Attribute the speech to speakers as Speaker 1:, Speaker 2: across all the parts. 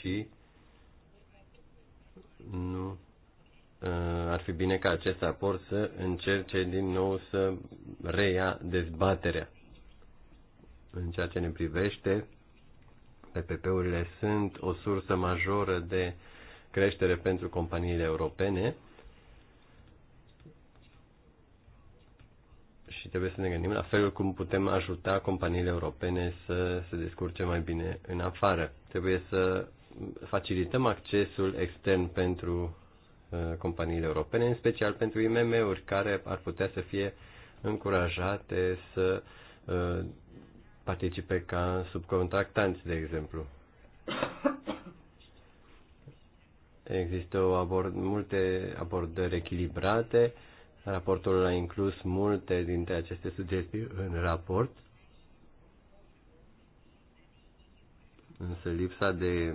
Speaker 1: și nu ă, ar fi bine ca acest raport să încerce din nou să reia dezbaterea. În ceea ce ne privește, PPP-urile sunt o sursă majoră de creștere pentru companiile europene și trebuie să ne gândim la felul cum putem ajuta companiile europene să se descurce mai bine în afară. Trebuie să facilităm accesul extern pentru uh, companiile europene, în special pentru IMM-uri care ar putea să fie încurajate să uh, participe ca subcontractanți, de exemplu. Există o abord, multe abordări echilibrate. Raportul a inclus multe dintre aceste sugestii în raport. Însă lipsa de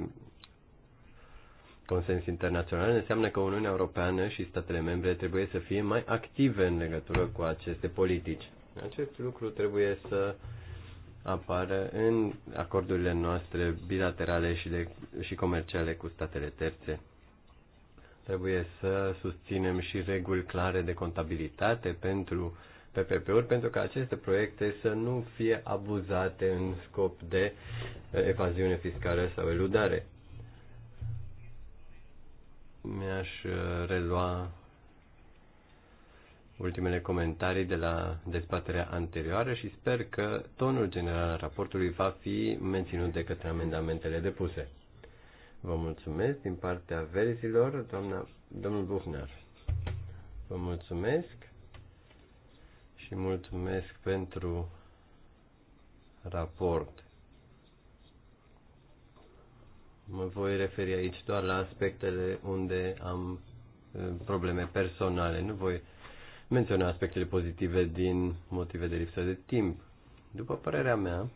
Speaker 1: consens internațional înseamnă că Uniunea Europeană și statele membre trebuie să fie mai active în legătură cu aceste politici. Acest lucru trebuie să apară în acordurile noastre bilaterale și, de, și comerciale cu statele terțe. Trebuie să susținem și reguli clare de contabilitate pentru PPP-uri, pentru ca aceste proiecte să nu fie abuzate în scop de evaziune fiscală sau eludare mi-aș uh, relua ultimele comentarii de la dezbaterea anterioară și sper că tonul general al raportului va fi menținut de către amendamentele depuse. Vă mulțumesc din partea verzilor, doamna, domnul Buchner. Vă mulțumesc și mulțumesc pentru raport. Mă voi referi aici doar la aspectele unde am eh, probleme personale. Nu voi menționa aspectele pozitive din motive de lipsă de timp. După părerea mea,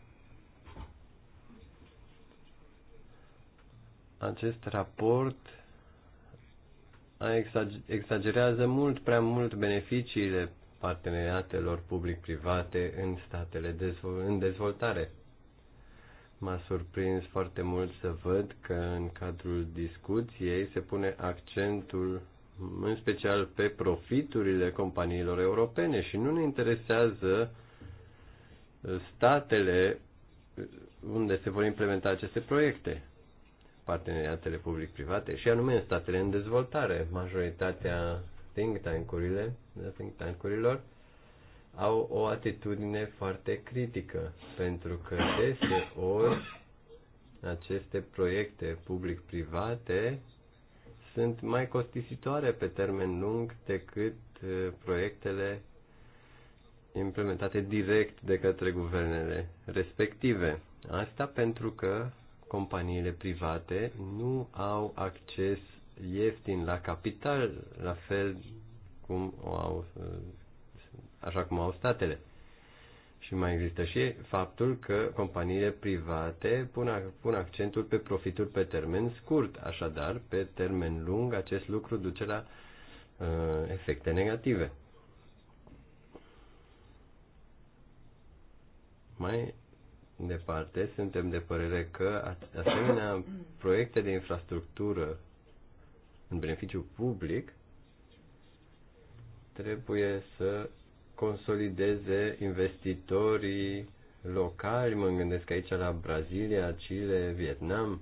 Speaker 1: acest raport exagerează mult prea mult beneficiile parteneriatelor public-private în statele în dezvoltare. M-a surprins foarte mult să văd că în cadrul discuției se pune accentul în special pe profiturile companiilor europene și nu ne interesează uh, statele uh, unde se vor implementa aceste proiecte, parteneriatele public-private și anume în statele în dezvoltare. Majoritatea think tank-urile, think tank-urilor au o atitudine foarte critică, pentru că deseori aceste proiecte public-private sunt mai costisitoare pe termen lung decât uh, proiectele implementate direct de către guvernele respective. Asta pentru că companiile private nu au acces ieftin la capital, la fel cum o au uh, așa cum au statele. Și mai există și faptul că companiile private pun, pun accentul pe profitul pe termen scurt, așadar, pe termen lung, acest lucru duce la uh, efecte negative. Mai departe, suntem de părere că asemenea proiecte de infrastructură în beneficiu public trebuie să consolideze investitorii locali, mă gândesc aici la Brazilia, Chile, Vietnam,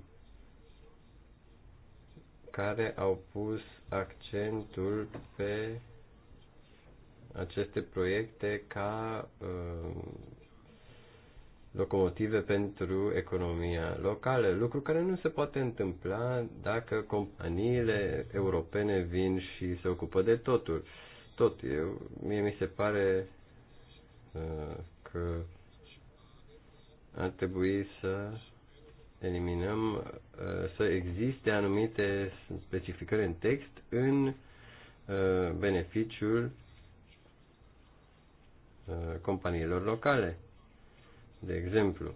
Speaker 1: care au pus accentul pe aceste proiecte ca uh, locomotive pentru economia locală, lucru care nu se poate întâmpla dacă companiile europene vin și se ocupă de totul tot. Eu, mie mi se pare uh, că ar trebui să eliminăm, uh, să existe anumite specificări în text în uh, beneficiul uh, companiilor locale. De exemplu,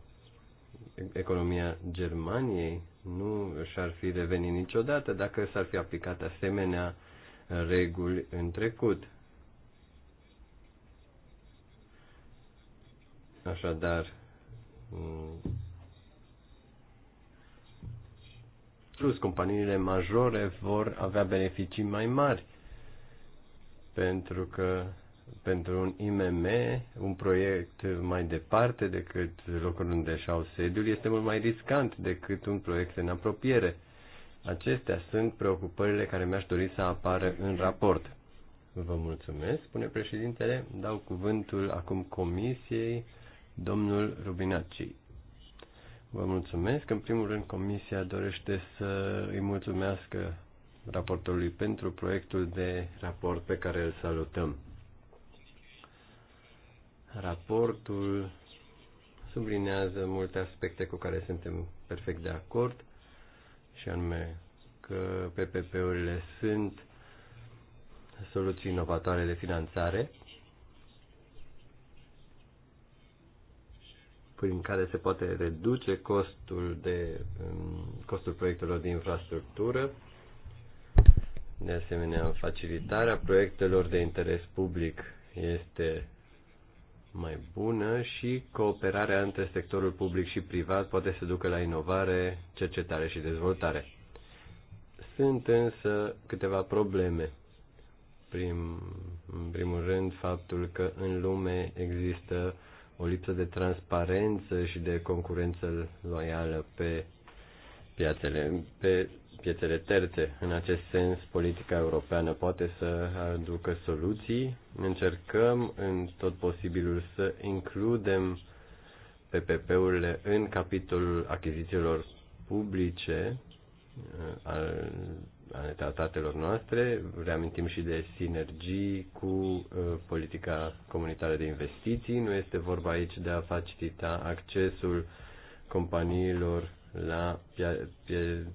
Speaker 1: economia Germaniei nu și-ar fi revenit niciodată dacă s-ar fi aplicat asemenea reguli în trecut. Așadar, plus companiile majore vor avea beneficii mai mari pentru că pentru un IMM, un proiect mai departe decât locul unde și-au sediul este mult mai riscant decât un proiect în apropiere. Acestea sunt preocupările care mi-aș dori să apară în raport. Vă mulțumesc, spune președintele. Dau cuvântul acum comisiei, domnul Rubinaci. Vă mulțumesc. În primul rând, comisia dorește să îi mulțumească raportului pentru proiectul de raport pe care îl salutăm. Raportul sublinează multe aspecte cu care suntem perfect de acord și anume că PPP-urile sunt soluții inovatoare de finanțare prin care se poate reduce costul, de, um, costul proiectelor de infrastructură, de asemenea facilitarea proiectelor de interes public este mai bună și cooperarea între sectorul public și privat poate să ducă la inovare, cercetare și dezvoltare. Sunt însă câteva probleme. Prim, în primul rând, faptul că în lume există o lipsă de transparență și de concurență loială pe piațele, pe piețele terțe. În acest sens, politica europeană poate să aducă soluții. Încercăm în tot posibilul să includem PPP-urile în capitolul achizițiilor publice uh, al, ale tratatelor noastre. Reamintim și de sinergii cu uh, politica comunitară de investiții. Nu este vorba aici de a facilita accesul companiilor la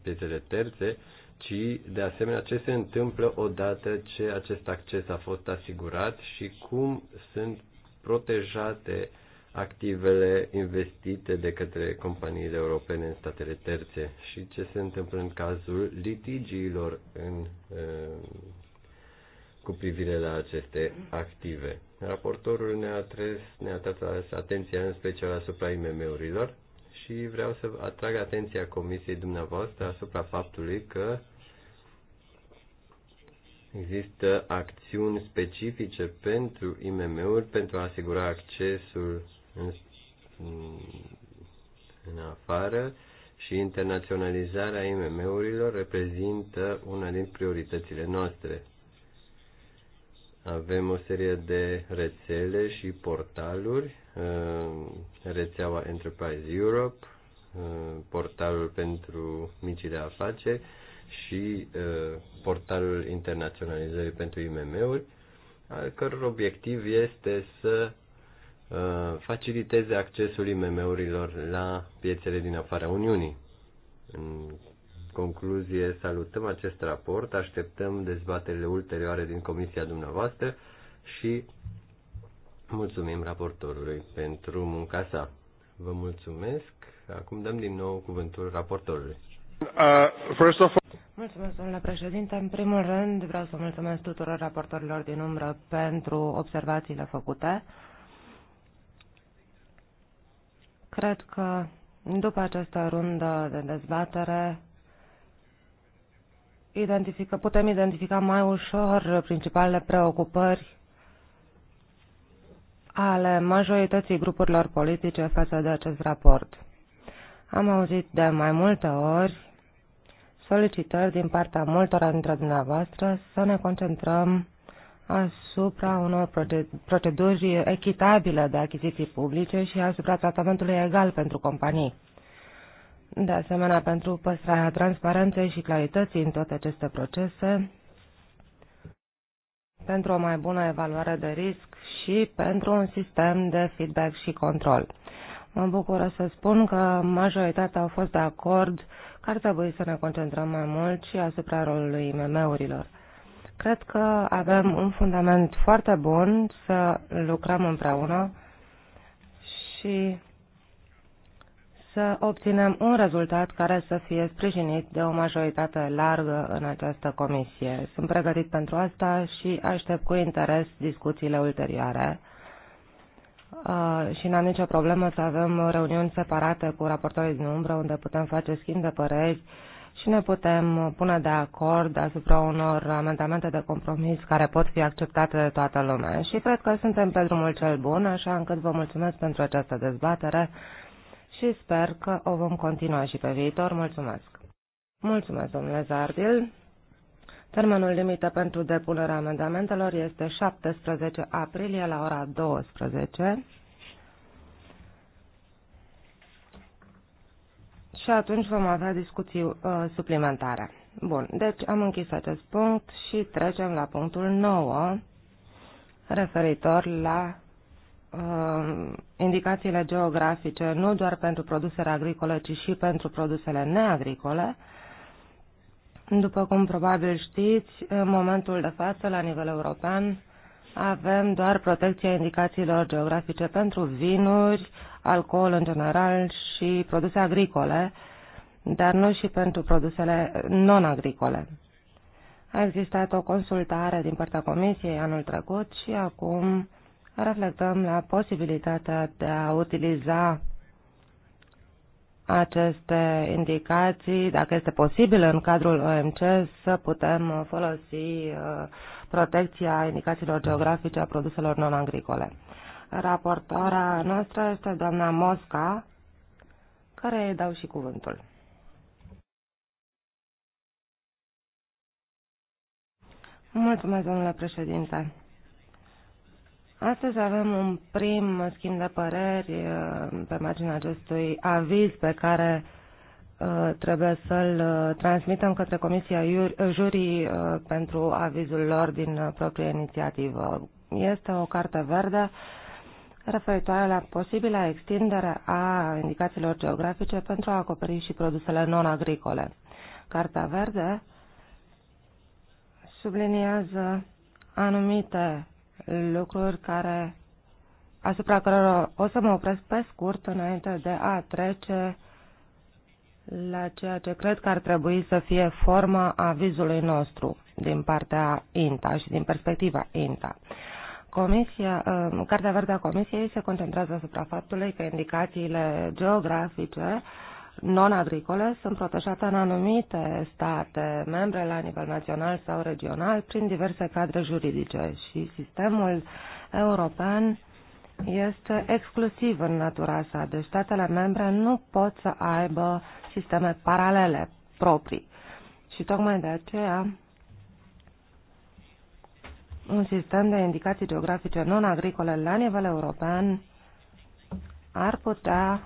Speaker 1: piețele terțe, ci de asemenea ce se întâmplă odată ce acest acces a fost asigurat și cum sunt protejate activele investite de către companiile europene în statele terțe și ce se întâmplă în cazul litigiilor în, uh, cu privire la aceste active. Raportorul ne-a atras, ne-a atras atenția în special asupra IMM-urilor și vreau să atrag atenția comisiei dumneavoastră asupra faptului că există acțiuni specifice pentru IMM-uri pentru a asigura accesul în, în afară și internaționalizarea IMM-urilor reprezintă una din prioritățile noastre. Avem o serie de rețele și portaluri Uh, rețeaua Enterprise Europe, uh, portalul pentru micile afaceri și uh, portalul internaționalizării pentru IMM-uri, al căror obiectiv este să faciliteze accesul IMM-urilor la piețele din afara Uniunii. În concluzie, salutăm acest raport, așteptăm dezbaterile ulterioare din comisia dumneavoastră și Mulțumim raportorului pentru munca sa. Vă mulțumesc. Acum dăm din nou cuvântul raportorului. Uh,
Speaker 2: first of all... Mulțumesc, domnule președinte. În primul rând, vreau să mulțumesc tuturor raportorilor din umbră pentru observațiile făcute. Cred că după această rundă de dezbatere identifică, putem identifica mai ușor principalele preocupări ale majorității grupurilor politice față de acest raport. Am auzit de mai multe ori solicitări din partea multor dintre dumneavoastră să ne concentrăm asupra unor proceduri echitabile de achiziții publice și asupra tratamentului egal pentru companii. De asemenea, pentru păstrarea transparenței și clarității în toate aceste procese, pentru o mai bună evaluare de risc și pentru un sistem de feedback și control. Mă bucur să spun că majoritatea au fost de acord că ar trebui să ne concentrăm mai mult și asupra rolului IMM-urilor. Cred că avem un fundament foarte bun să lucrăm împreună și să obținem un rezultat care să fie sprijinit de o majoritate largă în această comisie. Sunt pregătit pentru asta și aștept cu interes discuțiile ulterioare uh, și n-am nicio problemă să avem reuniuni separate cu raportorii din umbră unde putem face schimb de păreri și ne putem pune de acord asupra unor amendamente de compromis care pot fi acceptate de toată lumea. Și cred că suntem pe drumul cel bun, așa încât vă mulțumesc pentru această dezbatere și sper că o vom continua și pe viitor. Mulțumesc! Mulțumesc, domnule Zardil! Termenul limită pentru depunerea amendamentelor este 17 aprilie la ora 12. și atunci vom avea discuții uh, suplimentare. Bun, deci am închis acest punct și trecem la punctul 9, referitor la uh, indicațiile geografice nu doar pentru produsele agricole, ci și pentru produsele neagricole. După cum probabil știți, în momentul de față, la nivel european, avem doar protecția indicațiilor geografice pentru vinuri, alcool în general și produse agricole, dar nu și pentru produsele non-agricole. A existat o consultare din partea Comisiei anul trecut și acum reflectăm la posibilitatea de a utiliza aceste indicații, dacă este posibil în cadrul OMC, să putem folosi uh, protecția indicațiilor geografice a produselor non-agricole. Raportoarea noastră este doamna Mosca, care îi dau și cuvântul. Mulțumesc, domnule președinte. Astăzi avem un prim schimb de păreri uh, pe marginea acestui aviz pe care uh, trebuie să-l uh, transmitem către Comisia Jurii pentru avizul lor din proprie inițiativă. Este o carte verde referitoare la posibilă extindere a indicațiilor geografice pentru a acoperi și produsele non-agricole. Carta verde subliniază anumite lucruri care, asupra cărora o să mă opresc pe scurt înainte de a trece la ceea ce cred că ar trebui să fie forma avizului nostru din partea INTA și din perspectiva INTA. Comisia, uh, Cartea Verde a Comisiei se concentrează asupra faptului că indicațiile geografice uh, non-agricole sunt protejate în anumite state membre la nivel național sau regional prin diverse cadre juridice și sistemul european este exclusiv în natura sa, deci statele membre nu pot să aibă sisteme paralele proprii. Și tocmai de aceea un sistem de indicații geografice non-agricole la nivel european ar putea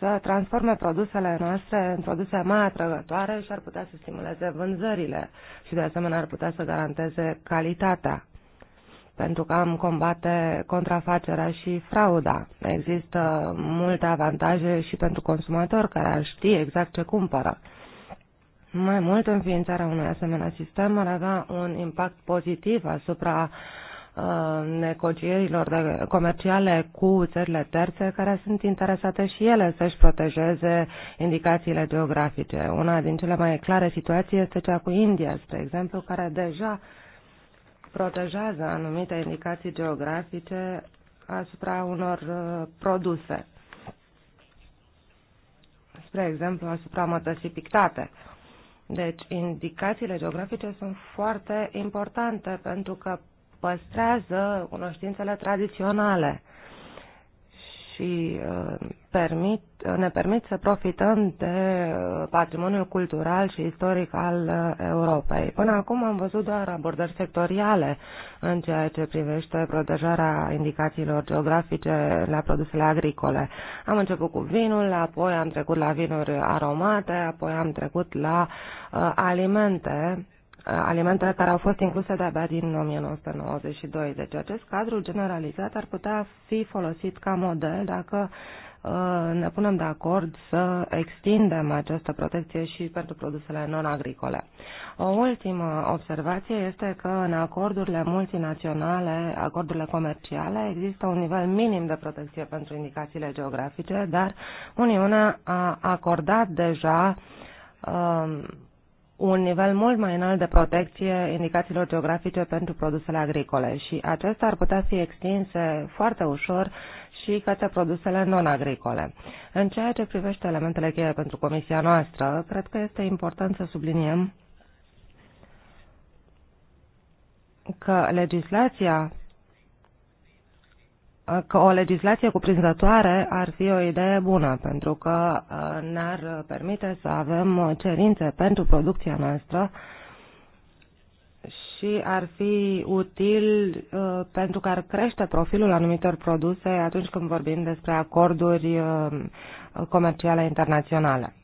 Speaker 2: să transforme produsele noastre în produse mai atrăgătoare și ar putea să stimuleze vânzările și de asemenea ar putea să garanteze calitatea pentru că am combate contrafacerea și frauda. Există multe avantaje și pentru consumator care ar ști exact ce cumpără. Mai mult, înființarea unui asemenea sistem ar avea un impact pozitiv asupra Uh, negocierilor comerciale cu țările terțe care sunt interesate și ele să-și protejeze indicațiile geografice. Una din cele mai clare situații este cea cu India, spre exemplu, care deja protejează anumite indicații geografice asupra unor uh, produse. Spre exemplu, asupra mătăsii pictate. Deci, indicațiile geografice sunt foarte importante pentru că păstrează cunoștințele tradiționale și uh, permit, ne permit să profităm de uh, patrimoniul cultural și istoric al uh, Europei. Până acum am văzut doar abordări sectoriale în ceea ce privește protejarea indicațiilor geografice la produsele agricole. Am început cu vinul, apoi am trecut la vinuri aromate, apoi am trecut la alimente Uh, alimentele care au fost incluse de-abia din 1992. Deci acest cadru generalizat ar putea fi folosit ca model dacă uh, ne punem de acord să extindem această protecție și pentru produsele non-agricole. O ultimă observație este că în acordurile multinaționale, acordurile comerciale, există un nivel minim de protecție pentru indicațiile geografice, dar Uniunea a acordat deja uh, un nivel mult mai înalt de protecție indicațiilor geografice pentru produsele agricole și acestea ar putea fi extinse foarte ușor și către produsele non-agricole. În ceea ce privește elementele cheie pentru comisia noastră, cred că este important să subliniem că legislația că o legislație cuprinzătoare ar fi o idee bună, pentru că uh, ne-ar permite să avem cerințe pentru producția noastră și ar fi util uh, pentru că ar crește profilul anumitor produse atunci când vorbim despre acorduri uh, comerciale internaționale.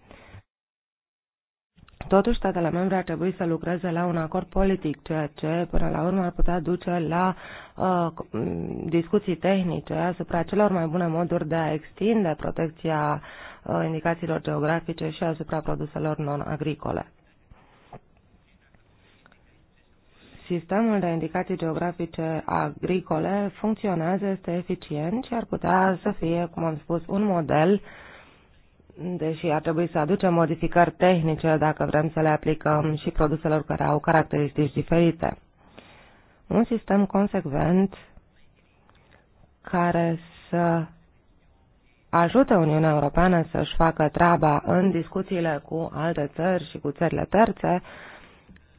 Speaker 2: Totuși, statele membre ar trebui să lucreze la un acord politic, ceea ce, până la urmă, ar putea duce la uh, discuții tehnice asupra celor mai bune moduri de a extinde protecția uh, indicațiilor geografice și asupra produselor non-agricole. Sistemul de indicații geografice agricole funcționează, este eficient și ar putea să fie, cum am spus, un model uh, deși ar trebui să aducem modificări tehnice dacă vrem să le aplicăm și produselor care au caracteristici diferite. Un sistem consecvent care să ajute Uniunea Europeană să-și facă treaba în discuțiile cu alte țări și cu țările terțe,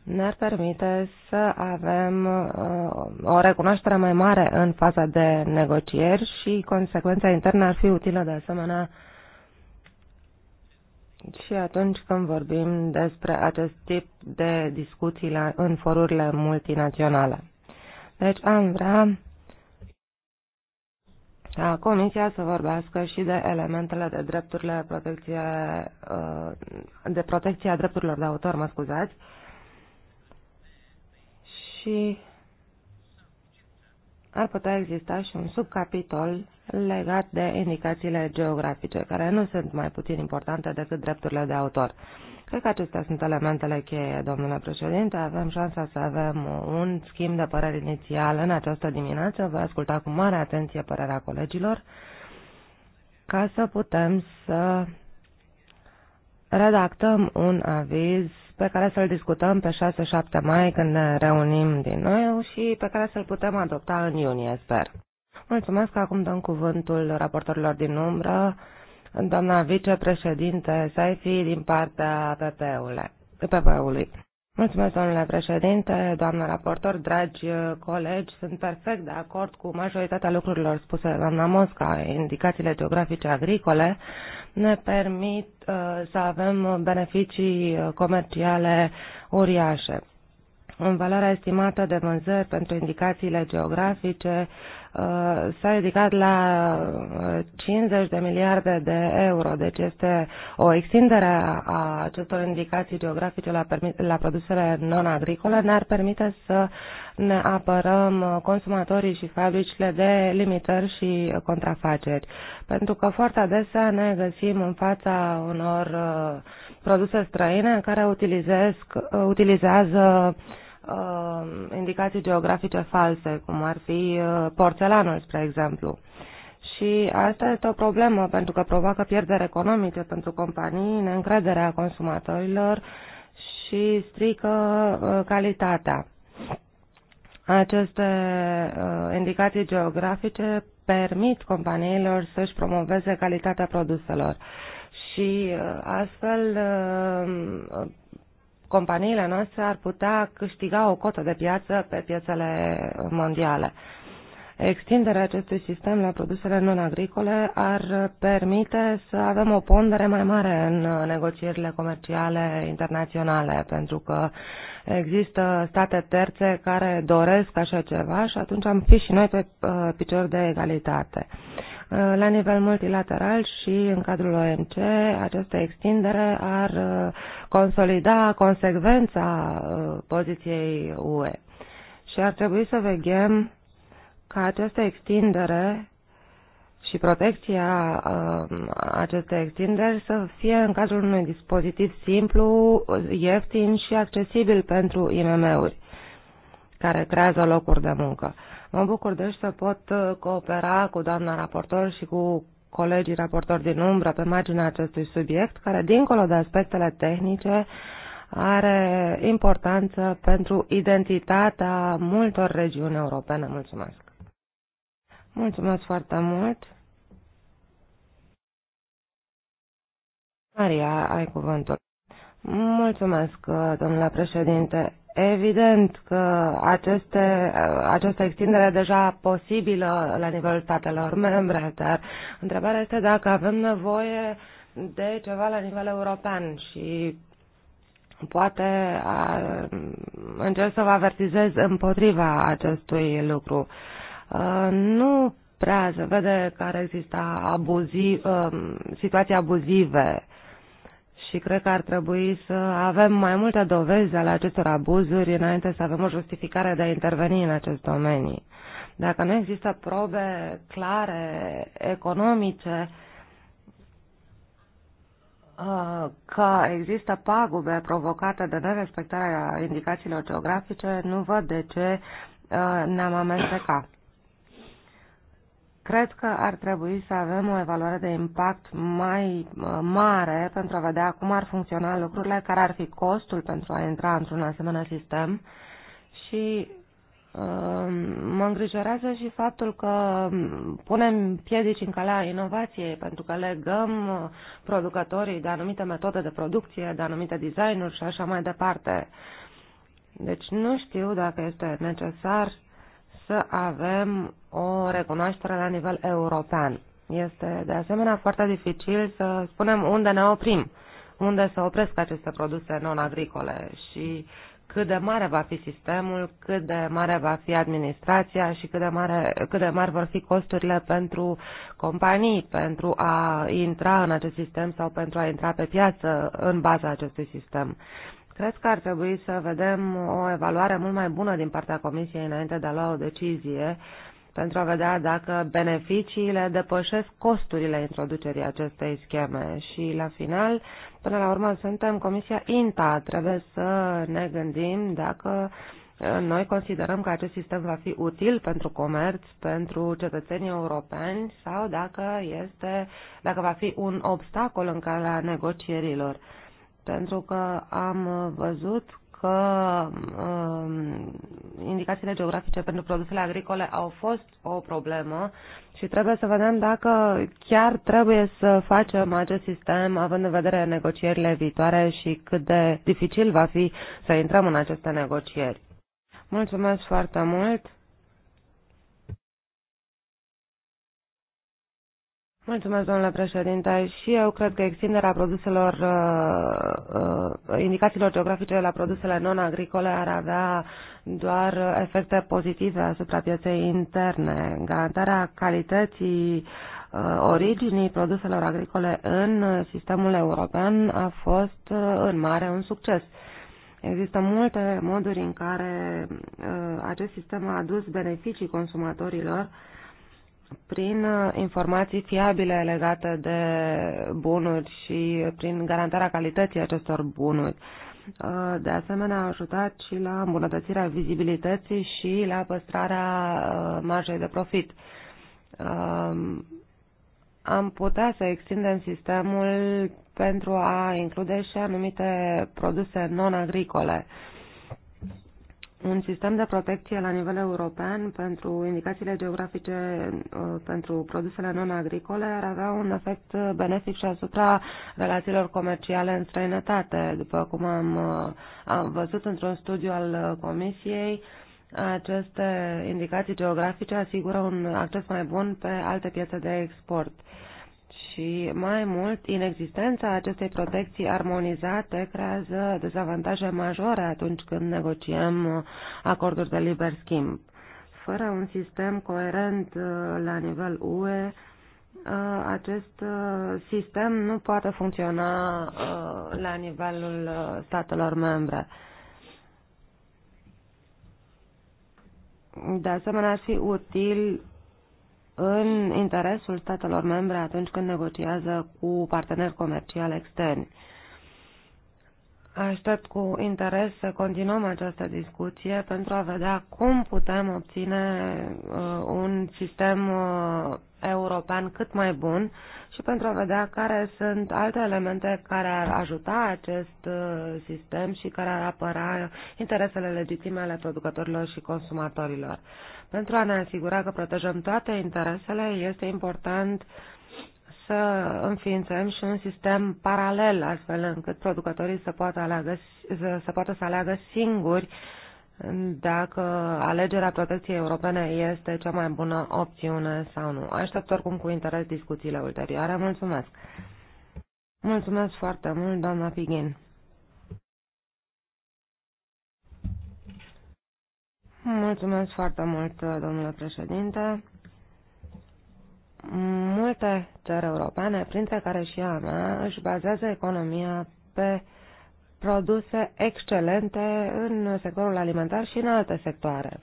Speaker 2: ne-ar permite să avem uh, o recunoaștere mai mare în faza de negocieri și consecvența internă ar fi utilă de asemenea și atunci când vorbim despre acest tip de discuții la, în forurile multinaționale. Deci am vrea ca Comisia să vorbească și de elementele de drepturile protecție, uh, de protecția drepturilor de autor, mă scuzați, și ar putea exista și un subcapitol legat de indicațiile geografice, care nu sunt mai puțin importante decât drepturile de autor. Cred că acestea sunt elementele cheie, domnule președinte. Avem șansa să avem un schimb de păreri inițial în această dimineață. Vă asculta cu mare atenție părerea colegilor ca să putem să redactăm un aviz pe care să-l discutăm pe 6-7 mai când ne reunim din nou și pe care să-l putem adopta în iunie, sper. Mulțumesc, acum dăm cuvântul raportorilor din umbră, doamna vicepreședinte Saifi din partea PP-ului. Mulțumesc, domnule președinte, doamnă raportor, dragi colegi, sunt perfect de acord cu majoritatea lucrurilor spuse de doamna Mosca, indicațiile geografice agricole ne permit uh, să avem beneficii comerciale uriașe. În valoarea estimată de vânzări pentru indicațiile geografice Uh, s-a ridicat la 50 uh, de miliarde de euro, deci este o extindere a acestor indicații geografice la, la produsele non-agricole, ne-ar permite să ne apărăm uh, consumatorii și fabricile de limitări și contrafaceri. Pentru că foarte adesea ne găsim în fața unor produse străine care utilizează uh, indicații geografice false, cum ar fi uh, porțelanul, spre exemplu. Și asta este o problemă pentru că provoacă pierderi economice pentru companii, neîncrederea consumatorilor și strică uh, calitatea. Aceste uh, indicații geografice permit companiilor să-și promoveze calitatea produselor și uh, astfel uh, companiile noastre ar putea câștiga o cotă de piață pe piețele mondiale. Extinderea acestui sistem la produsele non-agricole ar permite să avem o pondere mai mare în negocierile comerciale internaționale, pentru că există state terțe care doresc așa ceva și atunci am fi și noi pe uh, picior de egalitate. Uh, la nivel multilateral și în cadrul OMC, această extindere ar uh, consolida consecvența uh, poziției UE. Și ar trebui să vegem ca această extindere și protecția uh, acestei extinderi să fie în cadrul unui dispozitiv simplu, ieftin și accesibil pentru IMM-uri care creează locuri de muncă. Uh, Mă bucur deci să pot uh, coopera cu doamna raportor și cu colegii raportori din umbră pe marginea acestui subiect, care, dincolo de aspectele tehnice, are importanță pentru identitatea multor regiuni europene. Mulțumesc! Mulțumesc foarte mult! Maria, ai cuvântul. Mulțumesc, domnule președinte. Evident că aceste, această extindere deja posibilă la nivelul statelor membre, dar întrebarea este dacă avem nevoie de ceva la nivel european și poate a, încerc să vă avertizez împotriva acestui lucru. A, nu prea se vede că ar exista abuziv, a, situații abuzive și cred că ar trebui să avem mai multe dovezi ale acestor abuzuri înainte să avem o justificare de a interveni în acest domeniu. Dacă nu există probe clare, economice, uh, că există pagube provocate de nerespectarea indicațiilor geografice, nu văd de ce uh, ne-am amestecat. Cred că ar trebui să avem o evaluare de impact mai mare pentru a vedea cum ar funcționa lucrurile, care ar fi costul pentru a intra într-un asemenea sistem și um, mă îngrijorează și faptul că um, punem piedici în calea inovației, pentru că legăm uh, producătorii de anumite metode de producție, de anumite designuri și așa mai departe. Deci nu știu dacă este necesar să avem o recunoaștere la nivel european. Este de asemenea foarte dificil să spunem unde ne oprim, unde să opresc aceste produse non-agricole și cât de mare va fi sistemul, cât de mare va fi administrația și cât de, mare, cât de mari vor fi costurile pentru companii pentru a intra în acest sistem sau pentru a intra pe piață în baza acestui sistem. Cred că ar trebui să vedem o evaluare mult mai bună din partea Comisiei înainte de a lua o decizie uh, pentru a vedea dacă beneficiile depășesc costurile introducerii acestei scheme. Și la final, până la urmă, suntem Comisia INTA. Trebuie să ne gândim dacă uh, noi considerăm că acest sistem va fi util pentru comerț, pentru cetățenii europeni sau dacă, este, dacă va fi un obstacol în calea negocierilor. Pentru că am văzut că uh, indicațiile geografice pentru produsele agricole au fost o problemă și trebuie să vedem dacă chiar trebuie să facem acest sistem având în vedere negocierile viitoare și cât de dificil va fi să intrăm în aceste negocieri. Mulțumesc foarte mult! Mulțumesc, domnule președinte. Și eu cred că extinderea produselor, uh, uh, indicațiilor geografice la produsele non-agricole ar avea doar efecte pozitive asupra pieței interne. Garantarea calității uh, originii produselor agricole în sistemul european a fost uh, în mare un succes. Există multe moduri în care uh, acest sistem a adus beneficii consumatorilor uh, prin uh, informații fiabile legate de bunuri și prin garantarea calității acestor bunuri. Uh, de asemenea, a ajutat și la îmbunătățirea vizibilității și la păstrarea uh, marjei de profit. Um, am putea să extindem sistemul pentru a include și anumite produse non-agricole. Uh, un sistem de protecție la nivel european pentru indicațiile geografice uh, pentru produsele non-agricole ar avea un efect benefic și asupra relațiilor comerciale în străinătate. După cum am, uh, am văzut într-un studiu al Comisiei, aceste indicații geografice asigură un acces mai bun pe alte piețe de export. Uh, și mai mult inexistența acestei protecții armonizate creează dezavantaje majore atunci când negociem acorduri de liber schimb. Fără un sistem coerent uh, la nivel UE, uh, acest uh, sistem nu poate funcționa la nivelul statelor membre. De asemenea, ar fi util în interesul statelor membre atunci când negociază cu parteneri comerciali externi. Aștept cu interes să continuăm această discuție pentru a vedea cum putem obține uh, un sistem uh, european cât mai bun și pentru a vedea care sunt alte elemente care ar ajuta acest uh, sistem și care ar apăra interesele legitime ale producătorilor și consumatorilor. Pentru a ne asigura că protejăm toate interesele, este important să înființăm și un sistem paralel, astfel încât producătorii să poată, aleagă, să, poată să aleagă singuri dacă alegerea protecției europene este cea mai bună opțiune sau nu. Aștept oricum cu interes discuțiile ulterioare. Mulțumesc! Mulțumesc foarte mult, doamna Pighin! Mulțumesc foarte mult, domnule președinte. Multe țări europene, printre care și a mea, își bazează economia pe produse excelente în sectorul alimentar și în alte sectoare.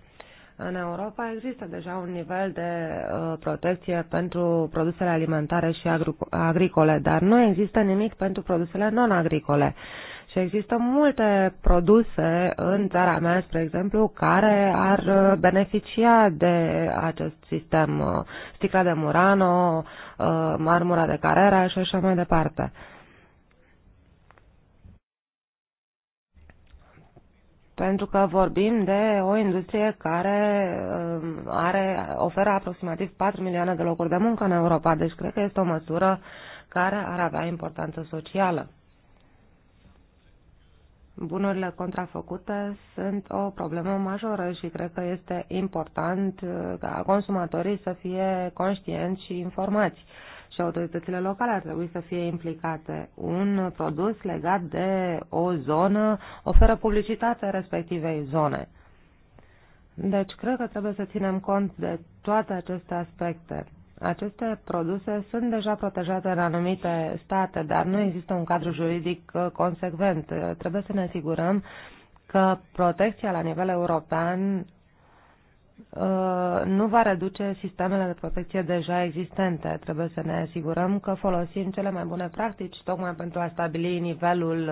Speaker 2: În Europa există deja un nivel de uh, protecție pentru produsele alimentare și agricole, dar nu există nimic pentru produsele non-agricole. Și există multe produse în țara mea, spre exemplu, care ar uh, beneficia de acest sistem. Uh, sticla de Murano, uh, marmura de Carrera și așa mai departe. pentru că vorbim de o industrie care um, are, oferă aproximativ 4 milioane de locuri de muncă în Europa, deci cred că este o măsură care ar avea importanță socială. Bunurile contrafăcute sunt o problemă majoră și cred că este important uh, ca consumatorii să fie conștienți și informați și autoritățile locale ar trebui să fie implicate. Un produs legat de o zonă oferă publicitate respectivei zone. Deci cred că trebuie să ținem cont de toate aceste aspecte aceste produse sunt deja protejate în anumite state, dar nu există un cadru juridic uh, consecvent. Uh, trebuie să ne asigurăm că protecția la nivel european uh, nu va reduce sistemele de protecție deja existente. Trebuie să ne asigurăm că folosim cele mai bune practici tocmai pentru a stabili nivelul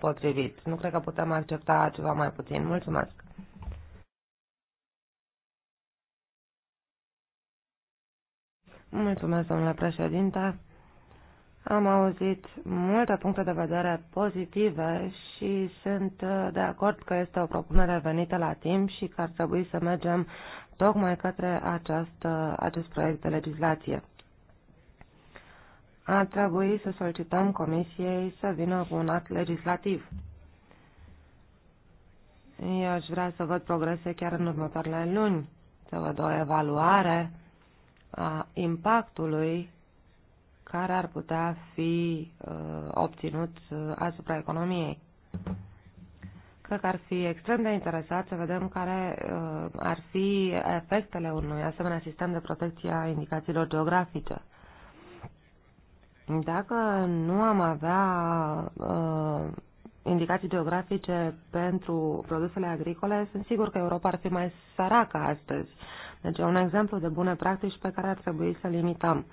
Speaker 2: potrivit. Nu cred că putem accepta ceva mai puțin. Mulțumesc! Mulțumesc, domnule președinte. Am auzit multe puncte de vedere pozitive și sunt de acord că este o propunere venită la timp și că ar trebui să mergem tocmai către acest acest proiect de legislație. Ar trebui să solicităm Comisiei să vină cu un act legislativ. Eu aș vrea să văd progrese chiar în următoarele luni, să văd o evaluare a impactului care ar putea fi uh, obținut uh, asupra economiei. Cred că ar fi extrem de interesat să vedem care uh, ar fi efectele unui asemenea sistem de protecție a indicațiilor geografice. Dacă nu am avea uh, indicații geografice pentru produsele agricole, sunt sigur că Europa ar fi mai săracă astăzi. Deci e un exemplu de bune practici pe care ar trebui să limităm.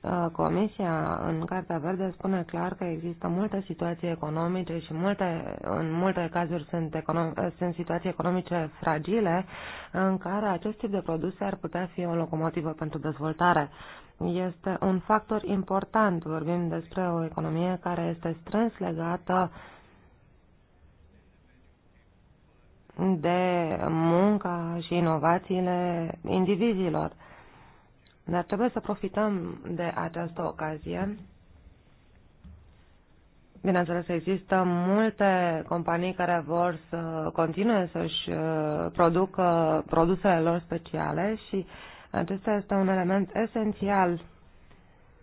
Speaker 2: Uh, Comisia în Cartea Verde spune clar că există multe situații economice și multe, în multe cazuri sunt, econom, sunt situații economice fragile în care acest tip de produse ar putea fi o locomotivă pentru dezvoltare. Este un factor important, vorbim despre o economie care este strâns legată uh, de munca și inovațiile indivizilor. Dar trebuie să profităm de această ocazie. Bineînțeles, există multe companii care vor să continue să-și uh, producă produsele lor speciale și acesta este un element esențial.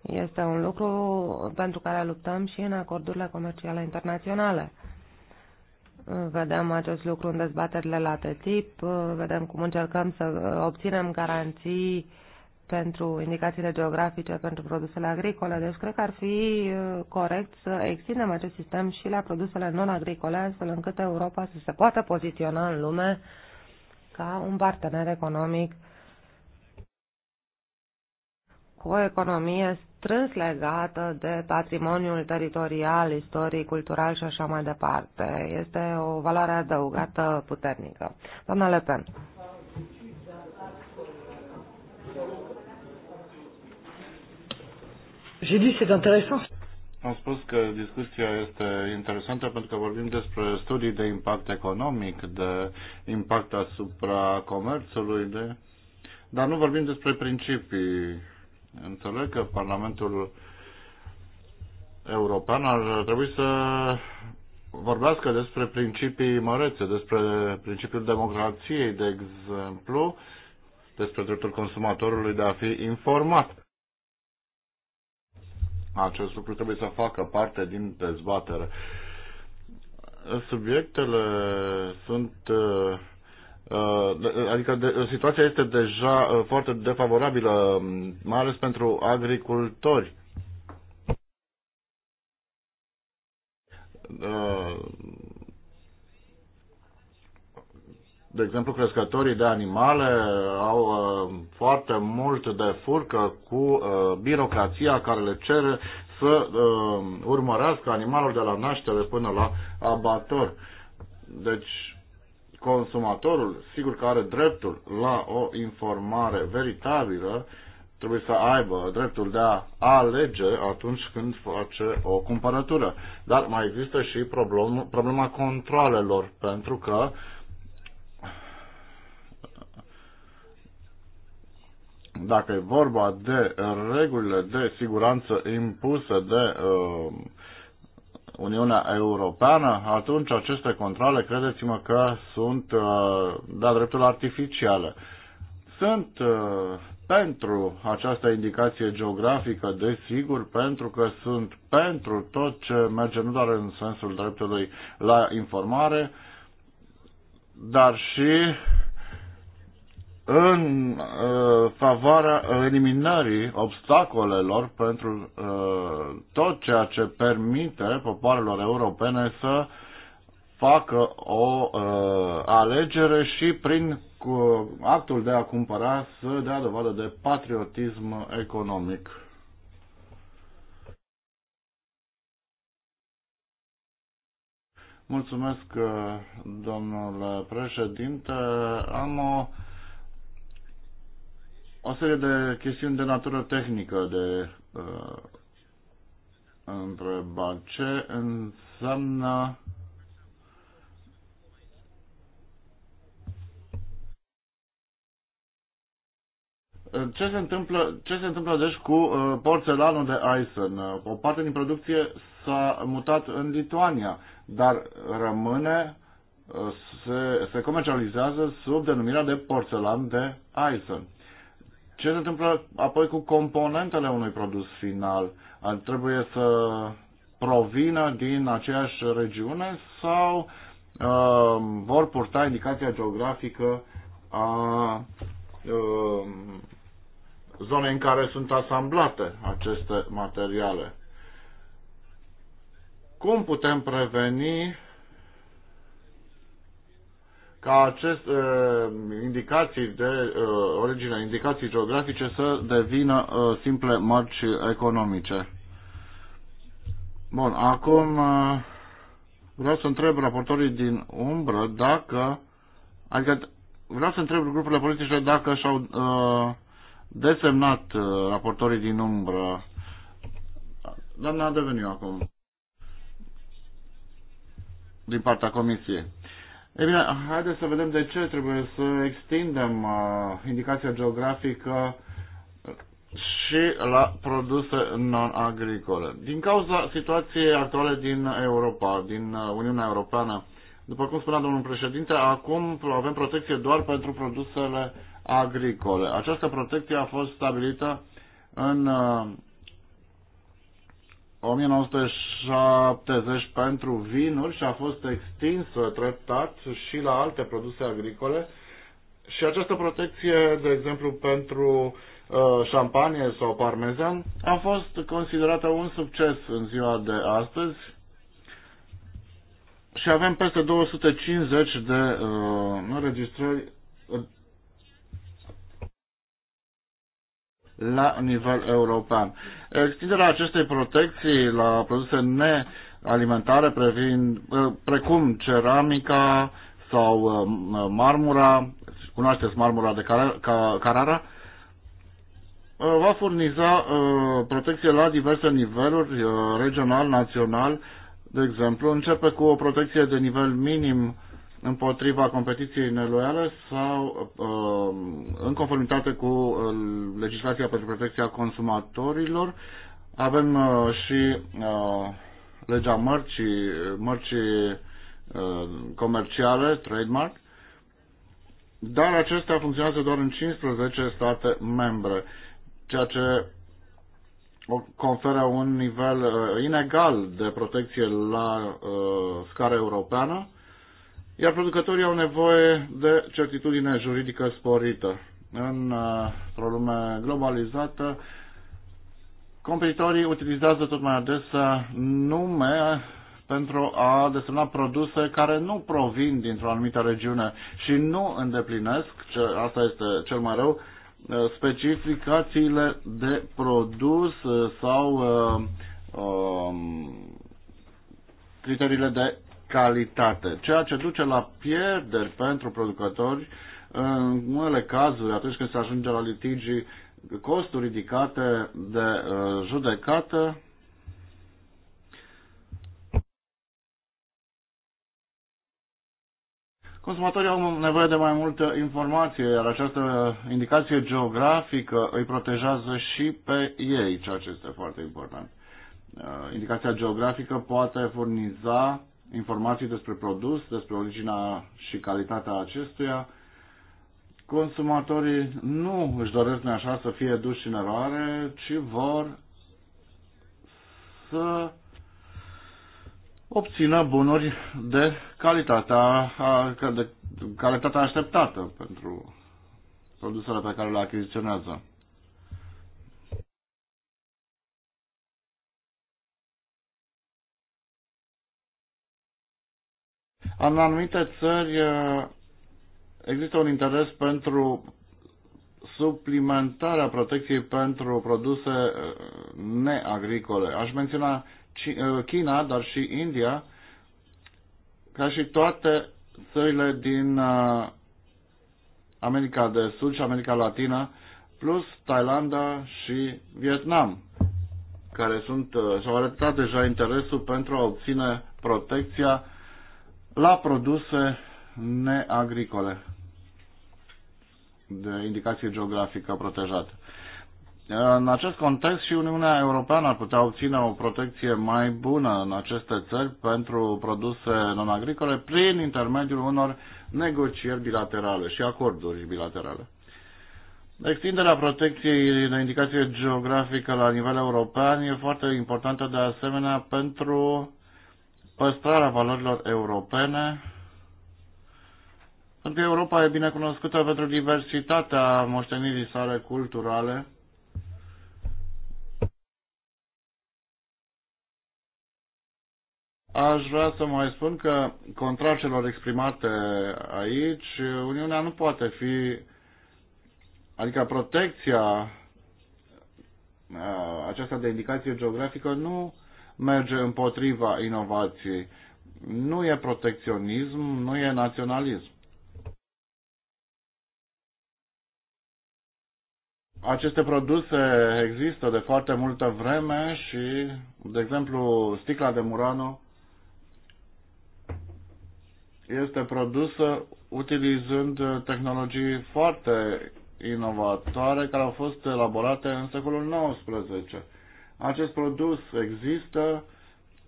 Speaker 2: Este un lucru pentru care luptăm și în acordurile comerciale internaționale. Vedem acest lucru în dezbaterile la TTIP, vedem cum încercăm să obținem garanții pentru indicațiile geografice pentru produsele agricole. Deci cred că ar fi uh, corect să extindem acest sistem și la produsele non-agricole, astfel încât Europa să se poată poziționa în lume ca un partener economic uh, cu o economie strâns legată de patrimoniul teritorial, istoric, cultural și așa mai departe. Este o valoare adăugată puternică. Doamna Le Pen.
Speaker 3: Am spus că discuția este interesantă pentru că vorbim despre studii de impact economic, de impact asupra comerțului, de... dar nu vorbim despre principii Înțeleg că Parlamentul European ar trebui să vorbească despre principii mărețe, despre principiul democrației, de exemplu, despre dreptul consumatorului de a fi informat. Acest lucru trebuie să facă parte din dezbatere. Subiectele sunt uh, Uh, adică de, situația este deja uh, foarte defavorabilă, um, mai ales pentru agricultori. Uh, de exemplu, crescătorii de animale au foarte mult de furcă cu birocrația care le cere să urmărească animalul de la naștere până la abator. Deci, consumatorul, sigur că are dreptul la o informare veritabilă, trebuie să aibă dreptul de a alege atunci când face o cumpărătură. Dar mai există și problem, problema controlelor, pentru că dacă e vorba de regulile de siguranță impuse de uh, Uniunea Europeană, atunci aceste controle, credeți-mă că sunt uh, de da, dreptul artificiale. Sunt uh, pentru această indicație geografică, desigur, pentru că sunt pentru tot ce merge nu doar în sensul dreptului la informare, dar și în uh, favoarea eliminării obstacolelor pentru uh, tot ceea ce permite popoarelor europene să facă o uh, alegere și prin cu, actul de a cumpăra să dea dovadă de patriotism economic. Mulțumesc, uh, domnule președinte. Am o, o serie de chestiuni de natură tehnică de uh, întreba ce înseamnă ce se întâmplă, ce se întâmplă deci cu uh, porțelanul de Eisen? O parte din producție s-a mutat în Lituania, dar rămâne, uh, se, se comercializează sub denumirea de porțelan de Eisen. Ce se întâmplă apoi cu componentele unui produs final? ar trebui să provină din aceeași regiune sau uh, vor purta indicația geografică a uh, zonei în care sunt asamblate aceste materiale. Cum putem preveni ca aceste uh, indicații de uh, origine, indicații geografice să devină uh, simple mărci economice? Bun, acum uh, vreau să întreb raportorii din umbră dacă, adică vreau să întreb grupurile politice dacă și-au uh, desemnat uh, raportorii din umbră. Doamna devenit acum, din partea comisiei. E bine, haideți să vedem de ce trebuie să extindem uh, indicația geografică și la produse non-agricole. Din cauza situației actuale din Europa, din uh, Uniunea Europeană, după cum spunea domnul președinte, acum avem protecție doar pentru produsele agricole. Această protecție a fost stabilită în 1970 uh, pentru vinuri și a fost extinsă treptat și la alte produse agricole și această protecție, de exemplu, pentru Uh, șampanie sau parmezan, a fost considerată un succes în ziua de astăzi și avem peste 250 de uh, înregistrări uh, la nivel european. Extinderea acestei protecții la produse nealimentare privind, uh, precum ceramica sau marmura, cunoașteți marmura de Carara, Uh, va furniza uh, protecție la diverse niveluri, uh, regional, național, de exemplu, începe cu o protecție de nivel minim împotriva competiției neloiale sau în conformitate cu legislația pentru protecția consumatorilor. Avem și legea mărcii, mărcii comerciale, trademark, dar acestea funcționează doar în 15 state membre ceea ce conferă un nivel uh, inegal de protecție la uh, scară europeană, iar producătorii au nevoie de certitudine juridică sporită. Uh, într-o lume globalizată, competitorii utilizează tot mai ades nume pentru a desemna produse care nu provin dintr-o anumită regiune și nu îndeplinesc, ce, asta este cel mai rău, Uh, specificațiile de produs uh, sau uh, um, criteriile de calitate, ceea ce duce la pierderi pentru producători în unele cazuri, atunci când se ajunge la litigii, costuri ridicate de judecată Consumatorii au nevoie de mai multă informație, iar această indicație geografică îi protejează și pe ei, ceea ce este foarte important. Uh, indicația geografică poate furniza informații despre produs, despre originea și calitatea acestuia. Consumatorii nu își doresc neașa să fie duși în eroare, ci vor să obțină bunuri de calitatea, de calitatea așteptată pentru produsele pe care le achiziționează. În anumite țări există un interes pentru suplimentarea protecției pentru produse neagricole. Aș menționa Uh, China, dar și India, ca și toate țările din uh, America de Sud și America Latina, plus Thailanda și Vietnam, care sunt uh, și-au arătat deja interesul pentru a obține protecția la produse neagricole de indicație geografică protejată. În acest context și Uniunea Europeană ar putea obține o protecție mai bună în aceste țări pentru produse non-agricole prin intermediul unor negocieri bilaterale și acorduri bilaterale. Extinderea protecției de indicație geografică la nivel european e foarte importantă de asemenea pentru păstrarea valorilor europene, pentru că Europa e bine cunoscută pentru diversitatea moștenirii sale culturale, Aș vrea să mai spun că, contrar celor exprimate aici, Uniunea nu poate fi, adică protecția aceasta de indicație geografică nu merge împotriva inovației. Nu e protecționism, nu e naționalism. aceste produse există de foarte multă vreme și, de exemplu, sticla de Murano este produsă utilizând uh, tehnologii foarte inovatoare care au fost elaborate în secolul XIX. Acest produs există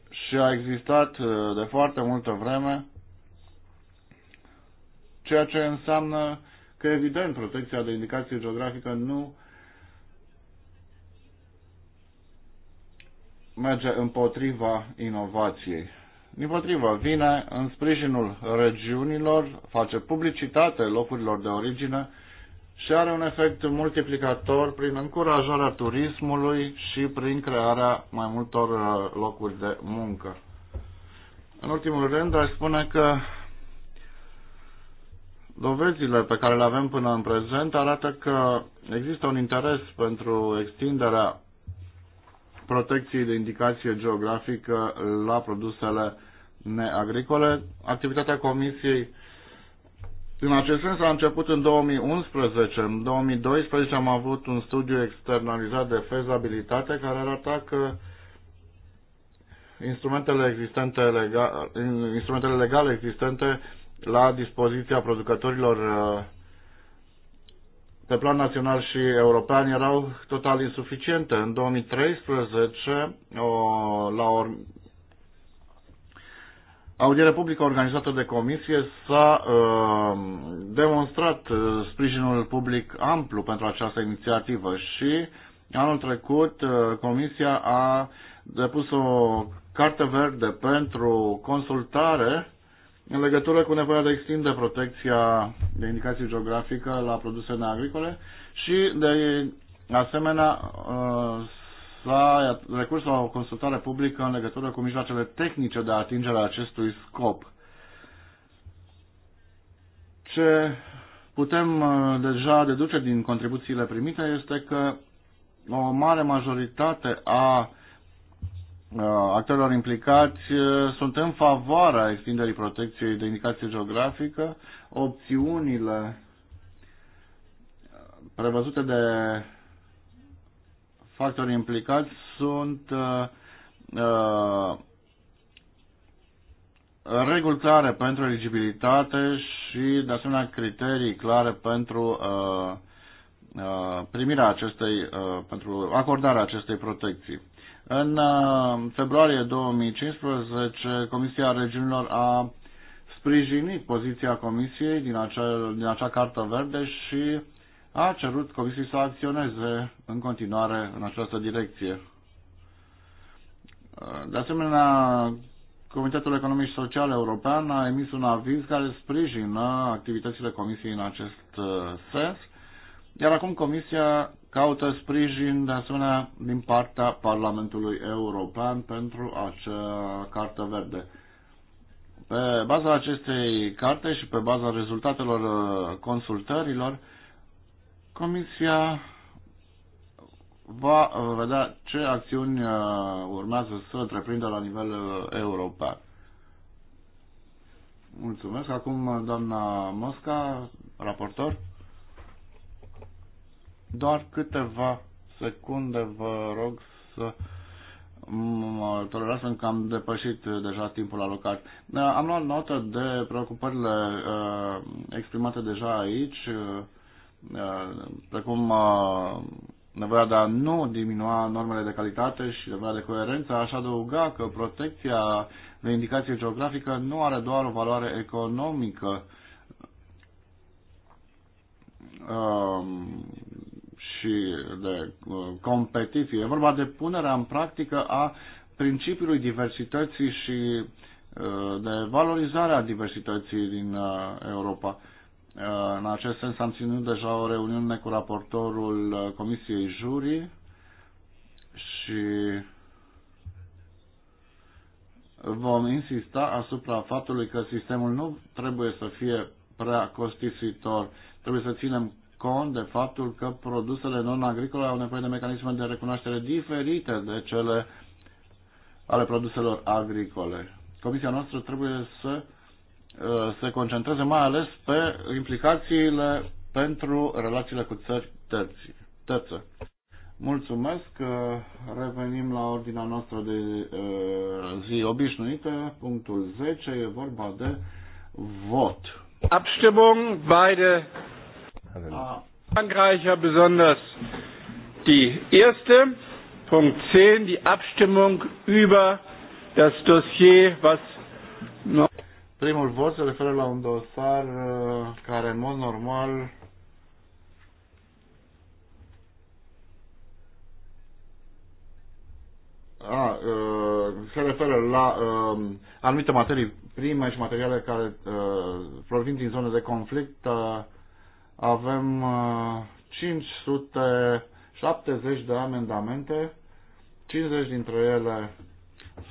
Speaker 3: și a existat uh, de foarte multă vreme, ceea ce înseamnă că, evident, protecția de indicație geografică nu merge împotriva inovației. Din potrivă, vine în sprijinul regiunilor, face publicitate locurilor de origine și are un efect multiplicator prin încurajarea turismului și prin crearea mai multor uh, locuri de muncă. În ultimul rând, aș spune că dovezile pe care le avem până în prezent arată că există un interes pentru extinderea protecției de indicație geografică la produsele neagricole. Activitatea Comisiei în acest sens a început în 2011. În 2012 am avut un studiu externalizat de fezabilitate care arăta că instrumentele, existente legal, instrumentele legale existente la dispoziția producătorilor uh, pe plan național și european erau total insuficiente. În 2013, o, la audierea publică organizată de comisie s-a uh, demonstrat uh, sprijinul public amplu pentru această inițiativă și anul trecut uh, comisia a depus o carte verde pentru consultare în legătură cu nevoia de extinde protecția de indicație geografică la produsele agricole și de asemenea uh, s-a recurs la o consultare publică în legătură cu mijloacele tehnice de atingere a acestui scop. Ce putem uh, deja deduce din contribuțiile primite este că o mare majoritate a uh, actorilor implicați uh, sunt în favoarea extinderii protecției de indicație geografică. Opțiunile prevăzute de factorii implicați sunt uh, uh, reguli clare pentru eligibilitate și, de asemenea, criterii clare pentru uh, uh primirea acestei, uh, pentru acordarea acestei protecții. În uh, februarie 2015, Comisia Regiunilor a sprijinit poziția Comisiei din acea, din acea cartă verde și a cerut Comisiei să acționeze în continuare în această direcție. De asemenea, Comitetul Economic și Social European a emis un aviz care sprijină activitățile Comisiei în acest uh, sens, iar acum Comisia caută sprijin de asemenea din partea Parlamentului European pentru acea cartă verde. Pe baza acestei carte și pe baza rezultatelor uh, consultărilor, Comisia va vedea ce acțiuni uh, urmează să întreprindă la nivel uh, european. Mulțumesc. Acum, uh, doamna Mosca, raportor. Doar câteva secunde vă rog să mă tolerați pentru că am depășit deja timpul alocat. Am luat notă de preocupările exprimate deja aici Uh, precum uh, nevoia de a nu diminua normele de calitate și nevoia de coerență, aș adăuga că protecția de indicație geografică nu are doar o valoare economică um, și de uh, competiție. E vorba de punerea în practică a principiului diversității și de valorizarea diversității din Europa. În acest sens am ținut deja o reuniune cu raportorul uh, Comisiei Jurii și vom insista asupra faptului că sistemul nu trebuie să fie prea costisitor. Trebuie să ținem cont de faptul că produsele non-agricole au nevoie de mecanisme de recunoaștere diferite de cele ale produselor agricole. Comisia noastră trebuie să Uh, se concentreze mai ales pe implicațiile pentru relațiile cu țări terți, terțe. Mulțumesc. Uh, revenim la ordinea noastră de uh, zi obișnuită. Punctul 10 e vorba de vot.
Speaker 4: Abstimmung beide Frankreicher besonders die erste Punkt 10 die Abstimmung
Speaker 3: über das Dossier was Primul vot se referă la un dosar uh, care în mod normal A, uh, se referă la um, anumite materii prime și materiale care uh, provin din zone de conflict. Avem 570 de amendamente, 50 dintre ele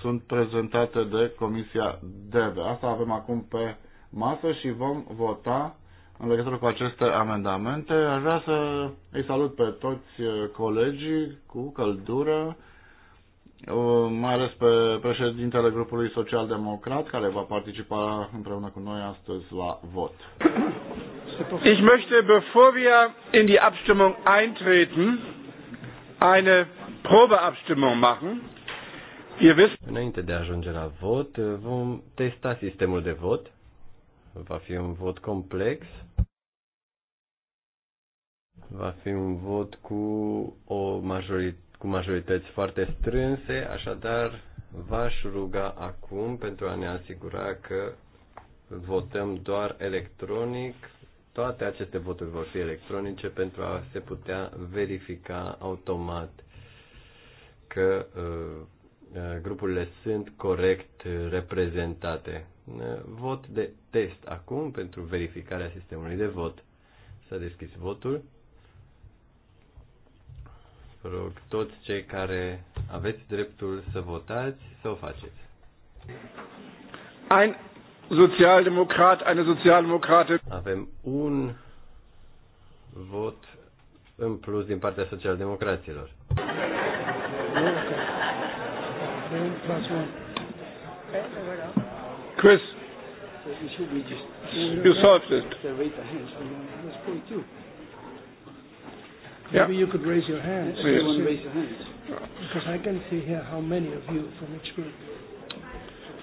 Speaker 3: sunt prezentate de Comisia DEVE. Asta avem acum pe masă și vom vota în legătură cu aceste amendamente. Aș vrea să îi salut pe toți uh, colegii cu căldură, uh, mai ales pe președintele grupului social-democrat care va participa împreună cu noi astăzi la vot.
Speaker 4: Ich möchte, bevor wir in die Abstimmung eintreten, eine Probeabstimmung machen.
Speaker 1: Înainte de a ajunge la vot, vom testa sistemul de vot. Va fi un vot complex. Va fi un vot cu, o majori- cu majorități foarte strânse, așadar v-aș ruga acum pentru a ne asigura că votăm doar electronic. Toate aceste voturi vor fi electronice pentru a se putea verifica automat că uh, grupurile sunt corect reprezentate. Vot de test acum pentru verificarea sistemului de vot. S-a deschis votul. Vă rog toți cei care aveți dreptul
Speaker 4: să votați, să o faceți. Ein Sozialdemokrat, eine Sozialdemokrate. Avem un vot
Speaker 1: în plus din partea socialdemocraților.
Speaker 5: Chris, you solved it. Uh, Maybe yeah. you could raise your hand. Yes. Everyone raise your hand. Because I can see here how many of you from each group.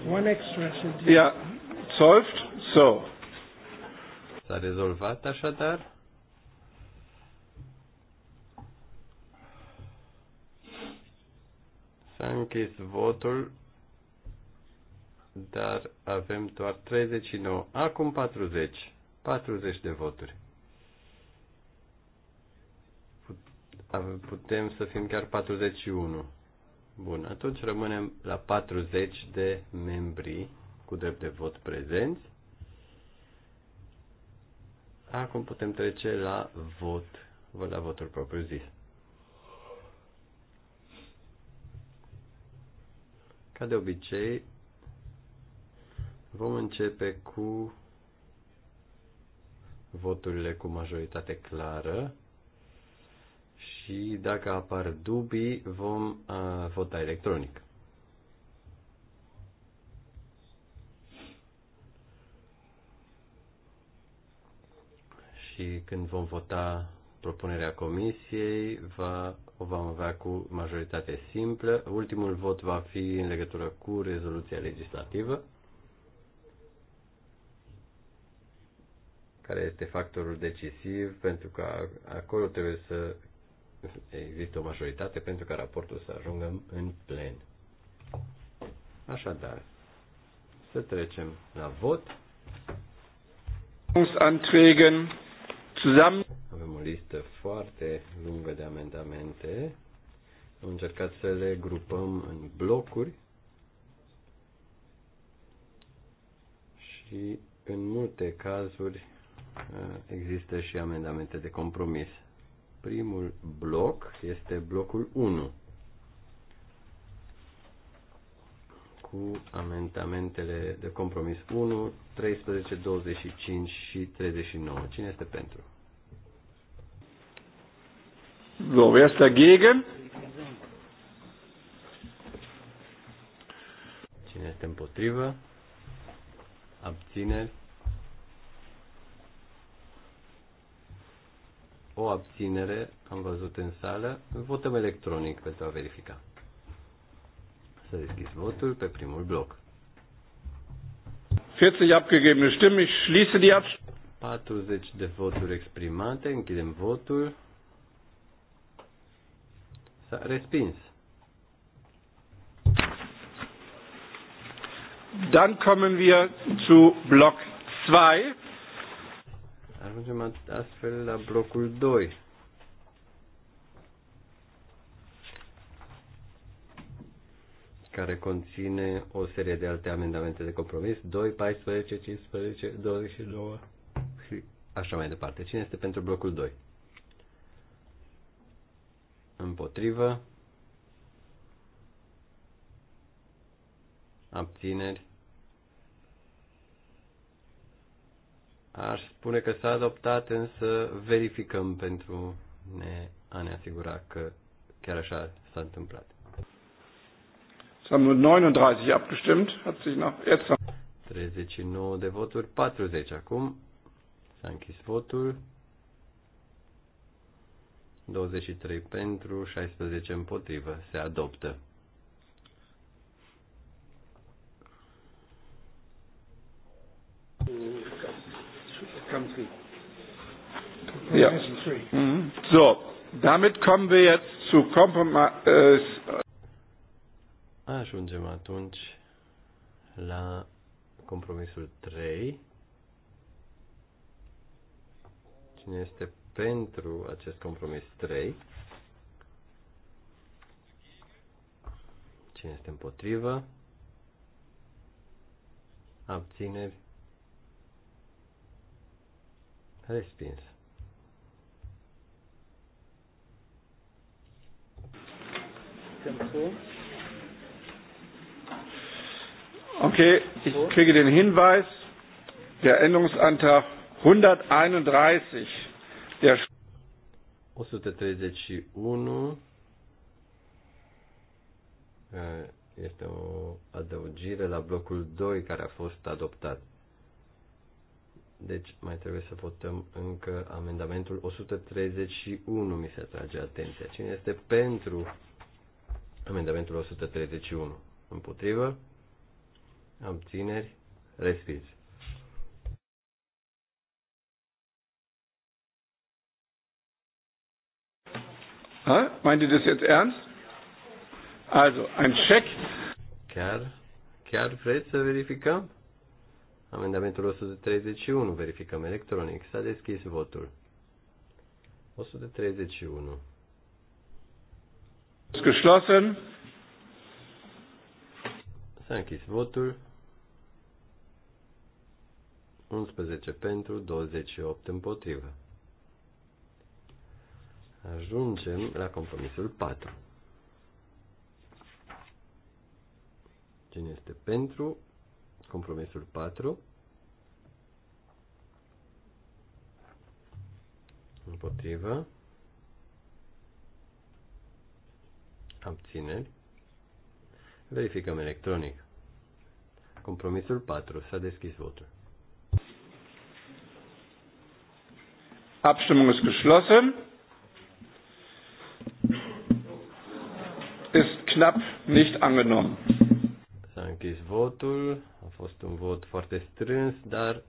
Speaker 5: One extra. Yeah,
Speaker 4: solved. So. S-a rezolvat așadar?
Speaker 1: S-a închis votul, dar avem doar 39. Acum 40. 40 de voturi. Putem să fim chiar 41. Bun, atunci rămânem la 40 de membri cu drept de vot prezenți. Acum putem trece la vot, la votul propriu zis. Ca de obicei, vom începe cu voturile cu majoritate clară și dacă apar dubii, vom uh, vota electronic. Și când vom vota propunerea comisiei, va o vom avea cu majoritate simplă. Ultimul vot va fi în legătură cu rezoluția legislativă, care este factorul decisiv, pentru că acolo trebuie să există o majoritate pentru ca raportul să ajungă în plen. Așadar, să trecem la vot. zusammen listă foarte lungă de amendamente. Am încercat să le grupăm în blocuri și în multe cazuri uh, există și amendamente de compromis. Primul bloc este blocul 1 cu amendamentele de compromis 1, 13, 25 și 39. Cine este pentru?
Speaker 5: So, wer ist dagegen?
Speaker 1: Cine este împotrivă? Abțineri? O abținere am văzut în sală. Votăm electronic pentru a verifica. Să deschis votul pe primul bloc.
Speaker 4: 40 abgegebene Stimmen. Ich schließe die
Speaker 1: 40 de voturi exprimate. Închidem votul
Speaker 4: s respins. Dann kommen wir zu Block 2. Ajungem astfel la blocul 2.
Speaker 1: care conține o serie de alte amendamente de compromis, 2, 14, 15, 22 și așa mai departe. Cine este pentru blocul 2? împotrivă, abțineri. Aș spune că s-a adoptat, însă verificăm pentru ne, a ne asigura că chiar așa s-a întâmplat.
Speaker 4: s a nur 39 abgestimmt, hat sich nach
Speaker 1: 39 de voturi, 40 acum. S-a închis votul. 23 pentru, 16 împotrivă. Se adoptă.
Speaker 5: Ja.
Speaker 4: Mm-hmm. So, damit kommen wir jetzt zu Kompromiss. Äh,
Speaker 1: Ajungem atunci la compromisul 3. Cine este pentru acest compromis 3. Cine este împotrivă? Abțineri? Respins.
Speaker 4: Okay, ich kriege den Hinweis, der Änderungsantrag 131 iar 131 eh,
Speaker 1: este o adăugire la blocul 2 care a fost adoptat. Deci mai trebuie să votăm încă amendamentul 131, mi se atrage atenția. Cine este pentru amendamentul 131? Împotrivă? Abțineri? Respins.
Speaker 4: Ha? Meint ihr das jetzt ernst? Also, ein Scheck. Chiar, chiar vreți să verificăm?
Speaker 1: Amendamentul 131, verificăm electronic. S-a deschis votul. 131. Ist geschlossen. S-a închis votul. 11 pentru, 28 împotrivă. Ajungem la compromisul 4. Cine este pentru compromisul 4? Împotriva. Abțineri. Verificăm electronic. Compromisul 4. S-a deschis votul.
Speaker 4: Abstimmung ist geschlossen. Ist knapp nicht angenommen.
Speaker 1: S-a votul, a fost un vot foarte strâns, dar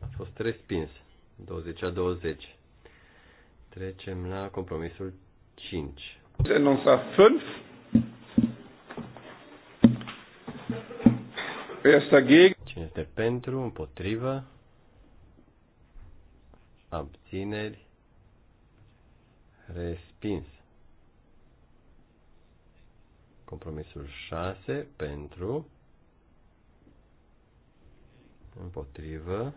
Speaker 1: a fost respins. 20 a 20. Trecem la compromisul 5. Änderungsantrag 5. Wer ist dagegen? Cine este pentru, împotrivă? Abțineri? Respins. Compromisul 6 pentru împotrivă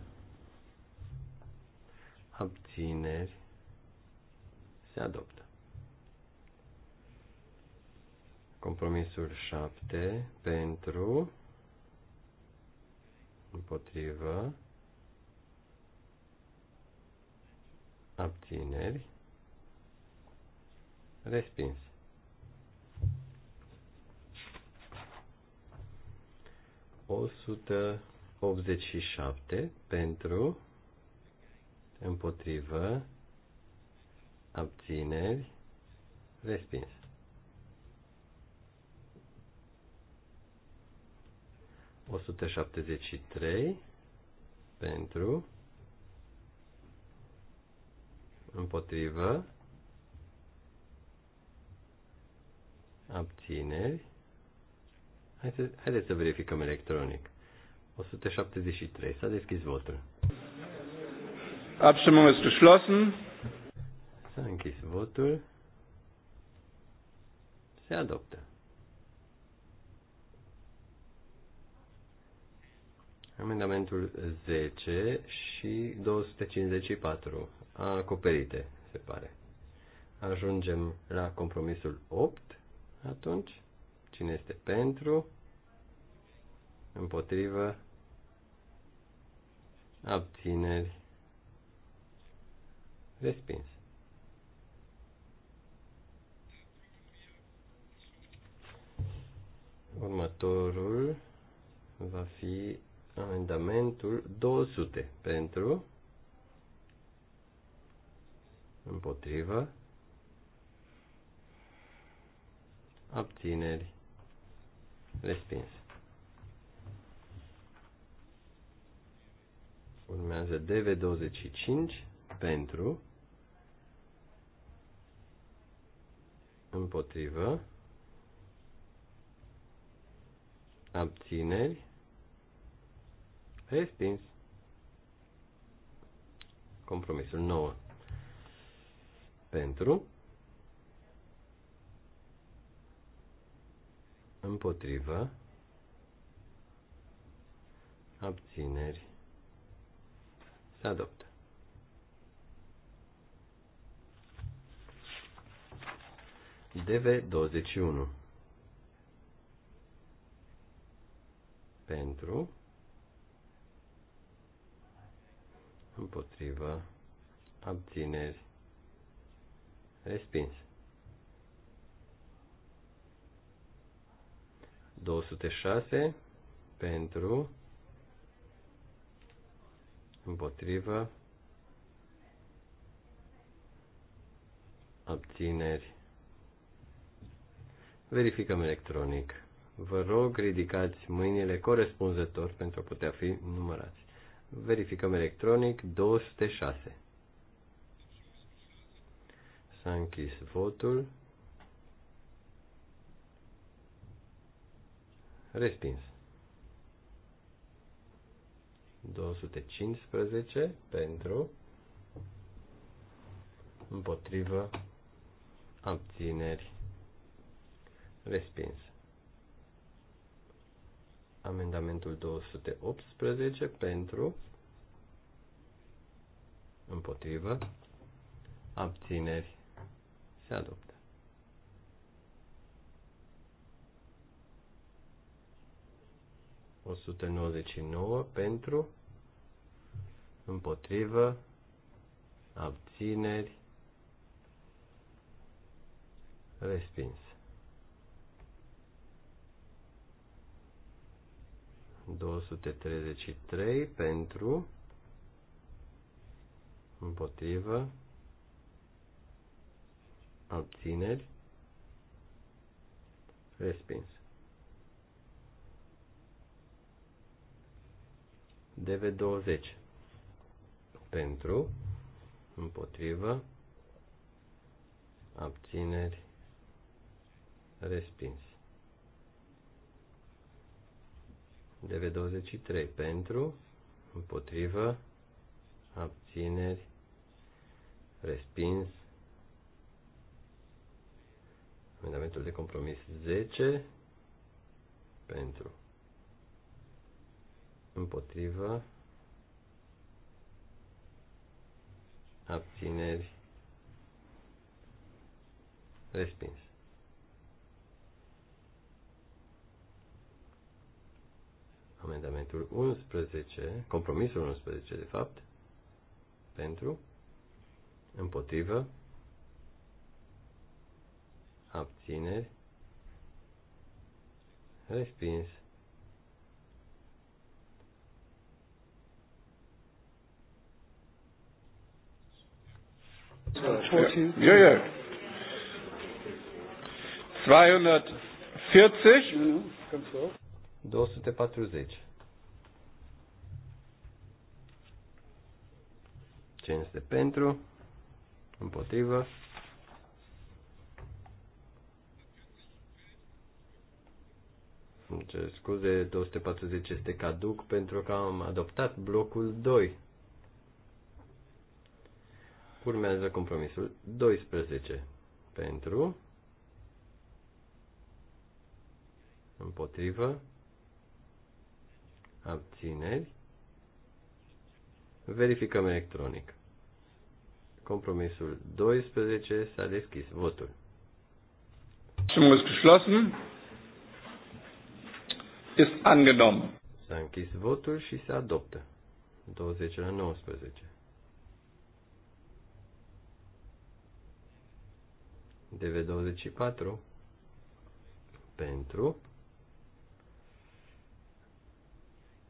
Speaker 1: abțineri se adoptă. Compromisul 7 pentru împotrivă abțineri respins. 187 pentru, împotrivă, abțineri, respins. O sută șaptezeci și trei pentru împotrivă abțineri Haideți, haideți să verificăm electronic. 173. S-a deschis votul.
Speaker 4: Abstimmung ist geschlossen. S-a închis votul.
Speaker 1: Se adoptă. Amendamentul 10 și 254 acoperite, se pare. Ajungem la compromisul 8 atunci. Cine este pentru? Împotrivă? Abțineri? Respins. Următorul va fi amendamentul 200 pentru împotrivă abțineri Respins. Urmează DV25 pentru împotrivă abțineri respins compromisul 9 pentru împotrivă, abțineri, se adoptă. DV21 pentru împotrivă abțineri respins. 206 pentru împotrivă abțineri. Verificăm electronic. Vă rog, ridicați mâinile corespunzător pentru a putea fi numărați. Verificăm electronic 206. S-a închis votul. Respins. 215 pentru împotrivă abțineri respins. Amendamentul 218 pentru împotrivă abțineri se adoptă. 199 pentru, împotrivă, abțineri, respins. 233 pentru împotrivă abțineri respins DV20 pentru, împotrivă, abțineri, respins. DV23 pentru, împotrivă, abțineri, respins. Amendamentul de compromis 10 pentru împotrivă, abțineri, respins. Amendamentul 11, compromisul 11 de fapt, pentru, împotrivă, abțineri, respins.
Speaker 4: Ja, ja. 240.
Speaker 1: 240. 5 pentru, împotrivă. Îmi scuze, 240 este caduc pentru că am adoptat blocul 2. Urmează compromisul 12 pentru, împotrivă, abțineri, verificăm electronic. Compromisul 12 s-a deschis votul.
Speaker 4: Stimmung ist geschlossen.
Speaker 1: Ist angenommen. S-a închis votul și se adoptă. 20 la 19. DV24 pentru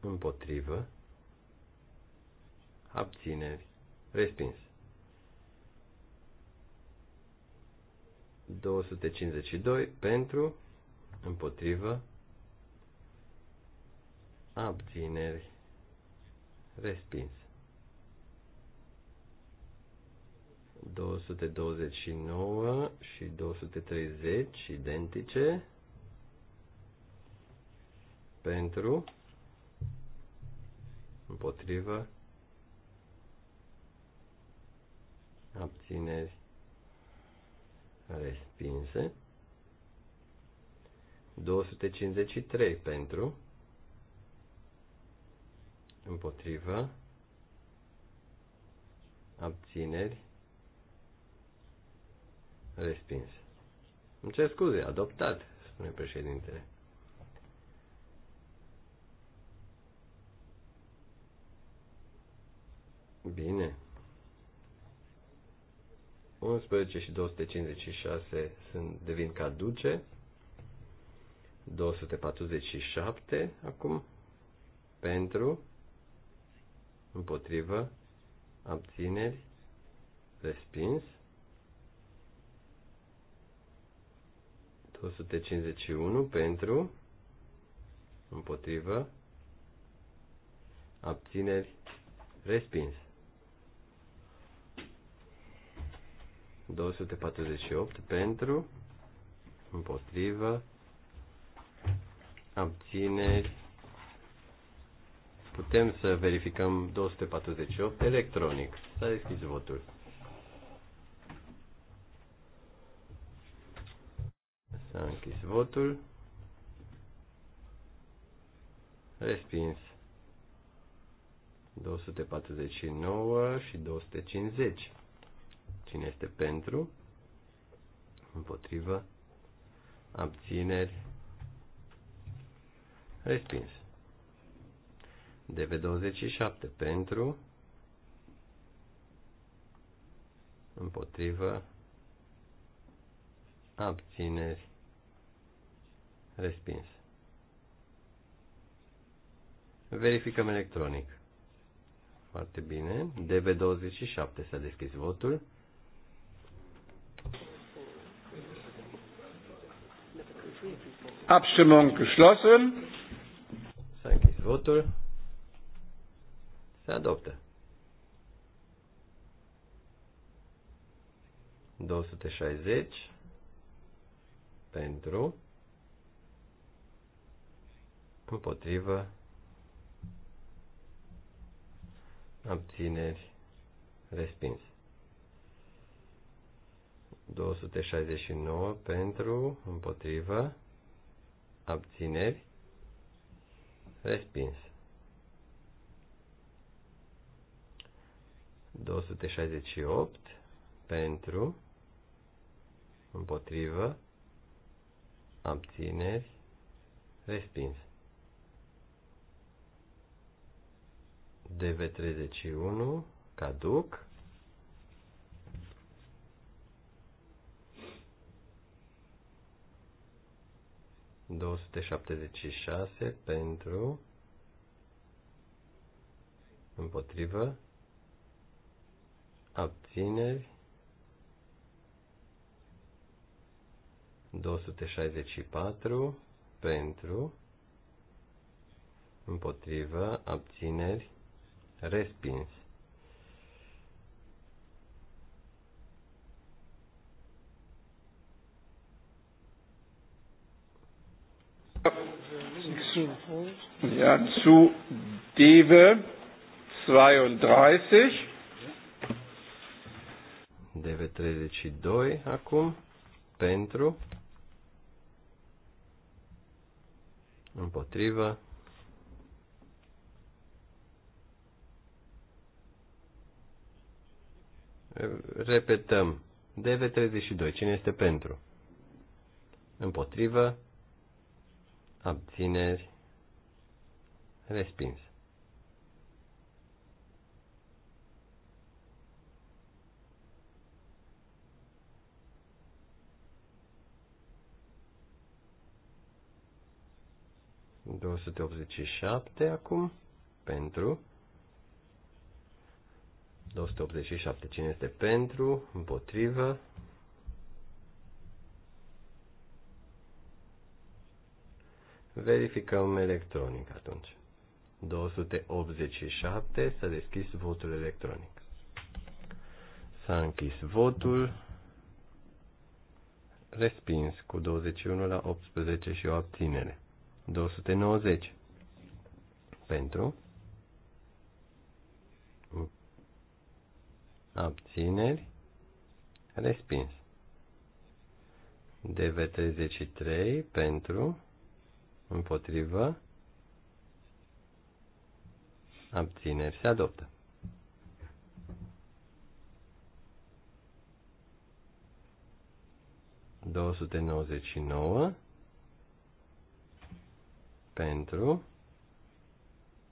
Speaker 1: împotrivă abțineri respins 252 pentru împotrivă abțineri respins 229 și 230 identice pentru împotrivă abțineri respinse 253 pentru împotrivă abțineri Respins. Îmi cer scuze, adoptat, spune președintele. Bine. 11 și 256 sunt, devin caduce. 247 acum pentru împotrivă abțineri respins 251 pentru, împotrivă, abțineri, respins. 248 pentru, împotrivă, abțineri. Putem să verificăm 248 electronic. S-a deschis votul. S-a închis votul. Respins. 249 și 250. Cine este pentru? Împotrivă. Abțineri. Respins. DV27 pentru. Împotrivă. Abțineri. Respins. Verificăm electronic. Foarte bine. DB27 s-a deschis votul.
Speaker 4: Abstimmung geschlossen. S-a închis votul. Se adoptă.
Speaker 1: 260 pentru împotrivă, abțineri, respins. 269 pentru, împotrivă, abțineri, respins. 268 pentru, împotrivă, abțineri, respins. DV31 caduc. șase pentru împotrivă abțineri 264 pentru împotrivă abțineri Respins.
Speaker 4: Ja, zu Deve 32.
Speaker 1: Deve 32 acum pentru împotriva Repetăm. DV32. Cine este pentru? Împotrivă. Abțineri. Respins. două acum pentru 287. Cine este pentru? Împotrivă? Verificăm electronic atunci. 287. S-a deschis votul electronic. S-a închis votul. Respins cu 21 la 18 și o abținere. 290. Pentru. abțineri, respins. DV33 pentru, împotrivă, abțineri, se adoptă. nouă pentru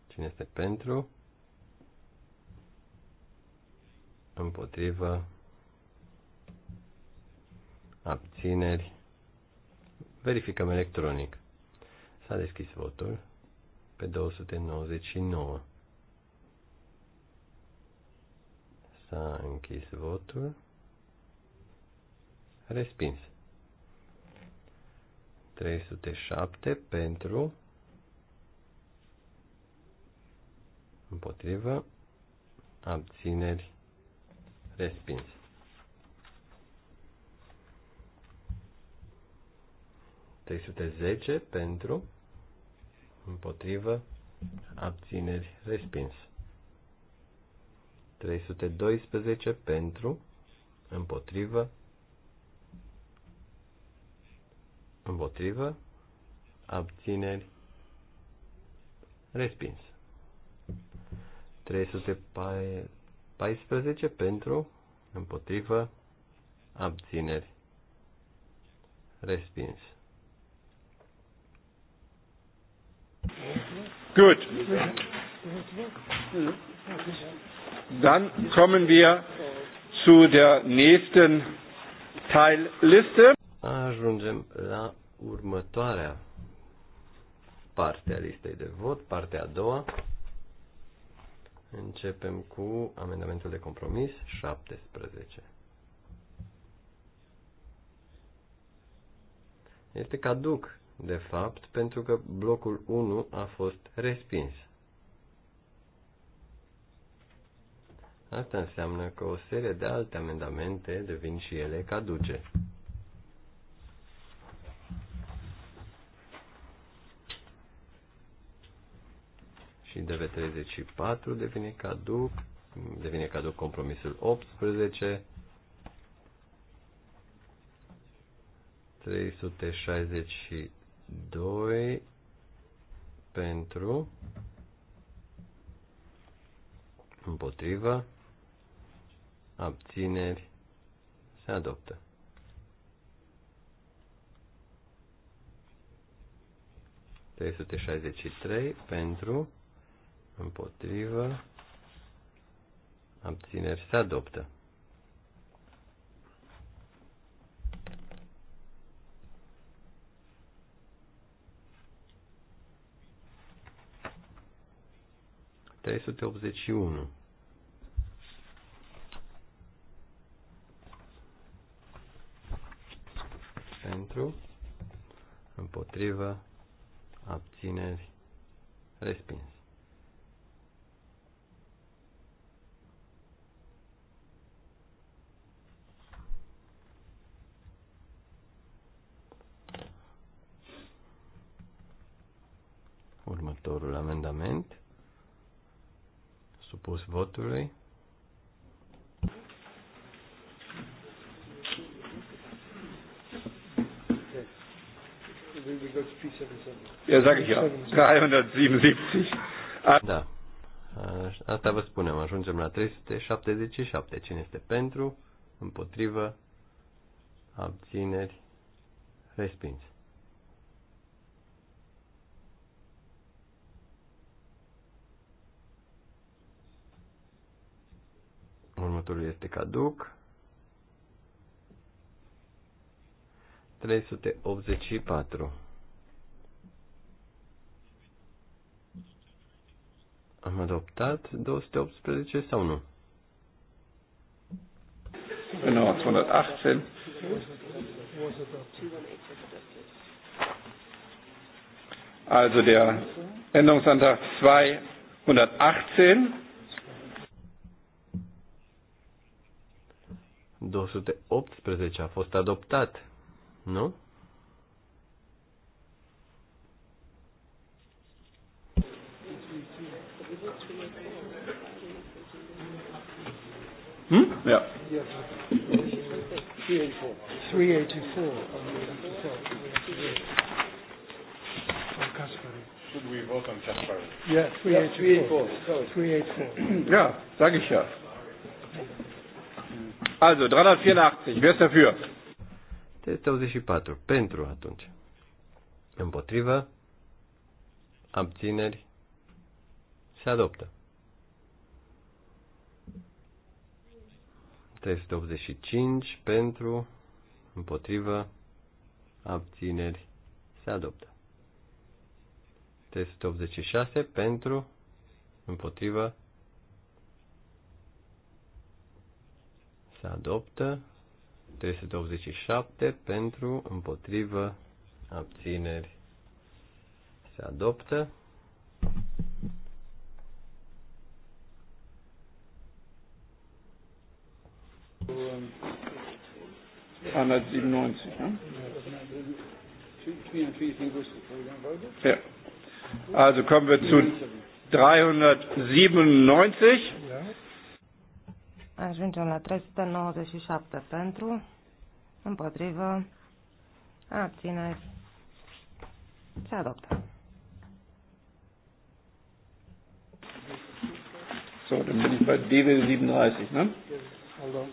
Speaker 1: cine este pentru împotrivă, abțineri. Verificăm electronic. S-a deschis votul pe 299. S-a închis votul. Respins. 307 pentru împotrivă abțineri respins. 10 pentru, împotrivă, abțineri, respins. 312 pentru, împotrivă, împotrivă, abțineri, respins. 314 14 pentru, împotrivă, abțineri, respins.
Speaker 5: Good.
Speaker 4: Dann kommen wir zu der nächsten Teilliste. Ajungem la următoarea
Speaker 1: parte a listei de vot, partea a doua. Începem cu amendamentul de compromis 17. Este caduc, de fapt, pentru că blocul 1 a fost respins. Asta înseamnă că o serie de alte amendamente devin și ele caduce. și DV34 devine caduc, devine caduc compromisul 18, 362 pentru împotriva abțineri se adoptă. trei pentru împotrivă, abțineri se adoptă. Pentru, împotrivă, abțineri, respins. următorul amendament supus votului. Eu sag ich 377. Da. Asta vă spunem. Ajungem la 377. Cine este pentru? Împotrivă? Abțineri? Respins. Următorul este caduc. 384. Am adoptat 218 sau
Speaker 4: nu?
Speaker 5: Genau, 218.
Speaker 4: Also der Änderungsantrag 218.
Speaker 1: 218 a fost adoptat, nu?
Speaker 3: Hmm? Yeah.
Speaker 5: 384. 384. Should we vote on Caspari?
Speaker 4: Yes. 384.
Speaker 5: Yeah, 384. ja,
Speaker 4: sage ich ja. Also 384, wer ist dafür?
Speaker 1: 384, pentru atunci. Împotrivă, abțineri, se adoptă. 385 pentru, împotrivă, abțineri, se adoptă. 386 pentru, împotrivă, se adoptă. 387 pentru, împotrivă, abțineri, se adoptă.
Speaker 4: Ana 97, ne? Ja. Also kommen wir zu 397.
Speaker 2: Ajungem la 397 pentru, împotrivă, abțineri, se adoptă.
Speaker 4: So, dann bin ich bei DW 37, ne? Hold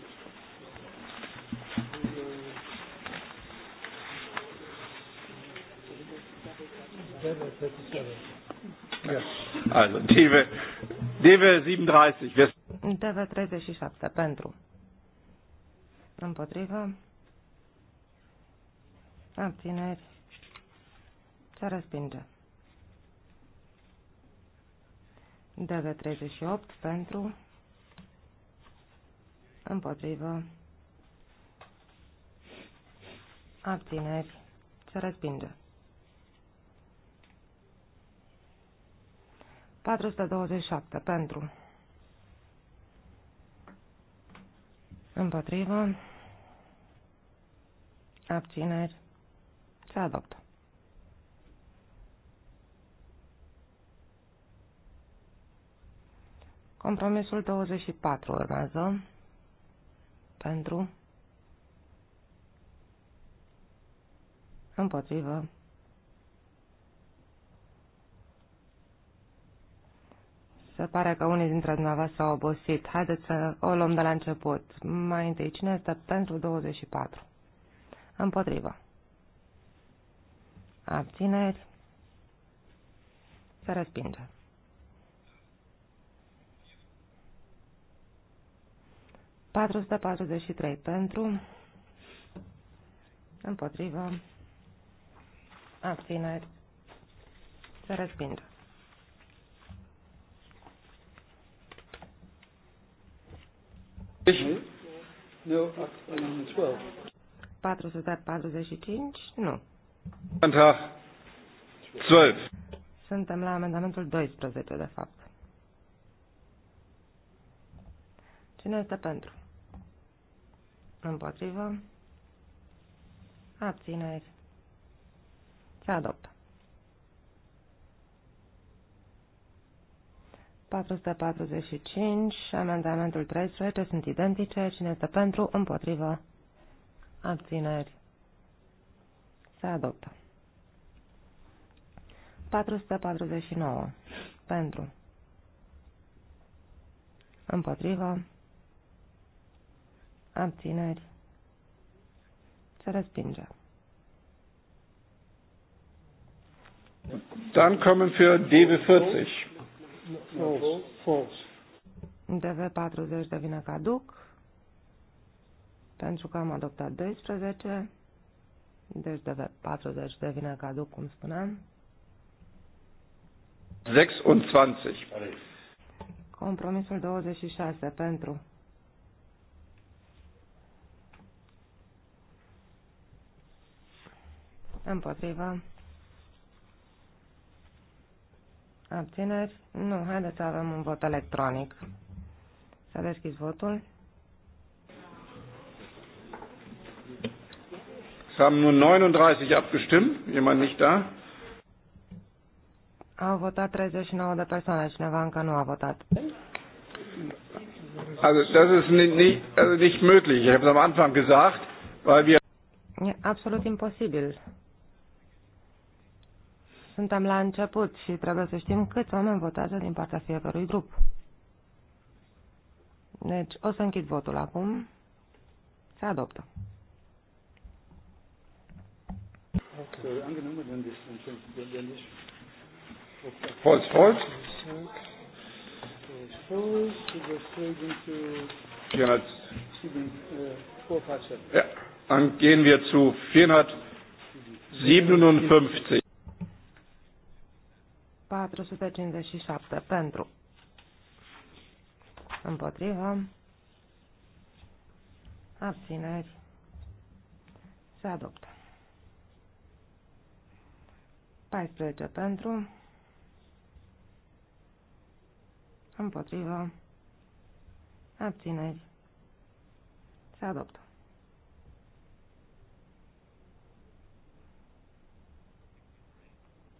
Speaker 4: Also, Deve, Deve 37.
Speaker 2: Deve 37 pentru. Împotrivă. Abțineri. Se respinge. dv 38 pentru. Împotrivă. Abțineri. Se respinge. 427 pentru. Împotrivă. Abțineri. Se adoptă. Compromisul 24 urmează. Pentru. Împotrivă. Se pare că unii dintre dumneavoastră au obosit. Haideți să o luăm de la început. Mai întâi, cine este pentru 24? Împotrivă. Abțineri. Se respinge. trei pentru, împotrivă, abțineri, se respinge.
Speaker 5: No,
Speaker 2: 445? Nu. Amendamentul 12. Suntem la amendamentul 12, de fapt. Cine este pentru? Împotrivă? Abțineri? Se adoptă. 445 și amendamentul 13 sunt identice. Cine este pentru? Împotrivă. Abțineri. Se adoptă. 449. Pentru. Împotrivă. Abțineri. Se respinge. Dann kommen
Speaker 4: wir DB40.
Speaker 2: False. False. DV40 devine caduc pentru că am adoptat 12, deci DV40 devine caduc, cum spuneam. 26. Compromisul 26 pentru împotriva Abțineri? Nu, haideți să avem un vot electronic. S-a deschis votul.
Speaker 4: Es haben nur 39 abgestimmt. Jemand nicht da?
Speaker 2: Au votat 39 de persoane. Cineva încă nu a votat.
Speaker 4: Also das ist nicht, nicht, also nicht möglich. Ich habe es am Anfang gesagt, weil wir...
Speaker 2: E absolut imposibil. Suntem la început și trebuie să știm câți oameni votează din partea fiecărui grup. Deci o să închid votul acum. Se adoptă.
Speaker 4: False, false. Dann gehen wir zu 457.
Speaker 2: 457 pentru. Împotrivă. Abțineri. Se adoptă. 14 pentru. Împotrivă. Abțineri. Se adoptă.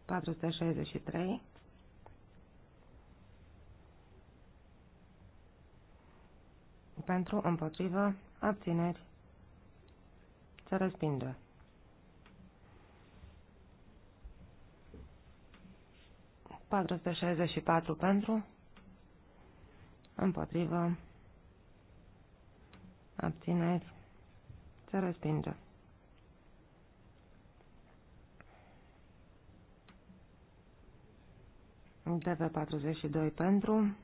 Speaker 2: 463. Pentru, împotrivă, abțineri, se respinge. patru pentru, împotrivă, abțineri, se respinge. tv 42 pentru,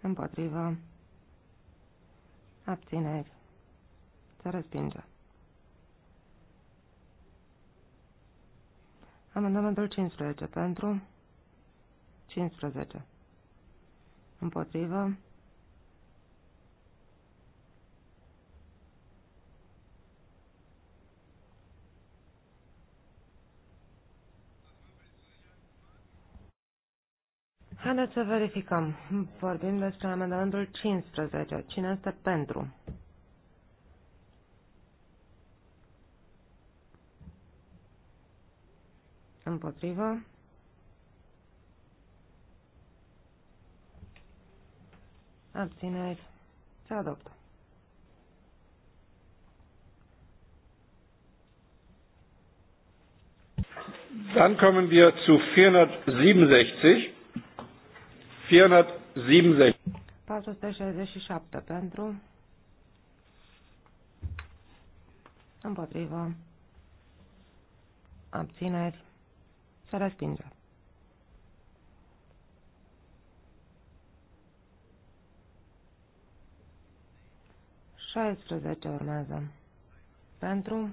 Speaker 2: împotrivă, abțineri, se respinge. Amendamentul 15 pentru 15 împotrivă Haideți să verificăm. Vorbim despre amendamentul 15. Cine este pentru? Împotrivă. Abțineri. Se adoptă.
Speaker 4: Dann kommen wir zu 467. 467.
Speaker 2: 467 pentru. Împotrivă. Abțineri. Se respinge. Șaisprezece urmează. Pentru.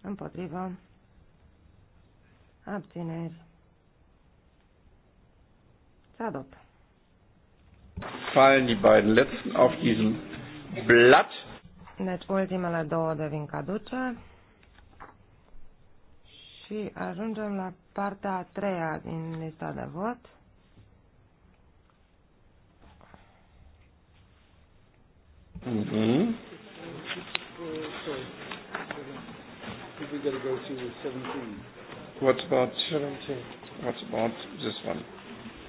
Speaker 2: Împotrivă. Abțineri. Se
Speaker 4: Fallen die beiden letzten auf diesem Blatt.
Speaker 2: Deci ultimele două devin caduce. Și ajungem la partea a treia din lista de vot. Mm
Speaker 4: -hmm. What about 17? What about this one? 493. 493. Uh, 77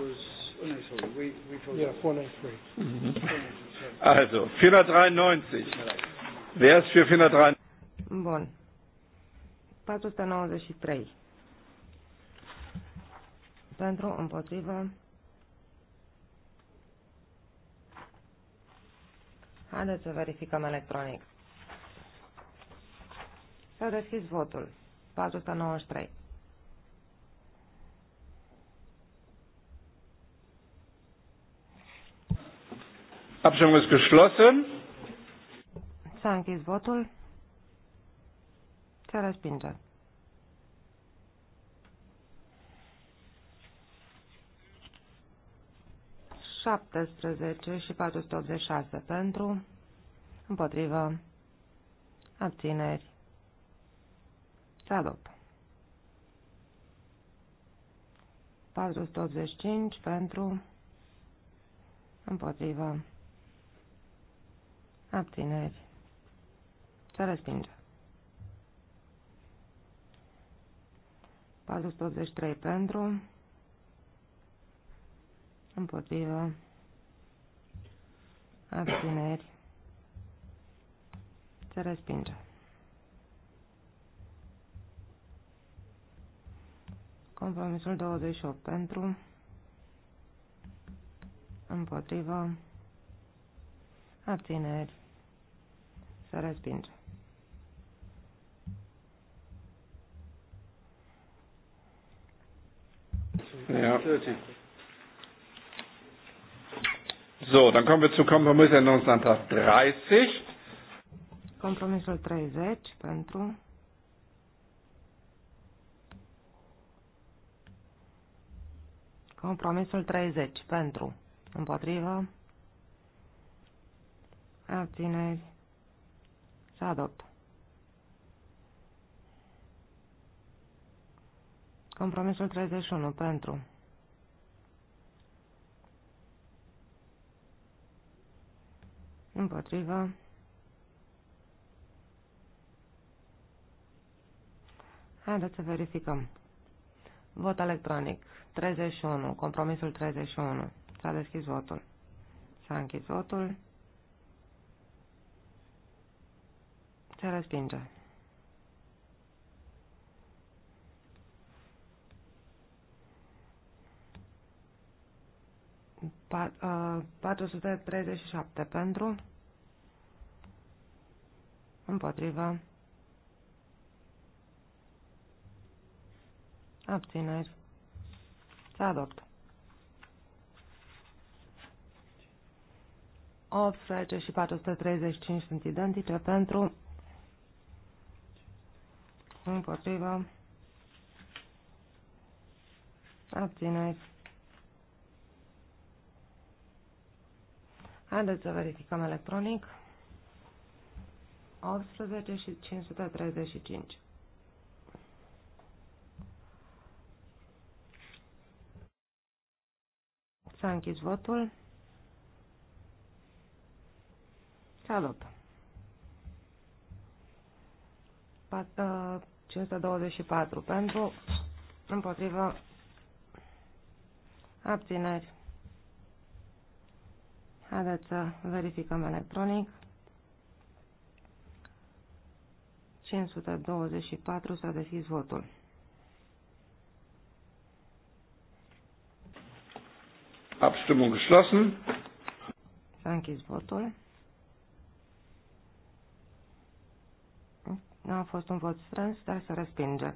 Speaker 5: was. Oh, no,
Speaker 2: sorry. We, we yeah, 493. Mhm. Also,
Speaker 4: 493. Wer ist für 493?
Speaker 2: Bun. 493. Pentru, împotrivă. Haideți să verificăm electronic. S-a deschis votul. 493.
Speaker 4: Abstimmung ist geschlossen.
Speaker 2: S-a închis votul. Se respinge. șaptesprezece și 486 pentru, împotrivă, abțineri, adoptă. 485 pentru, împotrivă, abțineri, să respinge. 483 pentru, împotrivă, abțineri, să respinge. Compromisul 28 pentru, împotriva, abțineri, se respinge. Ja.
Speaker 4: So, dann kommen wir zu Kompromissänderungsantrag 30.
Speaker 2: Kompromissul 30 pentru Compromisul 30. Pentru. Împotrivă. Abțineri. Să adopt. Compromisul 31. Pentru. Împotrivă. Haideți să verificăm. Vot electronic. 31, compromisul 31. S-a deschis votul. S-a închis votul. Se respinge. Pa, uh, 437 pentru, împotriva, abțineri, se adoptă. 18 și 435 sunt identice pentru împotriva abțineți. Haideți să verificăm electronic. 18 și 535. S-a închis votul. Se adoptă. 524 uh, pentru, împotrivă, abțineri. Haideți să verificăm electronic. 524 s-a deschis votul. Abstimmung geschlossen. S-a închis votul. Nu a fost un vot strâns, dar se respinge.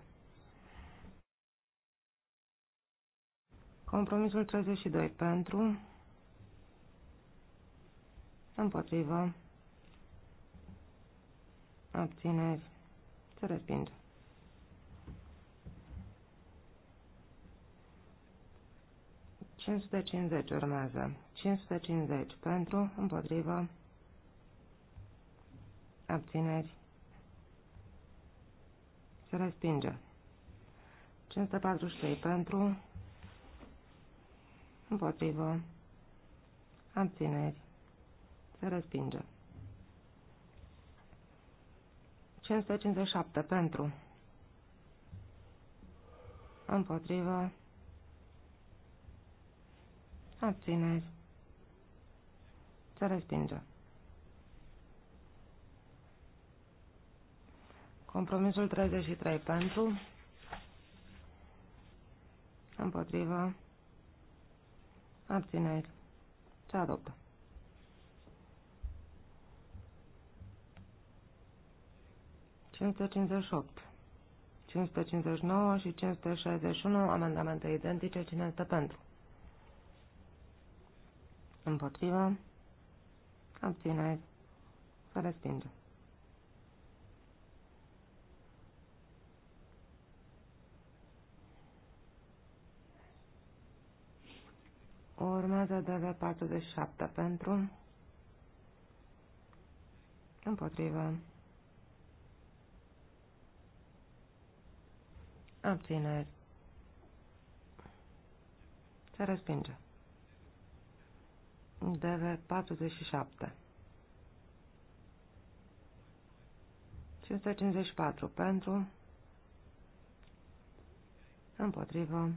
Speaker 2: Compromisul 32 pentru, împotrivă, abțineri, se respinge. 550 urmează. 550 pentru, împotrivă, abțineri, se respinge. 543 pentru, împotrivă, abțineri, se respinge. 557 pentru, împotrivă, abțineri, se respinge. Compromisul 33 pentru, împotriva, abțineri, se adoptă. Cinci 559 și 561 amendamente identice. Cine este pentru? Împotrivă. Abțineri. Se respinge. Urmează DV47 pentru împotrivă abțineri se respinge. DV47. 554 pentru, împotrivă,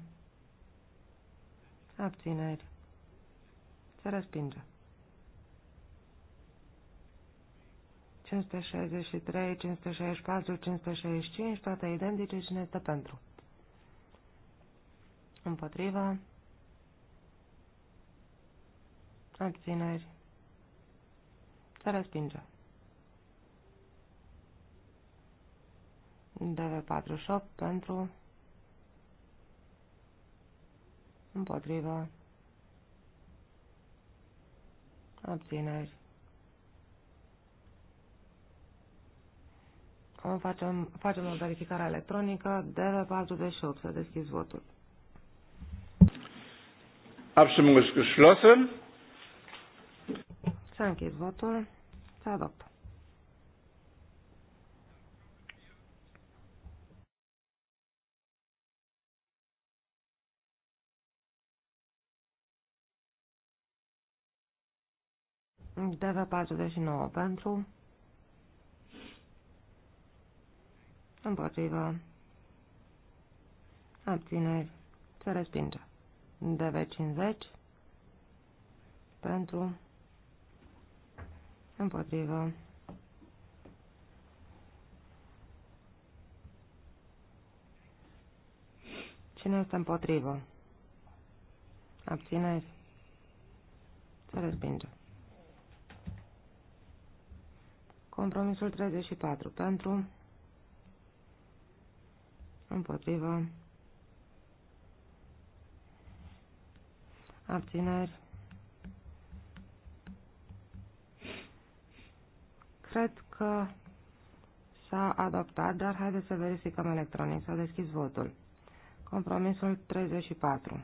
Speaker 2: abțineri, se respinge. 563, 564, 565, toate identice, ne stă pentru? Împotriva, abțineri, se respinge. DV48 pentru, împotriva, abțineri. O facem, facem o verificare electronică, DV48, să deschizi votul.
Speaker 4: Abstimmung ist geschlossen.
Speaker 2: S-a închis votul. S-a adoptă. DV49 pentru, împotrivă, abțineri, se respinge. DV50 pentru, Împotrivă. Cine este împotrivă? Abțineri? Să respinge. Compromisul 34. Pentru? Împotrivă? Abțineri? Cred că s-a adoptat, dar haideți să verificăm electronic. S-a deschis votul. Compromisul 34.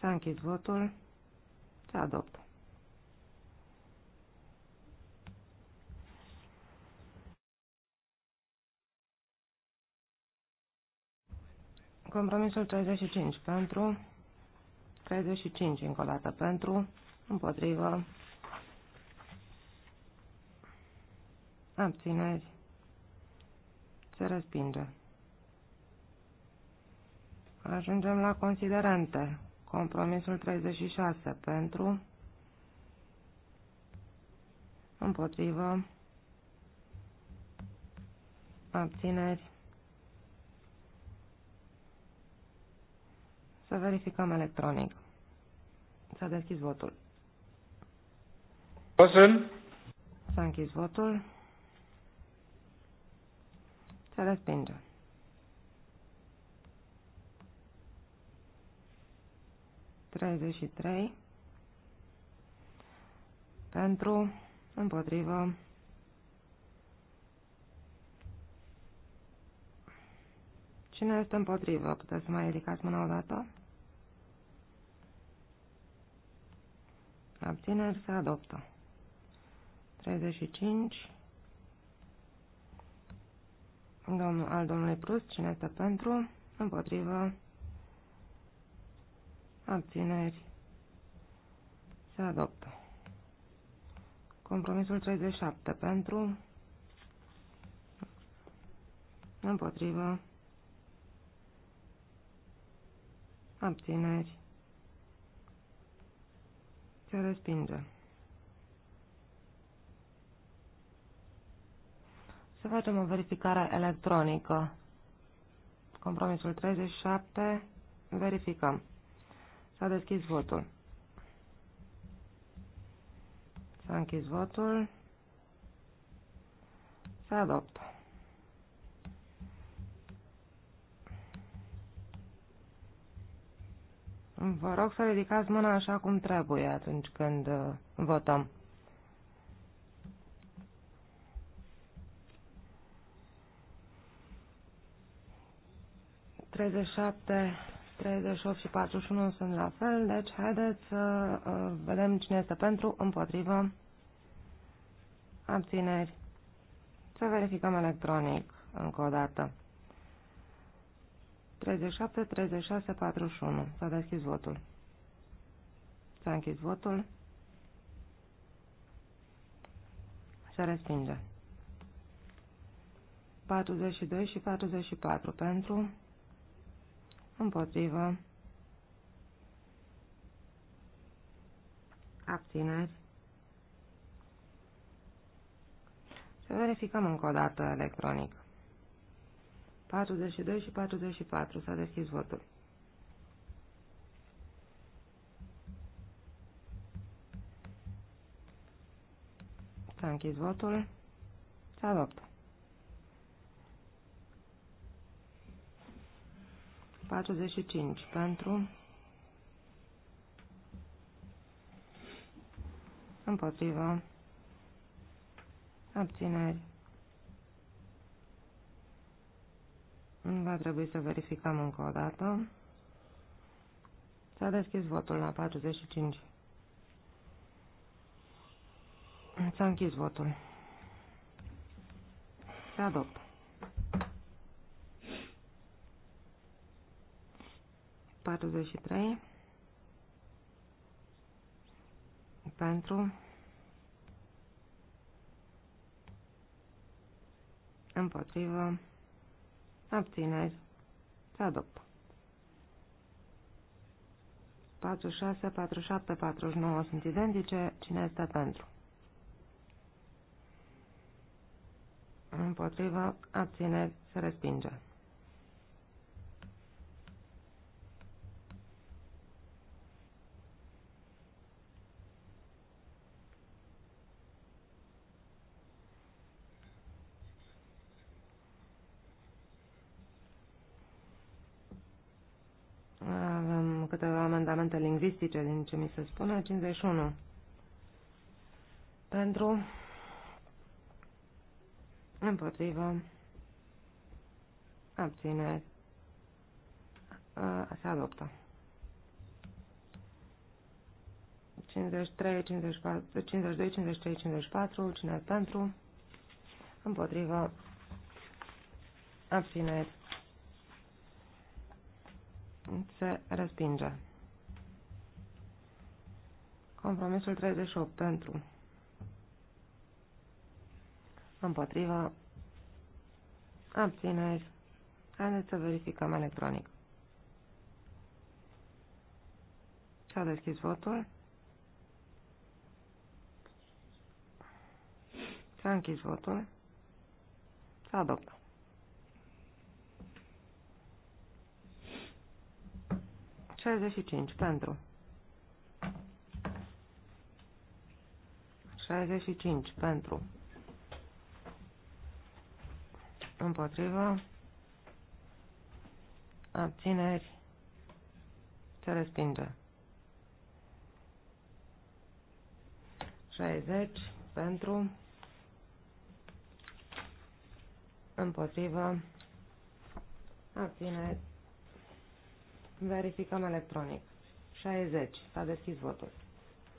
Speaker 2: S-a închis votul. Se adoptă. Compromisul 35 pentru, 35 încă o dată pentru, împotrivă, abțineri, se respinge. Ajungem la considerente. Compromisul 36 pentru, împotrivă, abțineri. Să verificăm electronic. S-a deschis votul. Wilson. S-a închis votul. Se respinge. Treizeci trei. Pentru, împotrivă, Cine este împotrivă? Puteți să mai ridicați mâna o dată? Abțineri se adoptă. 35 domnul, al domnului plus, cine este pentru, împotrivă, abțineri, se adoptă. Compromisul 37 pentru, împotrivă, abțineri, se respinge. Să facem o verificare electronică. Compromisul 37. Verificăm. S-a deschis votul. S-a închis votul. Se adoptă. Vă rog să ridicați mâna așa cum trebuie atunci când uh, votăm. 37, 38 și 41 sunt la fel, deci haideți să uh, vedem cine este pentru, împotrivă, abțineri. Să verificăm electronic încă o dată. 37, 36, 41. S-a deschis votul. S-a închis votul. Se respinge. 42 și 44 pentru, împotrivă, abțineri. Să verificăm încă o dată electronic. 42 și 44 s-a deschis votul. S-a închis votul. S-a adoptat. 45 pentru, împotriva abțineri. Va trebui să verificăm încă o dată. S-a deschis votul la 45. S-a închis votul. Se adoptă. 43 pentru împotrivă abțineri se adopt 46, 47, 49 sunt identice cine este pentru împotrivă abțineri se respinge variante lingvistice din ce mi se spune, 51. Pentru, împotrivă, abține a, se adoptă. 53, 54, 52, 53, 54, cine pentru, împotrivă, abțineri, se respinge. Compromisul 38 pentru. Împotriva. Abțineri. Haideți să verificăm electronic. S-a deschis votul. S-a închis votul. Se adoptă. Șaizeci pentru. 65 pentru. Împotrivă. Abțineri. Se respinge. 60 pentru. Împotrivă. Abțineri. Verificăm electronic. 60. S-a deschis votul.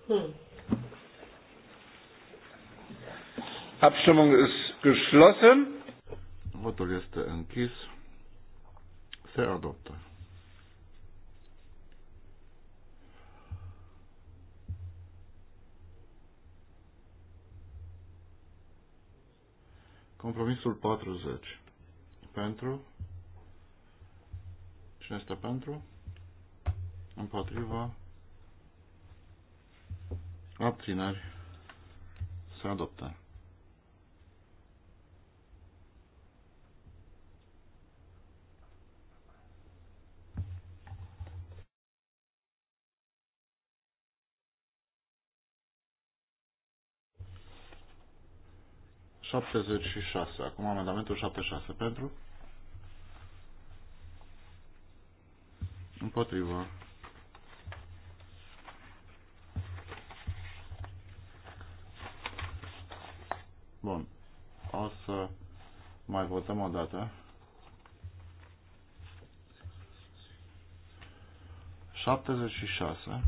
Speaker 2: Hmm.
Speaker 3: Abstimmung ist geschlossen. Votul este închis. Se adoptă. Compromisul 40. Pentru. Cine este pentru? Împotriva. Abțineri. Se adoptă. 76. Acum amendamentul 76 pentru. Împotrivă. Bun. O să mai votăm o dată. 76.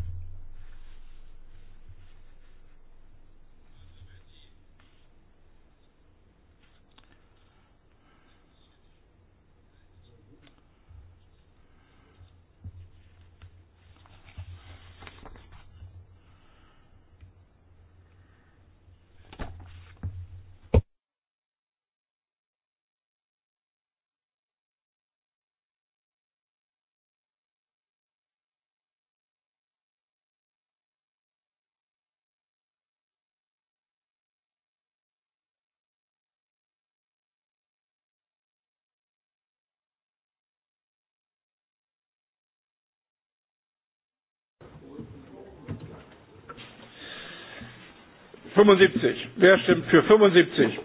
Speaker 4: 75. Wer stimmt für 75?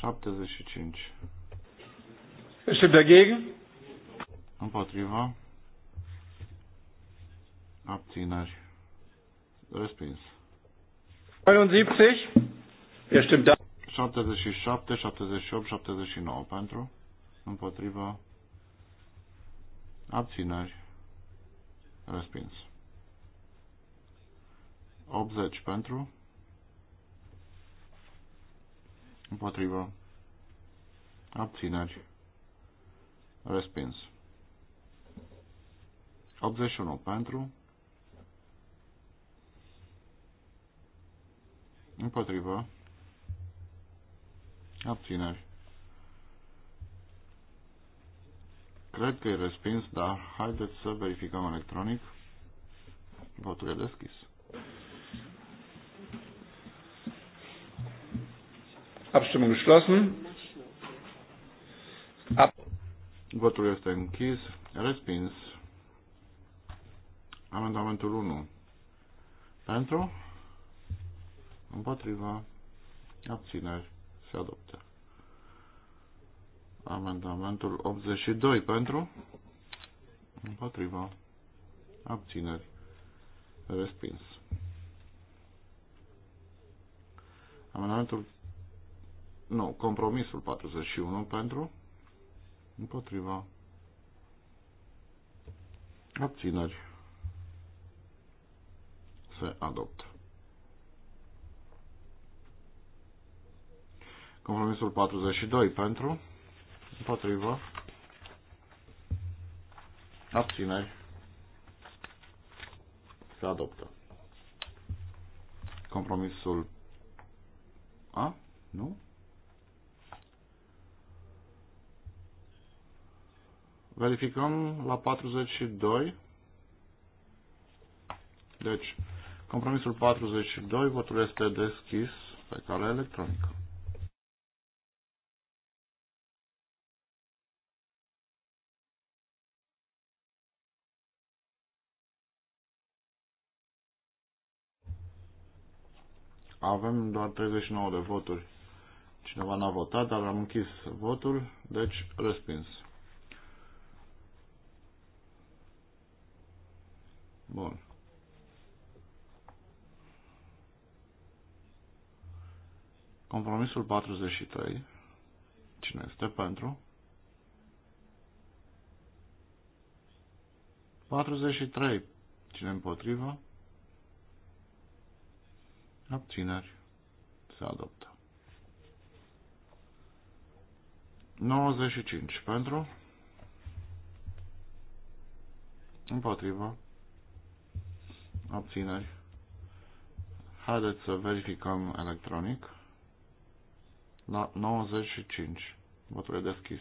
Speaker 3: 75. Wer stimmt dagegen? Împotriva. Abțineri. Respins.
Speaker 4: 79.
Speaker 3: Wer stimmt da? 77, 78, 79 pentru. Împotriva. Abțineri. Respins. 80 pentru, împotrivă, abțineri, respins. 81 pentru, împotrivă, abțineri. Cred că e respins, dar haideți să verificăm electronic. Votul e deschis. Abstimmung geschlossen. Ab Votul este închis. Respins. Amendamentul 1. Pentru? Împotriva. Abțineri. Se adoptă. Amendamentul 82. Pentru? Împotriva. Abțineri. Respins. Amendamentul nu, compromisul 41 pentru, împotriva, abțineri, se adoptă. Compromisul 42 pentru, împotriva, abțineri, se adoptă. Compromisul A? Nu? Verificăm la 42. Deci, compromisul 42, votul este deschis pe cale electronică. Avem doar 39 de voturi. Cineva n-a votat, dar am închis votul, deci respins. Bun. Compromisul 43. Cine este pentru? 43. Cine împotrivă? Abțineri. Se adoptă. 95. Pentru? Împotrivă. Abțineri. Haideți să verificăm electronic. La 95. Votul e deschis.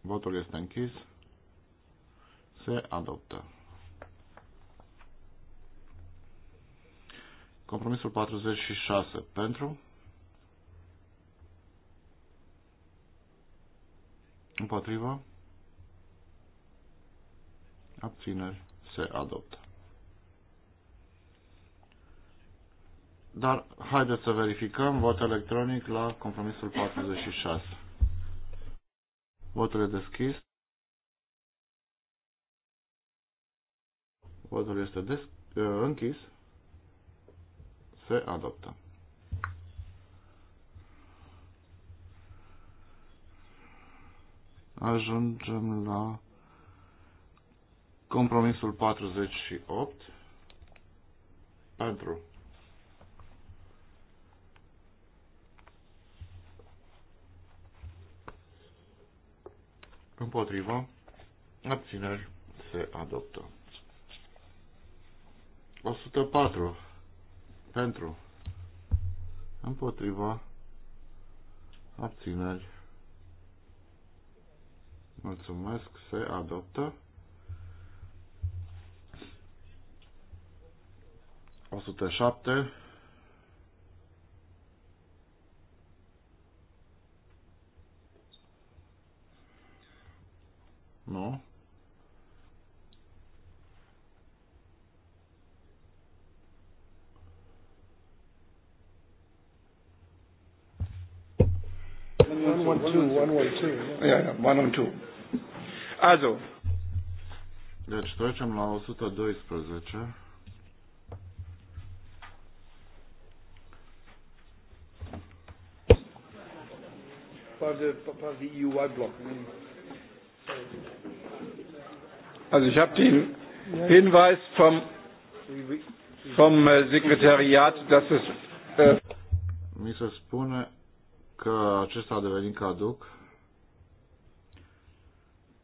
Speaker 3: Votul este închis. Se adoptă. Compromisul 46. Pentru. Împotrivă abțineri, se adoptă. Dar haideți să verificăm vot electronic la compromisul 46. Votul e deschis. Votul este des, uh, închis. Se adoptă. Ajungem la Compromisul 48 pentru împotriva abțineri se adoptă. 104 pentru împotriva abțineri Mulțumesc, se adoptă. 107 Nu?
Speaker 4: One oh oh oh
Speaker 3: Deci trecem la 112.
Speaker 5: part of the, part of the EU-wide block. I mean,
Speaker 4: also ich habe den Hinweis vom,
Speaker 5: vom äh, Sekretariat,
Speaker 3: dass es... Uh, Mi se spune că acesta a devenit caduc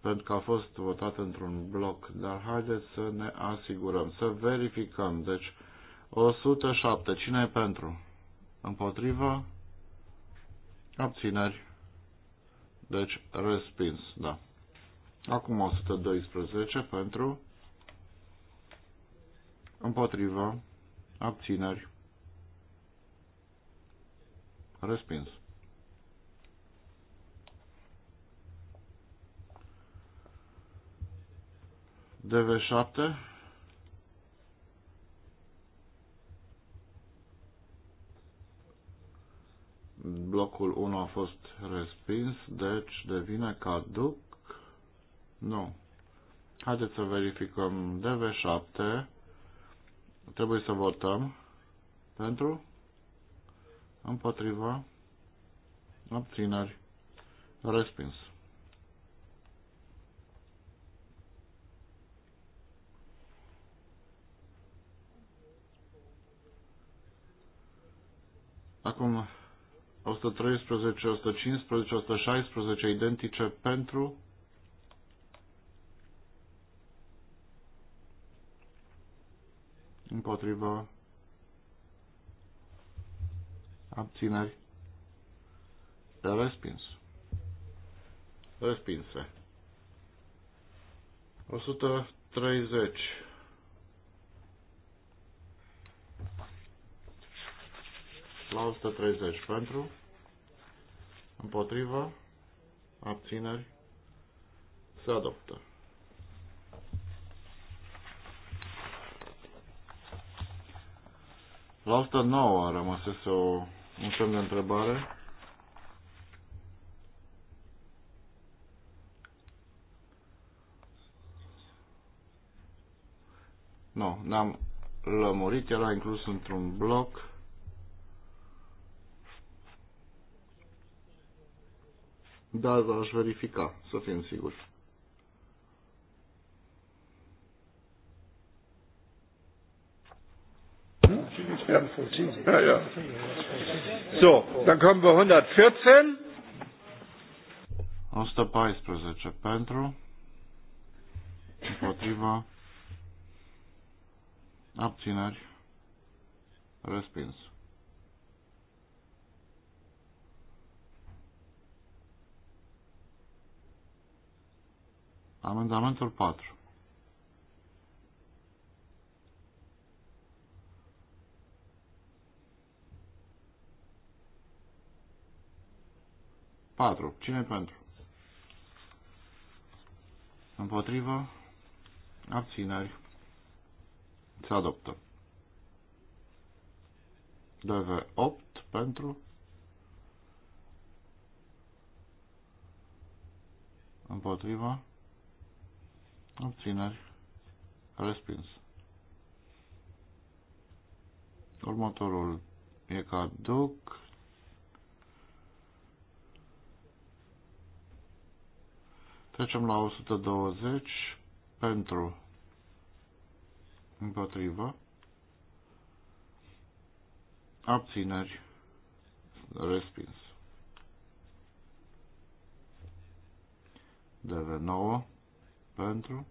Speaker 3: pentru că a fost votat într-un bloc, dar haideți să ne asigurăm, să verificăm. Deci, 107. Cine e pentru? Împotrivă? Abțineri. Deci, respins, da. Acum 112 pentru împotrivă, abțineri, respins. DV7 Blocul 1 a fost respins, deci devine caduc. Nu. Haideți să verificăm DV7. Trebuie să votăm. Pentru? Împotriva? Obțineri? Respins. Acum 113, 115, 116 identice pentru împotriva abțineri respins respinse 130 la 130 pentru Împotrivă, abțineri, se adoptă. La 109 rămăsese o, un semn de întrebare. Nu, n-am lămurit, era inclus într-un bloc dar da, aș verifica, să fim siguri.
Speaker 4: Ja, ja. So, dann
Speaker 3: kommen wir 114. 114 pentru, împotriva, abțineri, respins. Amendamentul 4. Patru. Cine pentru? Împotrivă? Abțineri? Se adoptă. DV8 pentru? Împotrivă? Obțineri. Respins. Următorul e duc. Trecem la 120 pentru împotrivă abțineri respins. DV9 pentru,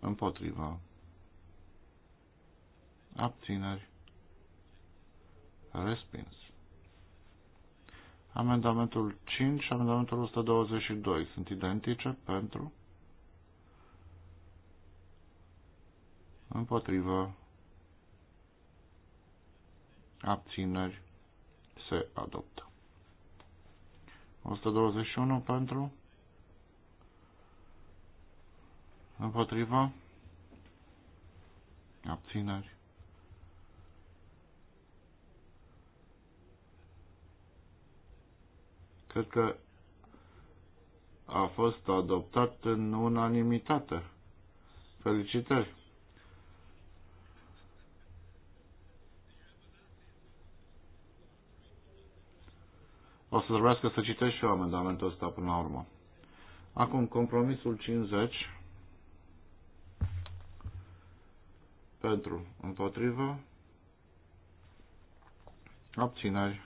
Speaker 3: împotriva, abțineri, respins. Amendamentul 5 și amendamentul 122 sunt identice pentru, împotriva, abțineri, se adoptă. 121 pentru, Împotrivă? Abțineri? Cred că a fost adoptat în unanimitate. Felicitări! O să trebuiască să citești și eu amendamentul ăsta până la urmă. Acum, compromisul 50 pentru, împotrivă, abțineri,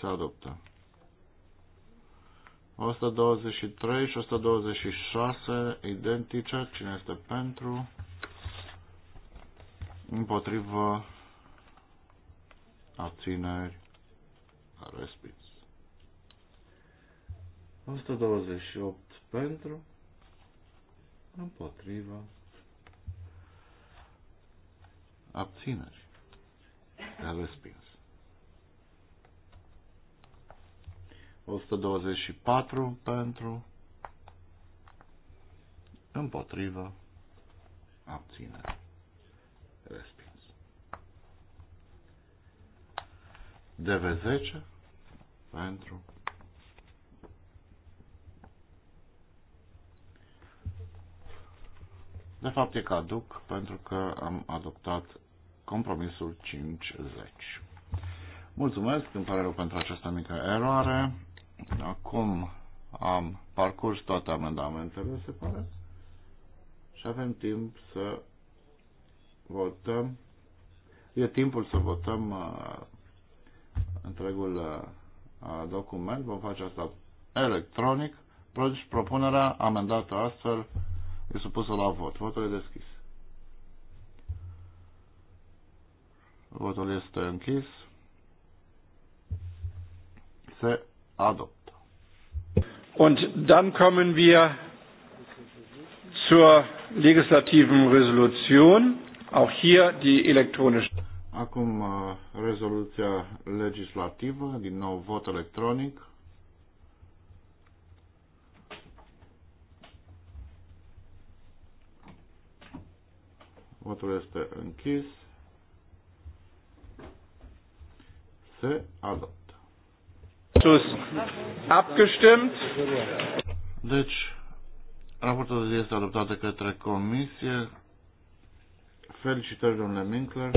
Speaker 3: se adoptă. 123 și 126 identice, cine este pentru, împotrivă, abțineri, respins. 128 pentru, împotriva abțineri, a respins. 124 pentru, împotrivă, abținere, respins. DV10 pentru, de fapt e caduc pentru că am adoptat compromisul 50. Mulțumesc, îmi pare rău pentru această mică eroare. Acum am parcurs toate amendamentele, se pare, și avem timp să votăm. E timpul să votăm uh, întregul uh, document. Vom face asta electronic. Deci propunerea amendată astfel e supusă la vot. Votul e deschis. Votul este închis. Se adoptă. Und
Speaker 4: dann kommen wir zur legislativen
Speaker 3: Resolution. Auch hier die elektronische. Acum uh, rezoluția legislativă, din nou vot electronic. Votul este închis. se adoptă. Sus. Abgestimmt. Deci, raportul de zi este adoptat de către comisie. Felicitări, domnule Winkler.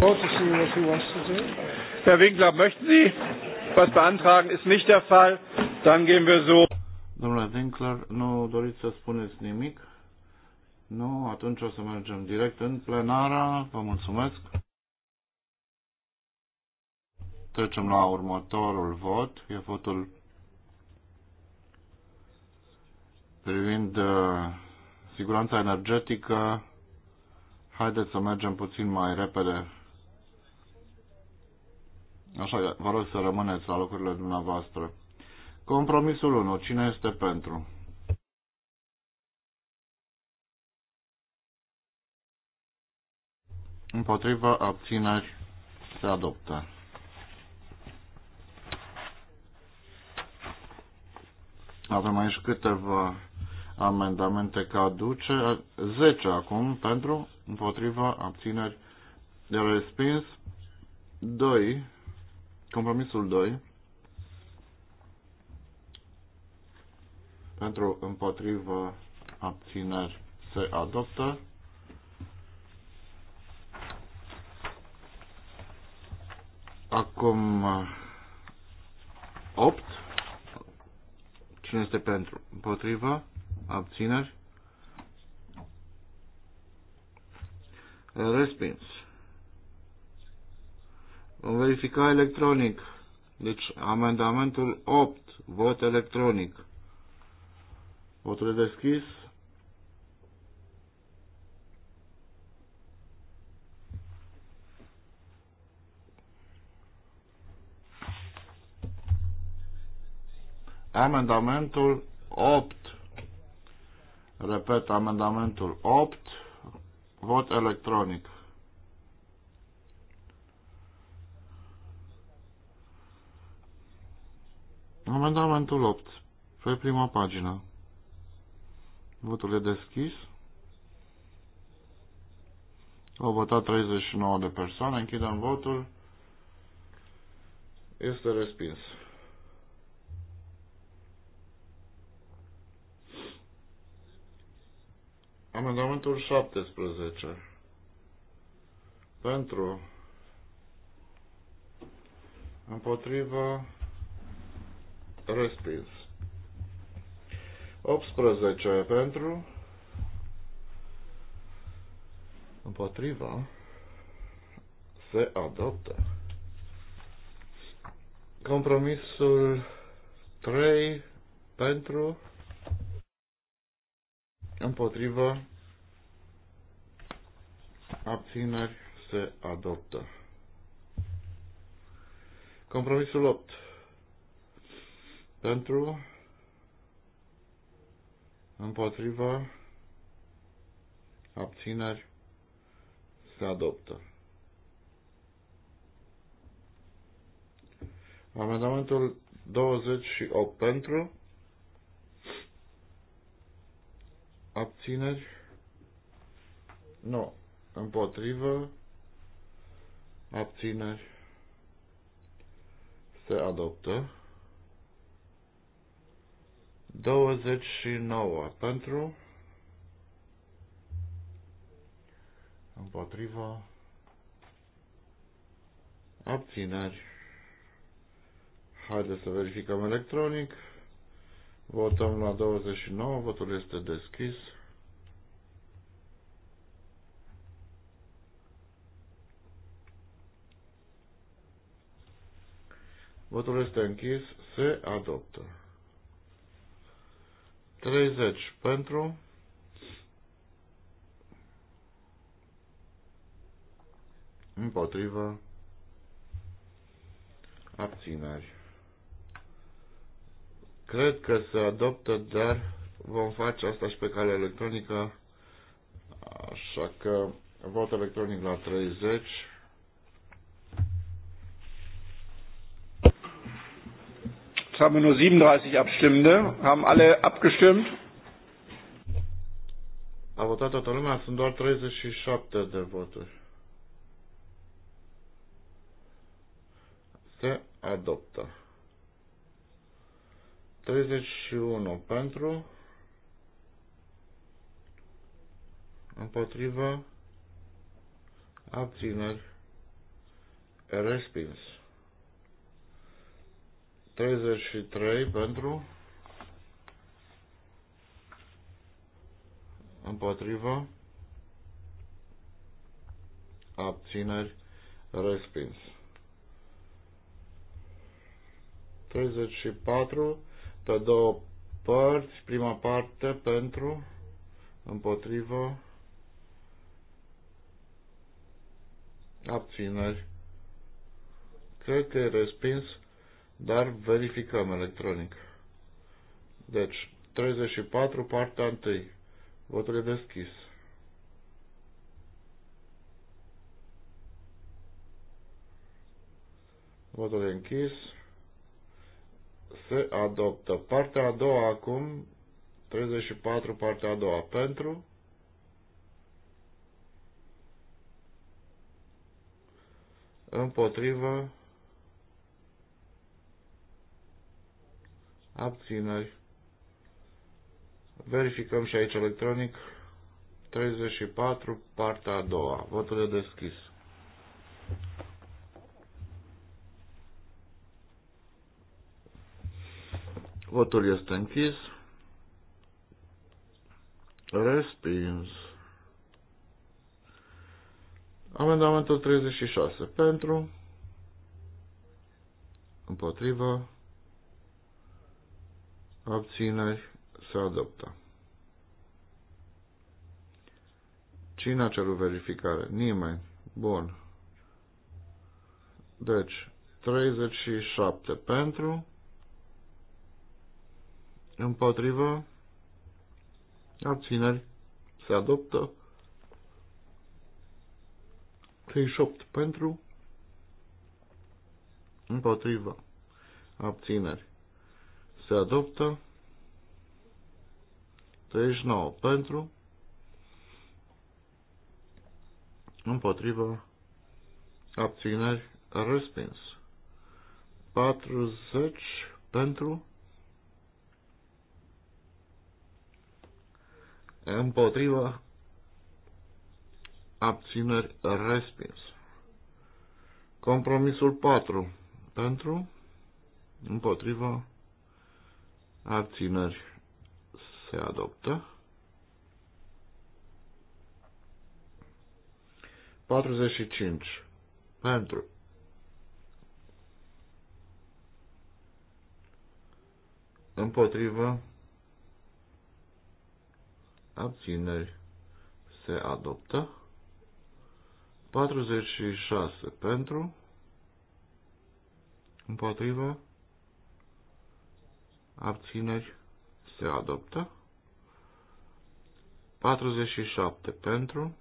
Speaker 3: Herr Winkler, möchten Sie was beantragen? Ist nicht der Fall. Dann gehen wir so. Domnule Winkler, nu doriți să spuneți nimic? Nu, atunci o să mergem direct în plenara. Vă mulțumesc. Trecem la următorul vot. E votul privind uh, siguranța energetică. Haideți să mergem puțin mai repede. Așa, vă rog să rămâneți la locurile dumneavoastră. Compromisul 1. Cine este pentru? Împotriva abțineri se adoptă. Avem aici câteva amendamente caduce, 10 acum pentru, împotriva, abțineri, de respins, 2, compromisul 2, pentru, împotriva, abțineri, se adoptă. Acum 8 Cine este pentru? Împotriva? Abțineri? Respins. Vom verifica electronic. Deci amendamentul 8, vot electronic. Votul deschis. Amendamentul 8. Repet, amendamentul 8. Vot electronic. Amendamentul 8. Pe prima pagină. Votul e deschis. Au votat 39 de persoane. Închidem votul. Este respins. Amendamentul 17. Pentru. Împotrivă. Respins. 18. Pentru. Împotriva. Se adoptă. Compromisul 3 pentru împotrivă, abțineri, se adoptă. Compromisul 8. Pentru, împotrivă, abțineri, se adoptă. Amendamentul 28 pentru, abțineri, nu, împotrivă, abțineri, se adoptă. 29 pentru, împotrivă, abțineri. Haideți să verificăm electronic. Votăm la 29, votul este deschis. Votul este închis, se adoptă. 30 pentru, împotrivă, abțineri. Cred că se adoptă, dar vom face asta și pe cale electronică, așa că vot electronic la 30. Jetzt
Speaker 4: haben wir nur 37 Abstimmende. Haben alle abgestimmt?
Speaker 3: A votat toată lumea, sunt doar 37 de voturi. Se adoptă. 31 pentru, împotriva, abțineri, respins. 33 pentru, împotriva, abțineri, respins. 34 pe două părți, prima parte pentru, împotrivă, abțineri. Cred că e respins, dar verificăm electronic. Deci, 34, partea 1. Votul e deschis. Votul e închis se adoptă. Partea a doua acum, 34, partea a doua, pentru, împotrivă, abțineri. Verificăm și aici electronic. 34, partea a doua. Votul e deschis. Votul este închis. Respins. Amendamentul 36. Pentru. Împotrivă. Abțineri. Se adoptă. Cine a cerut verificare? Nimeni. Bun. Deci, 37 pentru, împotrivă, abțineri, se adoptă 38 pentru, împotrivă, abțineri, se adoptă 39 pentru, împotrivă, abțineri, respins. 40 pentru, împotrivă, abțineri, respins. Compromisul 4, pentru, împotrivă, abțineri, se adoptă. 45. Pentru. Împotrivă abțineri, se adoptă. 46 pentru, împotriva, abțineri, se adoptă. 47 pentru,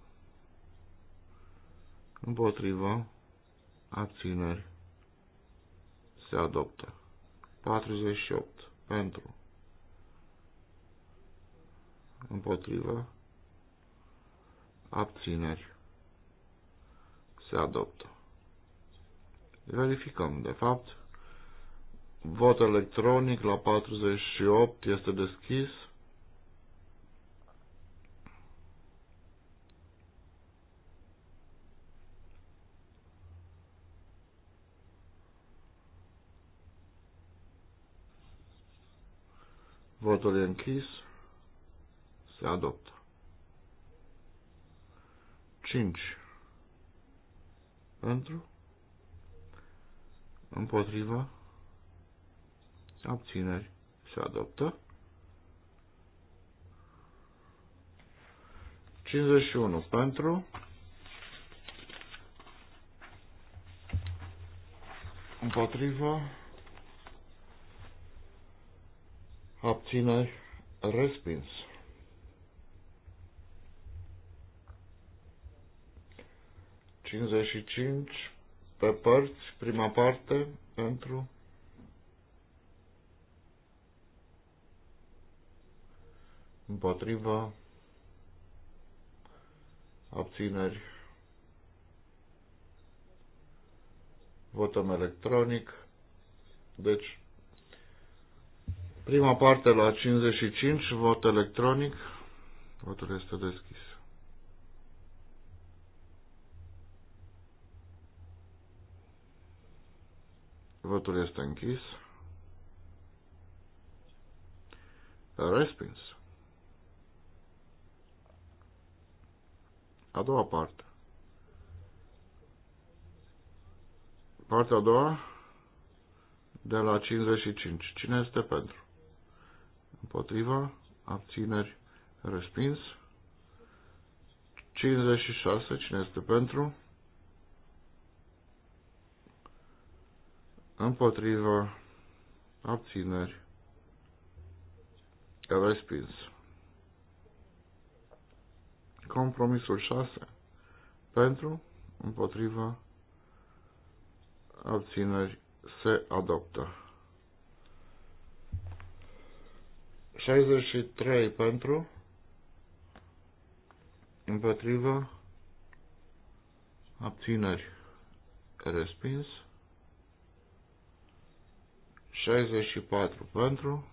Speaker 3: împotriva, abțineri, se adoptă. 48 pentru, împotrivă, abțineri, se adoptă. Verificăm, de fapt, vot electronic la 48 este deschis. Votul e închis se adoptă. 5. Pentru, împotriva, abțineri, se adoptă. 51. Pentru, împotriva, abțineri, respins. 55 pe părți, prima parte, pentru împotriva abțineri. Votăm electronic. Deci, prima parte la 55, vot electronic. Votul este deschis. Votul este închis. Respins. A doua parte. Partea a doua de la 55. Cine este pentru? Împotriva, abțineri, respins. 56. Cine este pentru? împotriva, abțineri, respins. Compromisul 6. Pentru, împotriva, abțineri, se adoptă. 63 pentru, împotriva, abțineri, respins. 64 pentru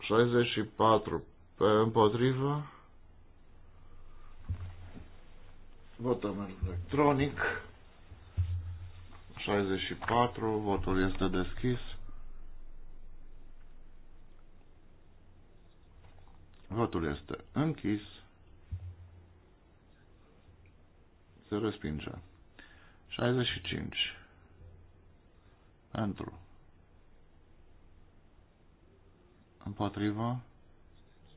Speaker 3: 64 pe împotriva votăm electronic 64 votul este deschis votul este închis se respinge 65. Pentru. Împotriva.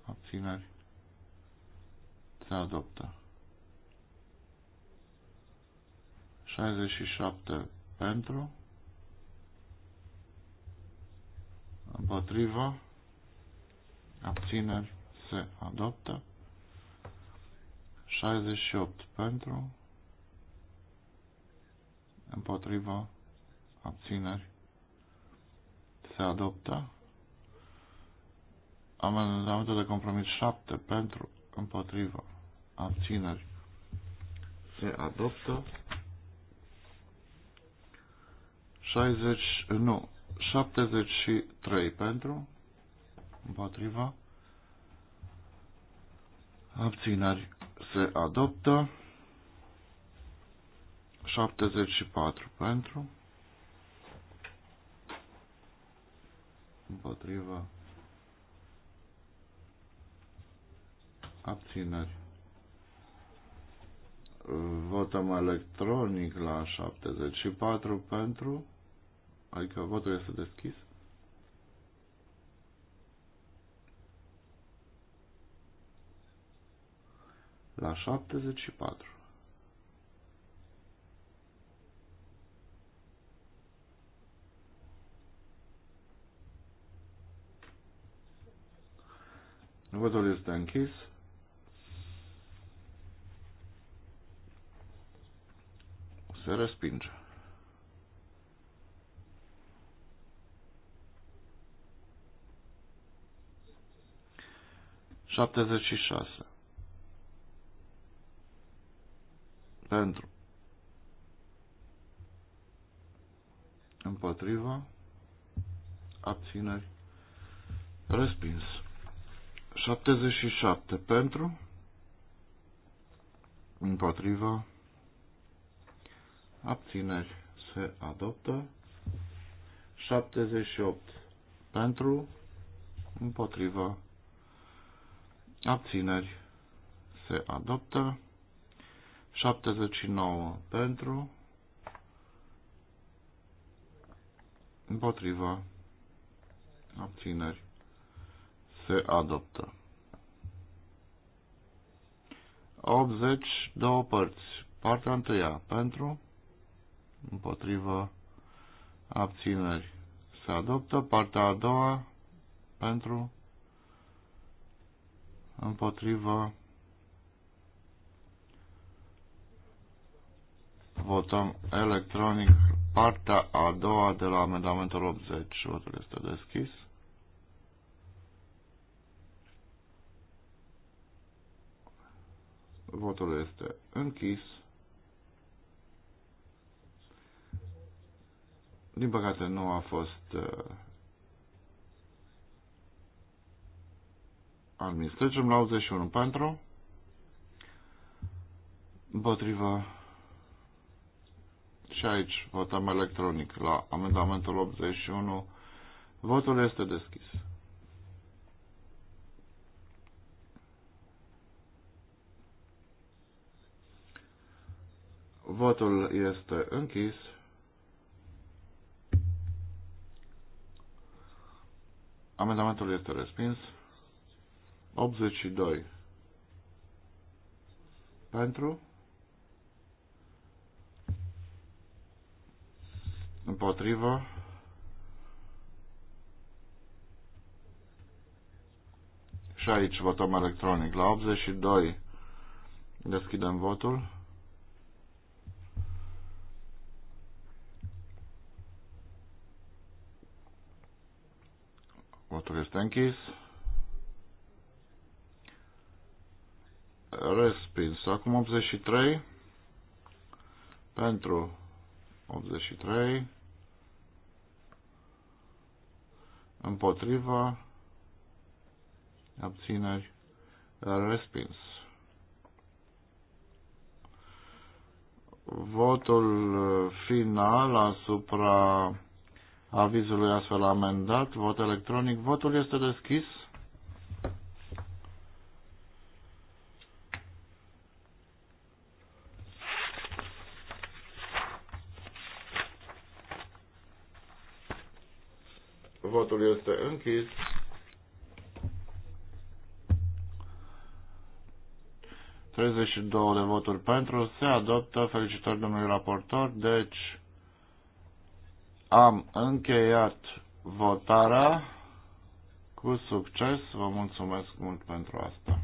Speaker 3: Abțineri. Se adoptă. 67 pentru, împotriva, abțineri se adoptă, 68 pentru, împotriva abțineri se adoptă. Amendamente de compromis 7 pentru împotriva abțineri se adoptă. 60, nu, 73 pentru împotriva abțineri se adoptă. 74 pentru, împotriva, abțineri. Votăm electronic la 74 pentru, adică votul este deschis. La 74. Votul este închis. Se respinge. Șaptezeci și șase. Pentru. Împotriva. Abțineri. Respins. 77 pentru, împotriva, abțineri se adoptă, 78 pentru, împotriva, abțineri se adoptă, 79 pentru, împotriva, abțineri se adoptă. 80, două părți. Partea întâia pentru, împotrivă, abțineri. Se adoptă partea a doua pentru, împotrivă, votăm electronic partea a doua de la amendamentul 80. Votul este deschis. Votul este închis. Din păcate nu a fost uh, admis. Trecem la 81 pentru. Împotrivă. Și aici votăm electronic la amendamentul 81. Votul este deschis. Votul este închis. Amendamentul este respins. 82. Pentru. Împotrivă. Și aici votăm electronic. La 82 deschidem votul. Votul este închis. Respins. Acum 83. Pentru 83. Împotriva. Abțineri. Respins. Votul final asupra avizului astfel amendat. Vot electronic. Votul este deschis. Votul este închis. Treizeci și două de voturi pentru. Se adoptă. Felicitări domnului raportor. Deci, am încheiat votarea cu succes. Vă mulțumesc mult pentru asta.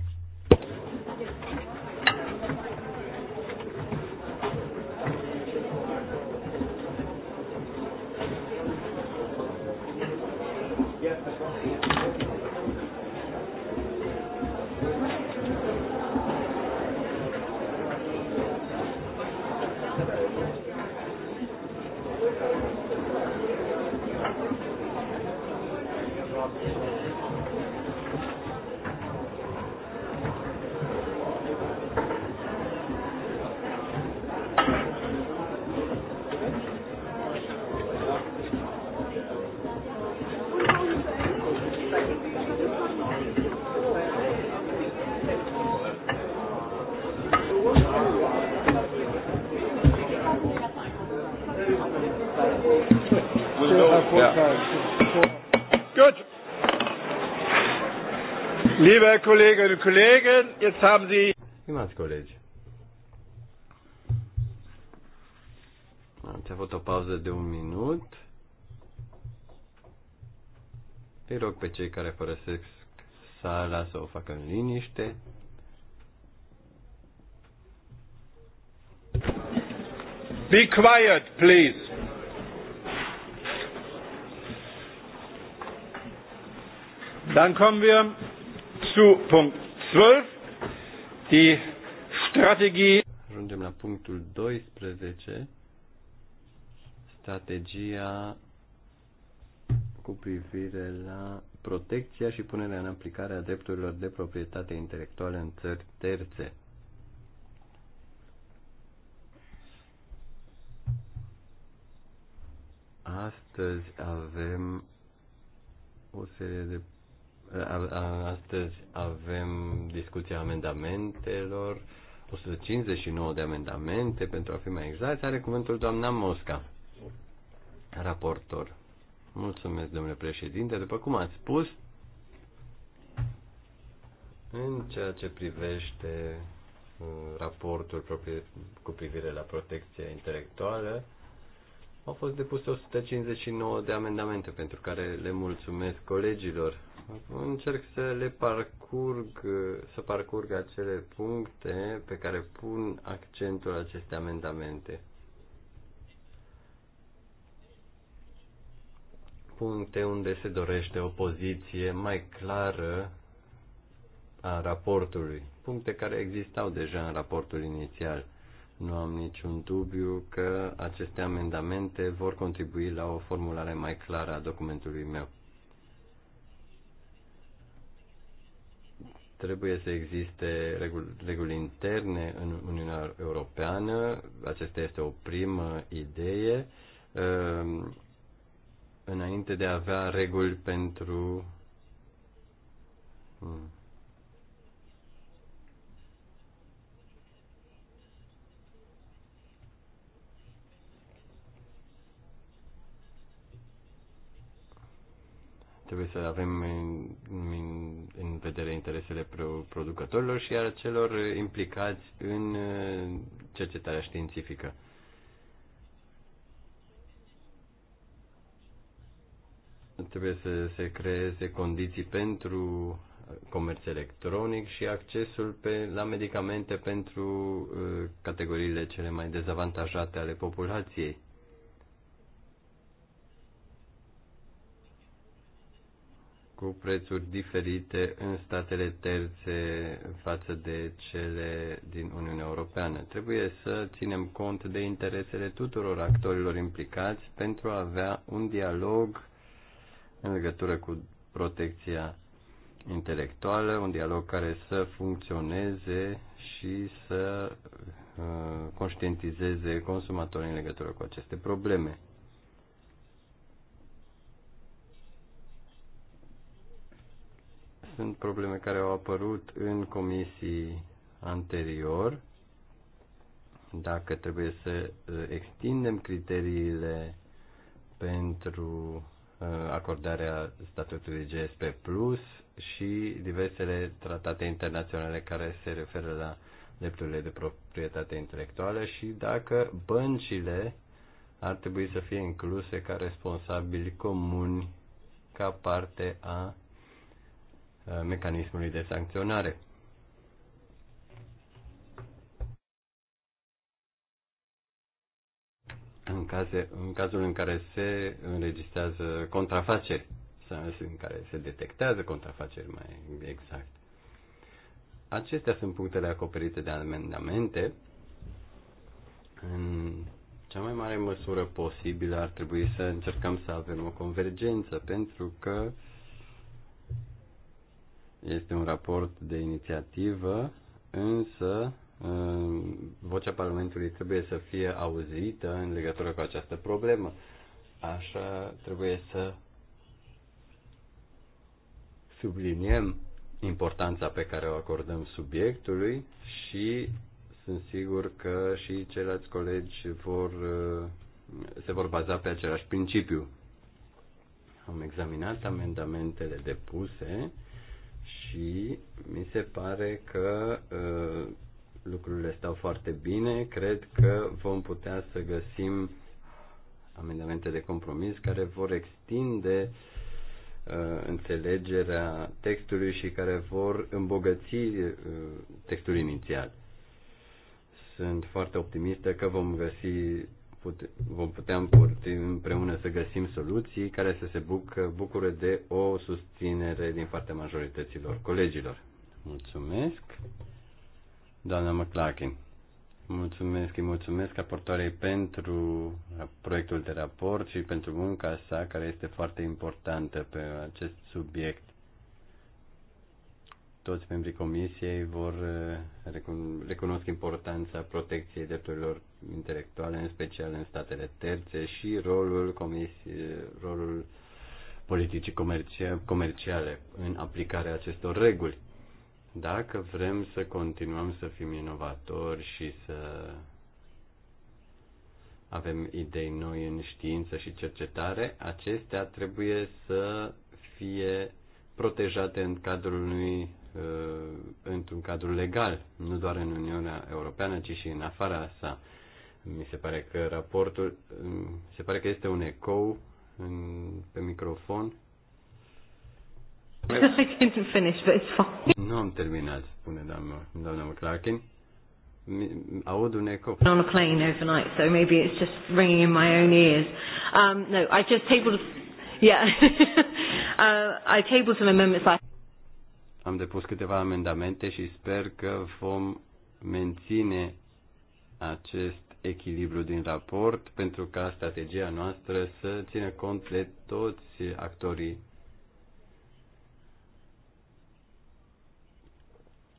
Speaker 4: Liebe Kolleginnen und Kollegen, jetzt haben Sie. Stimați colegi,
Speaker 1: ați avut o pauză de un minut. Îi rog pe cei care părăsesc sala să o facă în liniște.
Speaker 4: Be quiet, please. Dann kommen wir zu Punkt 12, die Strategie.
Speaker 1: Ajungem la punctul 12, strategia cu privire la protecția și punerea în aplicare a drepturilor de proprietate intelectuală în țări terțe. Astăzi avem o serie de Astăzi avem discuția amendamentelor, 159 de amendamente, pentru a fi mai exact, are cuvântul doamna Mosca, raportor. Mulțumesc, domnule președinte. După cum ați spus, în ceea ce privește uh, raportul cu privire la protecția intelectuală, au fost depuse 159 de amendamente pentru care le mulțumesc colegilor încerc să le parcurg, să parcurg acele puncte pe care pun accentul aceste amendamente. Puncte unde se dorește o poziție mai clară a raportului, puncte care existau deja în raportul inițial. Nu am niciun dubiu că aceste amendamente vor contribui la o formulare mai clară a documentului meu. Trebuie să existe reguli, reguli interne în Uniunea Europeană. Aceasta este o primă idee. Ehm, înainte de a avea reguli pentru. Hmm, trebuie să avem în vedere interesele producătorilor și a celor implicați în uh, cercetarea științifică. Trebuie să se creeze condiții pentru comerț electronic și accesul pe, la medicamente pentru uh, categoriile cele mai dezavantajate ale populației. cu prețuri diferite în statele terțe față de cele din Uniunea Europeană. Trebuie să ținem cont de interesele tuturor actorilor implicați pentru a avea un dialog în legătură cu protecția intelectuală, un dialog care să funcționeze și să uh, conștientizeze consumatorii în legătură cu aceste probleme. Sunt probleme care au apărut în comisii anterior. Dacă trebuie să uh, extindem criteriile pentru uh, acordarea statutului GSP Plus și diversele tratate internaționale care se referă la drepturile de proprietate intelectuală și dacă băncile ar trebui să fie incluse ca responsabili comuni ca parte a Uh, mecanismului de sancționare. În, case, în cazul în care se înregistrează contrafaceri, sau în care se detectează contrafaceri mai exact. Acestea sunt punctele acoperite de amendamente. În cea mai mare măsură posibilă ar trebui să încercăm să avem o convergență, pentru că uh, este un raport de inițiativă, însă uh, vocea Parlamentului trebuie să fie auzită în legătură cu această problemă. Așa trebuie să subliniem importanța pe care o acordăm subiectului și sunt sigur că și ceilalți colegi vor, uh, se vor baza pe același principiu. Am examinat amendamentele depuse și mi se pare că uh, lucrurile stau foarte bine. Cred că vom putea să găsim amendamente de compromis care vor extinde uh, înțelegerea textului și care vor îmbogăți uh, textul inițial. Sunt foarte optimistă că vom găsi pute, vom putea împărți împreună să găsim soluții care să se buc, bucure de o susținere din partea majorităților colegilor. Mulțumesc, doamna McLachin. Mulțumesc, îi mulțumesc aportoarei pentru proiectul de raport și pentru munca sa, care este foarte importantă pe acest subiect. Toți membrii comisiei vor eh, recunosc importanța protecției drepturilor intelectuale, în special în statele terțe, și rolul, comisie, rolul politicii comerciale în aplicarea acestor reguli. Dacă vrem să continuăm să fim inovatori și să avem idei noi în știință și cercetare, acestea trebuie să fie protejate în cadrul unui uh, într-un cadru legal, nu doar în Uniunea Europeană, ci și în afara sa. Mi se pare că raportul, mi mm, se pare că este un ecou în, pe microfon. I
Speaker 2: didn't finish, but it's
Speaker 1: fine. Nu am terminat, spune doamna, doamna McClarkin. Aud un ecou. On a
Speaker 2: plane overnight, so maybe it's just ringing in my own ears. Um, no, I just tabled, yeah, uh, I tabled some amendments. I...
Speaker 1: Am depus câteva amendamente și sper că vom menține acest echilibru din raport pentru ca strategia noastră să țină cont de toți actorii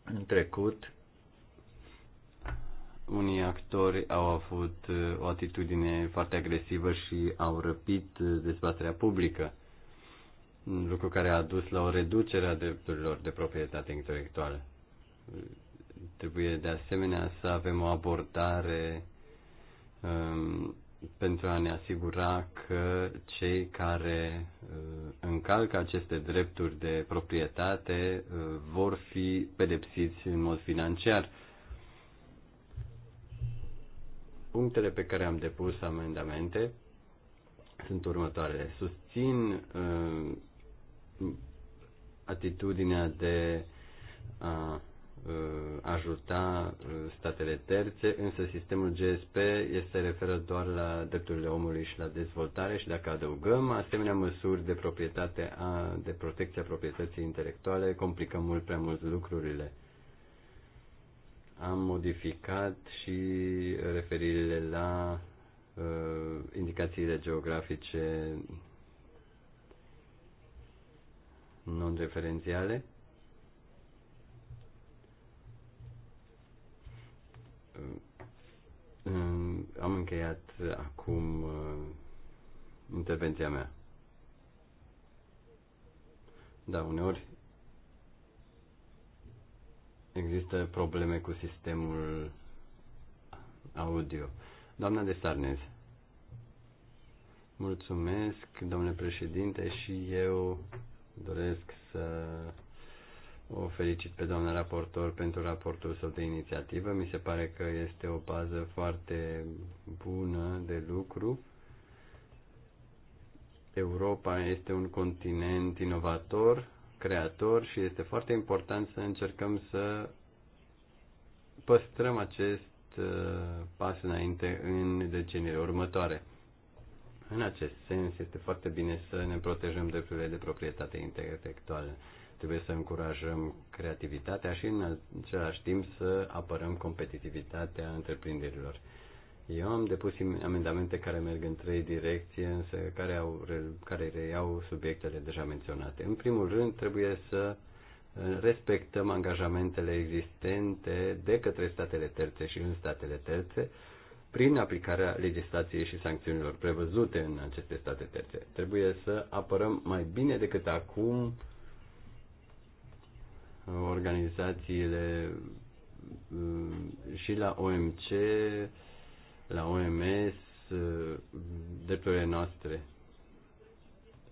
Speaker 1: în trecut unii actori au avut uh, o atitudine foarte agresivă și au răpit uh, dezbaterea publică, lucru care a dus la o reducere a drepturilor de proprietate intelectuală. Trebuie de asemenea să avem o abordare Um, pentru a ne asigura că cei care uh, încalcă aceste drepturi de proprietate uh, vor fi pedepsiți în mod financiar. Punctele pe care am depus amendamente sunt următoarele. Susțin uh, atitudinea de a Uh, ajuta uh, statele terțe, însă sistemul GSP este referă doar la drepturile omului și la dezvoltare și dacă adăugăm asemenea măsuri de proprietate, a, de protecția proprietății intelectuale, complicăm mult prea mult lucrurile. Am modificat și referirile la uh, indicațiile geografice non-referențiale am încheiat acum uh, intervenția mea. Da, uneori există probleme cu sistemul audio. Doamna de Sarnez. Mulțumesc, domnule președinte, și eu doresc să o felicit pe doamna raportor pentru raportul său de inițiativă. Mi se pare că este o bază foarte bună de lucru. Europa este un continent inovator, creator și este foarte important să încercăm să păstrăm acest uh, pas înainte în deceniile următoare. În acest sens, este foarte bine să ne protejăm drepturile de proprietate intelectuală. Trebuie să încurajăm creativitatea și în același timp să apărăm competitivitatea întreprinderilor. Eu am depus amendamente care merg în trei direcții, însă care, au, care reiau subiectele deja menționate. În primul rând, trebuie să uh, respectăm angajamentele existente de către statele terțe și în statele terțe prin aplicarea legislației și sancțiunilor prevăzute în aceste state terțe. Trebuie să apărăm mai bine decât acum organizațiile mm, și la OMC, la OMS, mm, drepturile noastre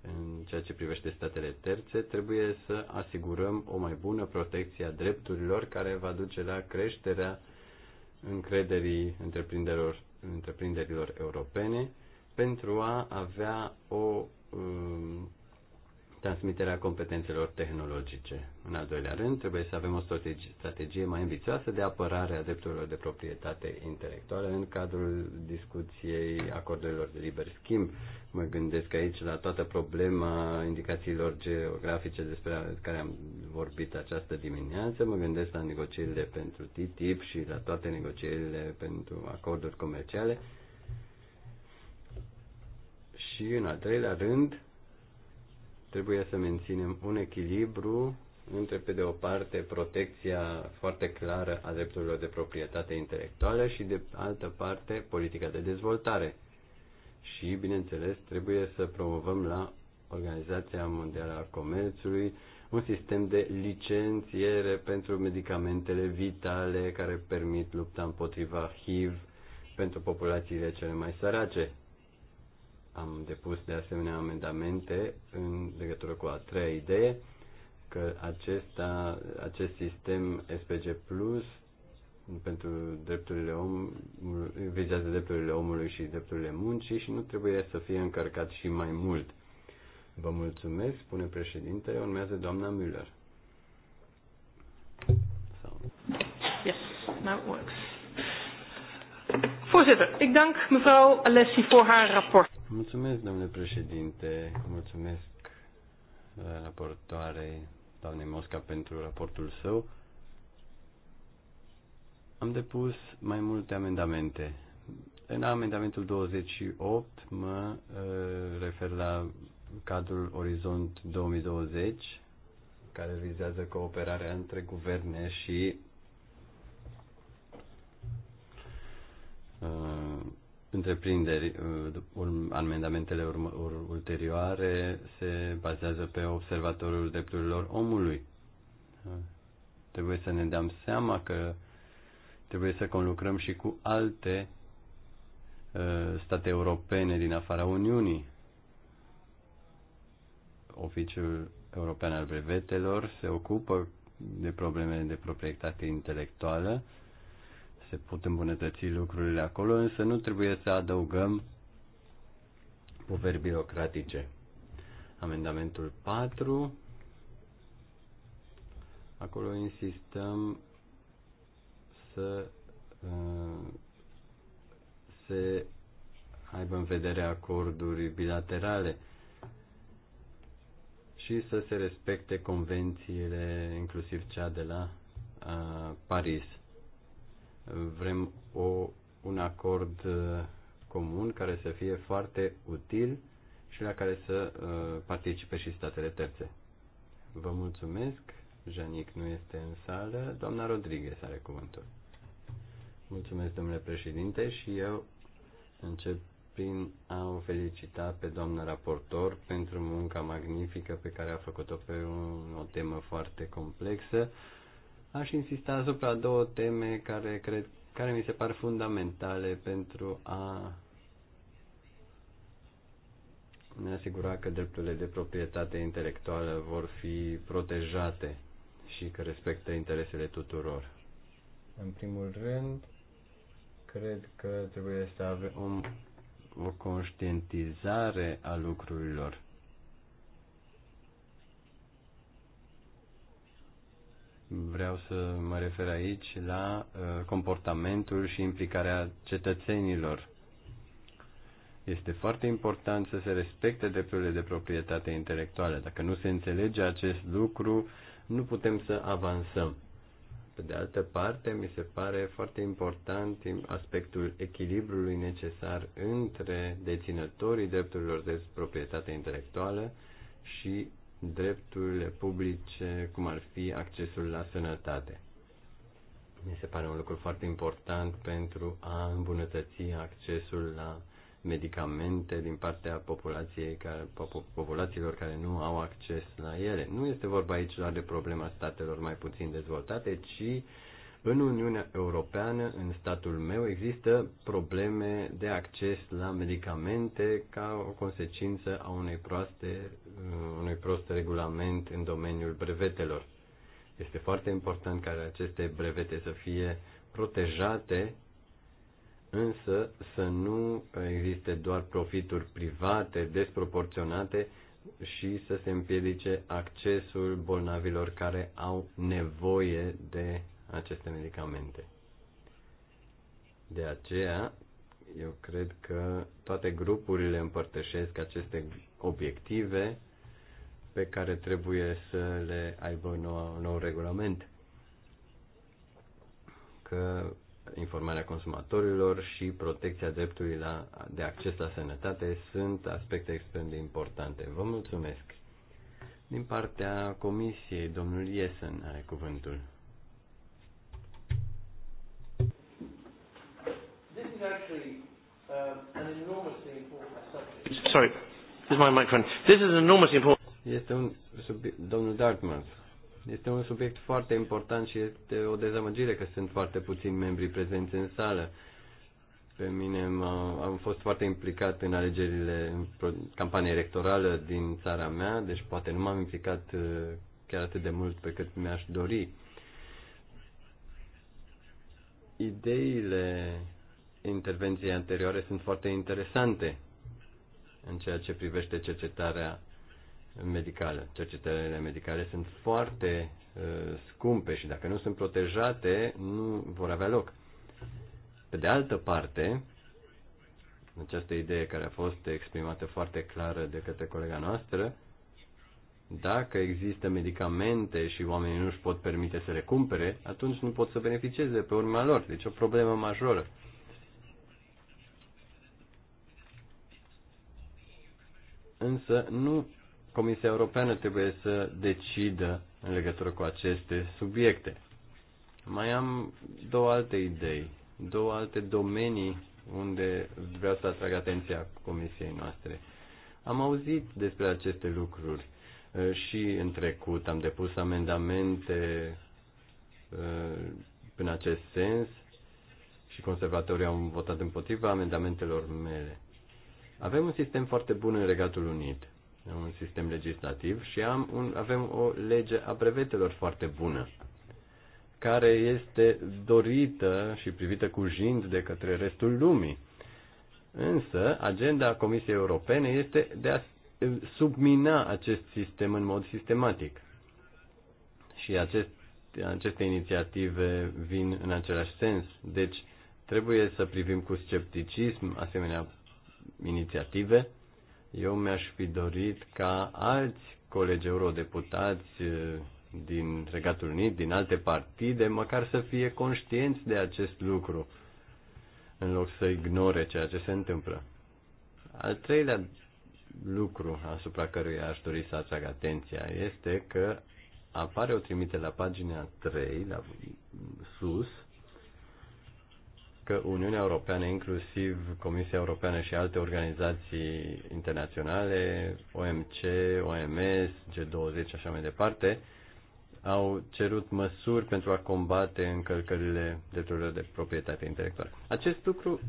Speaker 1: în ceea ce privește statele terțe, trebuie să asigurăm o mai bună protecție a drepturilor care va duce la creșterea încrederii întreprinderilor, întreprinderilor europene pentru a avea o mm, transmiterea competențelor tehnologice. În al doilea rând, trebuie să avem o strategie mai ambițioasă de apărare a drepturilor de proprietate intelectuală în cadrul discuției acordurilor de liber schimb. Mă gândesc aici la toată problema indicațiilor geografice despre care am vorbit această dimineață, mă gândesc la negocierile pentru TTIP și la toate negocierile pentru acorduri comerciale. Și, în al treilea rând, trebuie să menținem un echilibru între, pe de o parte, protecția foarte clară a drepturilor de proprietate intelectuală și, de altă parte, politica de dezvoltare. Și, bineînțeles, trebuie să promovăm la Organizația Mondială a Comerțului un sistem de licențiere pentru medicamentele vitale care permit lupta împotriva HIV pentru populațiile cele mai sărace. Am depus de asemenea amendamente în legătură cu a treia idee, că acesta, acest sistem SPG Plus pentru drepturile om, vizează drepturile omului și drepturile muncii și nu trebuie să fie încărcat și mai mult. Vă mulțumesc, spune președintele, urmează doamna Müller.
Speaker 5: Sau... Yes, now it works. Voorzitter, ik dank mevrouw Alessi
Speaker 2: voor haar rapport.
Speaker 1: Mulțumesc, domnule președinte, mulțumesc uh, raportoarei doamnei Mosca pentru raportul său. Am depus mai multe amendamente. În amendamentul 28 mă uh, refer la cadrul Orizont 2020, care vizează cooperarea între guverne și uh, întreprinderi. Uh, amendamentele ulterioare se bazează pe observatorul drepturilor omului. Uh, trebuie să ne dăm seama că trebuie să conlucrăm și cu alte uh, state europene din afara Uniunii. Oficiul European al Brevetelor se ocupă de problemele de proprietate intelectuală se pot îmbunătăți lucrurile acolo, însă nu trebuie să adăugăm poveri birocratice. Amendamentul 4, acolo insistăm să uh, se aibă în vedere acorduri bilaterale și să se respecte convențiile, inclusiv cea de la uh, Paris. Vrem o, un acord uh, comun care să fie foarte util și la care să uh, participe și statele terțe. Vă mulțumesc. Janic nu este în sală. Doamna Rodriguez are cuvântul. Mulțumesc, domnule președinte, și eu încep prin a o felicita pe doamna raportor pentru munca magnifică pe care a făcut-o pe un, o temă foarte complexă. Aș insista asupra două teme care, cred, care mi se par fundamentale pentru a ne asigura că drepturile de proprietate intelectuală vor fi protejate și că respectă interesele tuturor. În primul rând, cred că trebuie să avem o, conștientizare a lucrurilor. Vreau să mă refer aici la uh, comportamentul și implicarea cetățenilor. Este foarte important să se respecte drepturile de proprietate intelectuală. Dacă nu se înțelege acest lucru, nu putem să avansăm. Pe de altă parte, mi se pare foarte important aspectul echilibrului necesar între deținătorii drepturilor de proprietate intelectuală și drepturile publice, cum ar fi accesul la sănătate. Mi se pare un lucru foarte important pentru a îmbunătăți accesul la medicamente din partea populației care, populațiilor care nu au acces la ele. Nu este vorba aici doar de problema statelor mai puțin dezvoltate, ci în Uniunea Europeană, în statul meu, există probleme de acces la medicamente ca o consecință a unei proaste, uh, unui prost regulament în domeniul brevetelor. Este foarte important ca aceste brevete să fie protejate, însă să nu existe doar profituri private desproporționate și să se împiedice accesul bolnavilor care au nevoie de aceste medicamente. De aceea, eu cred că toate grupurile împărtășesc aceste obiective pe care trebuie să le aibă un nou, nou regulament. Că informarea consumatorilor și protecția dreptului la, de acces la sănătate sunt aspecte extrem de importante. Vă mulțumesc! Din partea Comisiei, domnul Iesen are cuvântul.
Speaker 5: Uh,
Speaker 1: Sorry, this is my microphone. This is enormously important. Este un subiect, domnul Dartmouth. Este un subiect foarte important și este o dezamăgire că sunt foarte puțini membri prezenți în sală. Pe mine am fost foarte implicat în alegerile, în campania electorală din țara mea, deci poate nu m-am implicat uh, chiar atât de mult pe cât mi-aș dori. Ideile intervenții anterioare sunt foarte interesante în ceea ce privește cercetarea medicală. Cercetările medicale sunt foarte uh, scumpe și dacă nu sunt protejate, nu vor avea loc. Pe de altă parte, această idee care a fost exprimată foarte clară de către colega noastră, dacă există medicamente și oamenii nu își pot permite să le cumpere, atunci nu pot să beneficieze pe urma lor. Deci o problemă majoră. însă nu Comisia Europeană trebuie să decidă în legătură cu aceste subiecte. Mai am două alte idei, două alte domenii unde vreau să atrag atenția Comisiei noastre. Am auzit despre aceste lucruri uh, și în trecut am depus amendamente uh, în acest sens și conservatorii au votat împotriva amendamentelor mele. Avem un sistem foarte bun în Regatul Unit, un sistem legislativ și am un, avem o lege a brevetelor foarte bună, care este dorită și privită cu jind de către restul lumii. Însă, agenda Comisiei Europene este de a submina acest sistem în mod sistematic. Și acest, aceste inițiative vin în același sens. Deci, trebuie să privim cu scepticism asemenea inițiative. Eu mi-aș fi dorit ca alți colegi eurodeputați eh, din Regatul Unit, din alte partide, măcar să fie conștienți de acest lucru, în loc să ignore ceea ce se întâmplă. Al treilea lucru asupra căruia aș dori să atrag atenția este că apare o trimite la pagina 3, la sus, că Uniunea Europeană, inclusiv Comisia Europeană și alte organizații internaționale, OMC, OMS, G20 și așa mai departe, au cerut măsuri pentru a combate încălcările drepturilor de proprietate intelectuală. Acest lucru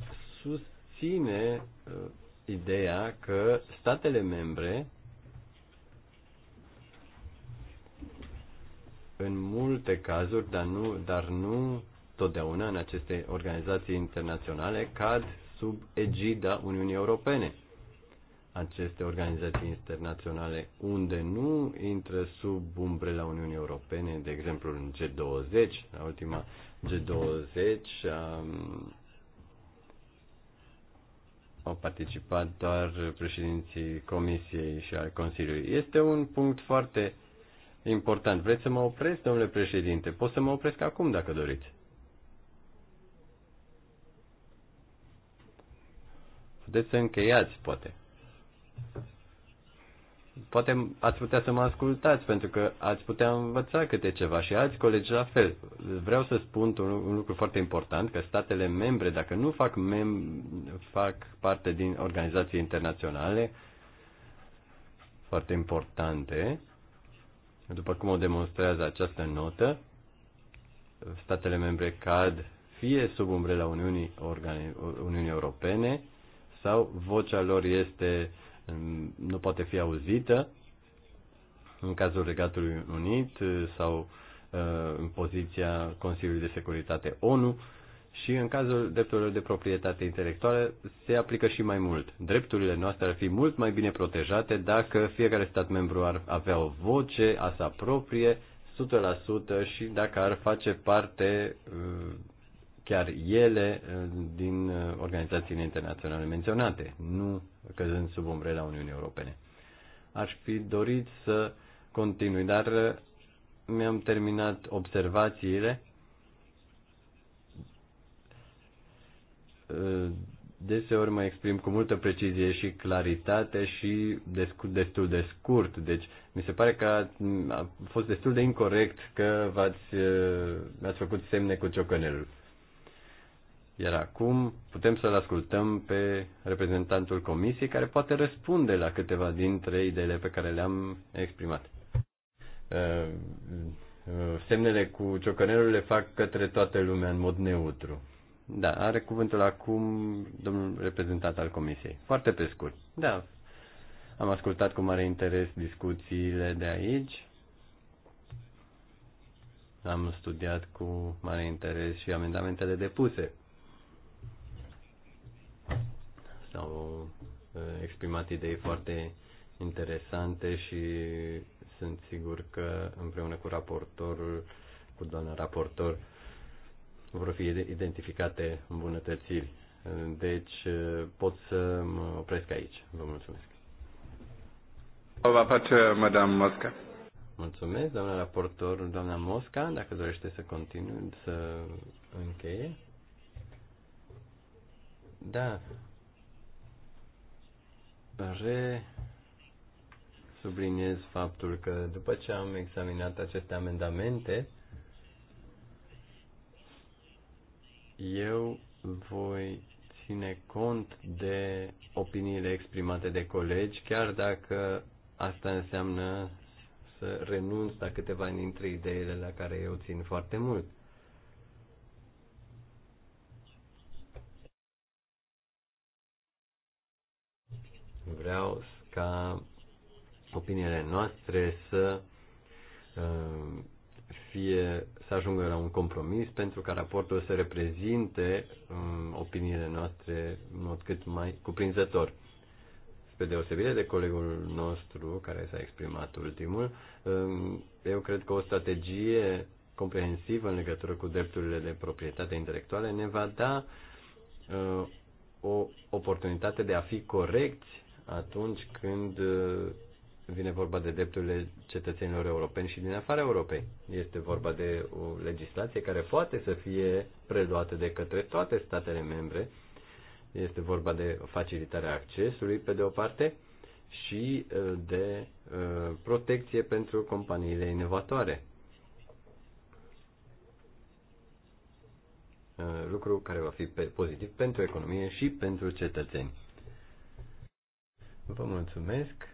Speaker 1: susține uh, ideea că statele membre în multe cazuri, dar nu, dar nu totdeauna în aceste organizații internaționale cad sub egida Uniunii Europene. Aceste organizații internaționale unde nu intră sub umbrela Uniunii Europene, de exemplu în G20, la ultima G20 um, au participat doar președinții Comisiei și al Consiliului. Este un punct foarte important. Vreți să mă opresc, domnule președinte? Pot să mă opresc acum, dacă doriți. Puteți să încheiați, poate. Poate ați putea să mă ascultați, pentru că ați putea învăța câte ceva și alți colegi la fel. Vreau să spun un lucru foarte important, că statele membre, dacă nu fac, mem- fac parte din organizații internaționale foarte importante, după cum o demonstrează această notă, statele membre cad fie sub umbrela Uniunii, Organi- Uniunii Europene, sau vocea lor este, mm, nu poate fi auzită, în cazul Regatului Unit sau uh, în poziția Consiliului de Securitate ONU și în cazul drepturilor de proprietate intelectuală se aplică și mai mult. Drepturile noastre ar fi mult mai bine protejate dacă fiecare stat membru ar avea o voce a sa proprie 100% și dacă ar face parte uh, chiar ele uh, din uh, organizațiile internaționale menționate, nu căzând sub umbrela Uniunii Europene. Aș fi dorit să continui, dar uh, mi-am terminat observațiile. Deseori mă exprim cu multă precizie și claritate și destul de scurt, deci mi se pare că a fost destul de incorrect că v-ați, v-ați făcut semne cu ciocănelul. Iar acum putem să-l ascultăm pe reprezentantul comisiei care poate răspunde la câteva dintre ideile pe care le-am exprimat. Uh, uh, semnele cu ciocănelul le fac către toată lumea în mod neutru. Da, are cuvântul acum domnul reprezentant al comisiei. Foarte pe scurt. Da, am ascultat cu mare interes discuțiile de aici. Am studiat cu mare interes și amendamentele depuse. S-au uh, exprimat idei foarte interesante și sunt sigur că împreună cu raportorul, cu doamna raportor, vor fi identificate îmbunătățiri. Deci uh, pot să mă opresc aici. Vă mulțumesc.
Speaker 4: Va face Madame Mosca.
Speaker 1: Mulțumesc, doamna raportor, doamna Mosca, dacă dorește să continui, să încheie. Da, re subliniez faptul că după ce am examinat aceste amendamente, eu voi ține cont de opiniile exprimate de colegi, chiar dacă asta înseamnă să renunț la câteva dintre ideile la care eu țin foarte mult. Vreau ca opiniile noastre să uh, fie să ajungă la un compromis pentru ca raportul să reprezinte um, opiniile noastre în mod cât mai cuprinzător. Spre deosebire de colegul nostru care s-a exprimat ultimul, um, eu cred că o strategie comprehensivă în legătură cu drepturile de proprietate intelectuale ne va da uh, o oportunitate de a fi corecți atunci când uh, vine vorba de drepturile cetățenilor europeni și din afara Europei. Este vorba de o legislație care poate să fie preluată de către toate statele membre. Este vorba de facilitarea accesului, pe de o parte, și uh, de uh, protecție pentru companiile inovatoare. Lucru care va fi pozitiv pentru economie și pentru cetățeni. Vă mulțumesc.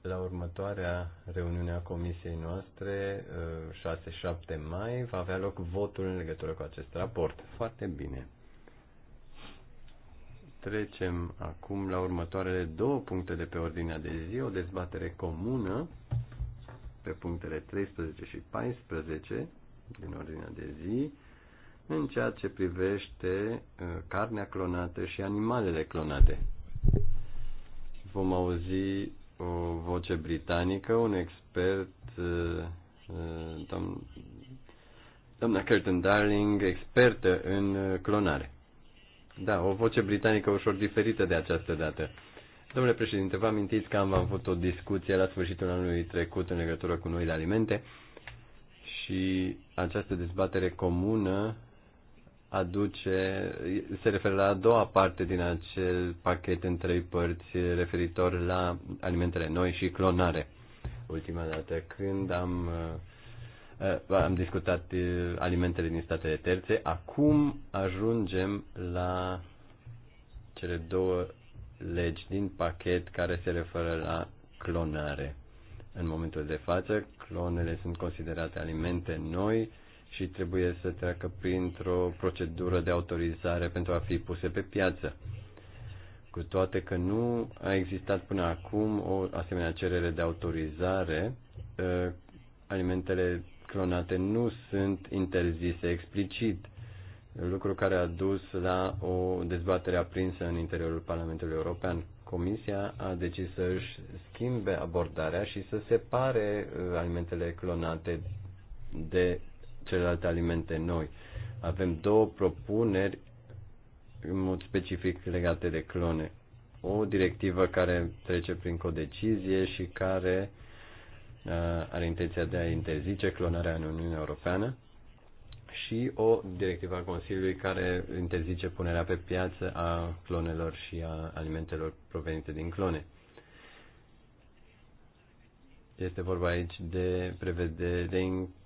Speaker 1: La următoarea reuniune a comisiei noastre, 6-7 uh, mai, va avea loc votul în legătură cu acest raport. Foarte bine. Trecem acum la următoarele două puncte de pe ordinea de zi, o dezbatere comună pe punctele 13 și 14 din ordinea de zi în ceea ce privește uh, carnea clonată și animalele clonate. Vom auzi o voce britanică, un expert, uh, uh, doamna Curtin Darling, expertă în clonare. Da, o voce britanică ușor diferită de această dată. Domnule președinte, vă amintiți că am avut o discuție la sfârșitul anului trecut în legătură cu noile alimente și această dezbatere comună aduce, se referă la a doua parte din acel pachet în trei părți referitor la alimentele noi și clonare. Ultima dată când am, uh, am discutat uh, alimentele din statele terțe, acum ajungem la cele două legi din pachet care se referă la clonare. În momentul de față, clonele sunt considerate alimente noi, și trebuie să treacă printr-o procedură de autorizare pentru a fi puse pe piață. Cu toate că nu a existat până acum o asemenea cerere de autorizare, ă, alimentele clonate nu sunt interzise explicit, lucru care a dus la o dezbatere aprinsă în interiorul Parlamentului European. Comisia a decis să își schimbe abordarea și să separe ă, alimentele clonate de celelalte alimente noi. Avem două propuneri în mod specific legate de clone. O directivă care trece prin codecizie și care uh, are intenția de a interzice clonarea în Uniunea Europeană și o directivă a Consiliului care interzice punerea pe piață a clonelor și a alimentelor provenite din clone. Este vorba aici de, prevede, de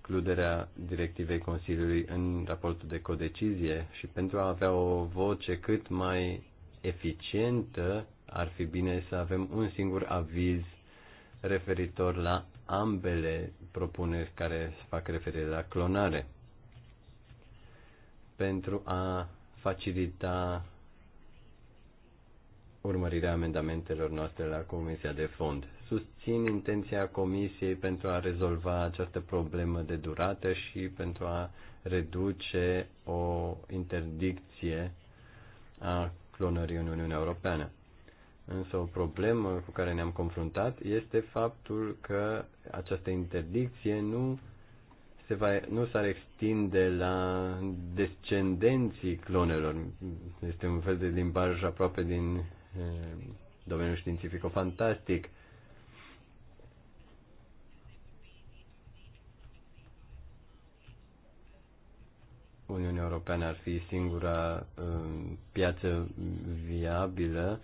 Speaker 1: includerea directivei Consiliului în raportul de codecizie și pentru a avea o voce cât mai eficientă, ar fi bine să avem un singur aviz referitor la ambele propuneri care fac referire la clonare pentru a facilita urmărirea amendamentelor noastre la Comisia de Fond susțin intenția Comisiei pentru a rezolva această problemă de durată și pentru a reduce o interdicție a clonării în Uniunea Europeană. Însă o problemă cu care ne-am confruntat este faptul că această interdicție nu se va, nu s-ar extinde la descendenții clonelor. Este un fel de limbaj aproape din eh, domeniul științific fantastic Uniunea Europeană ar fi singura um, piață viabilă,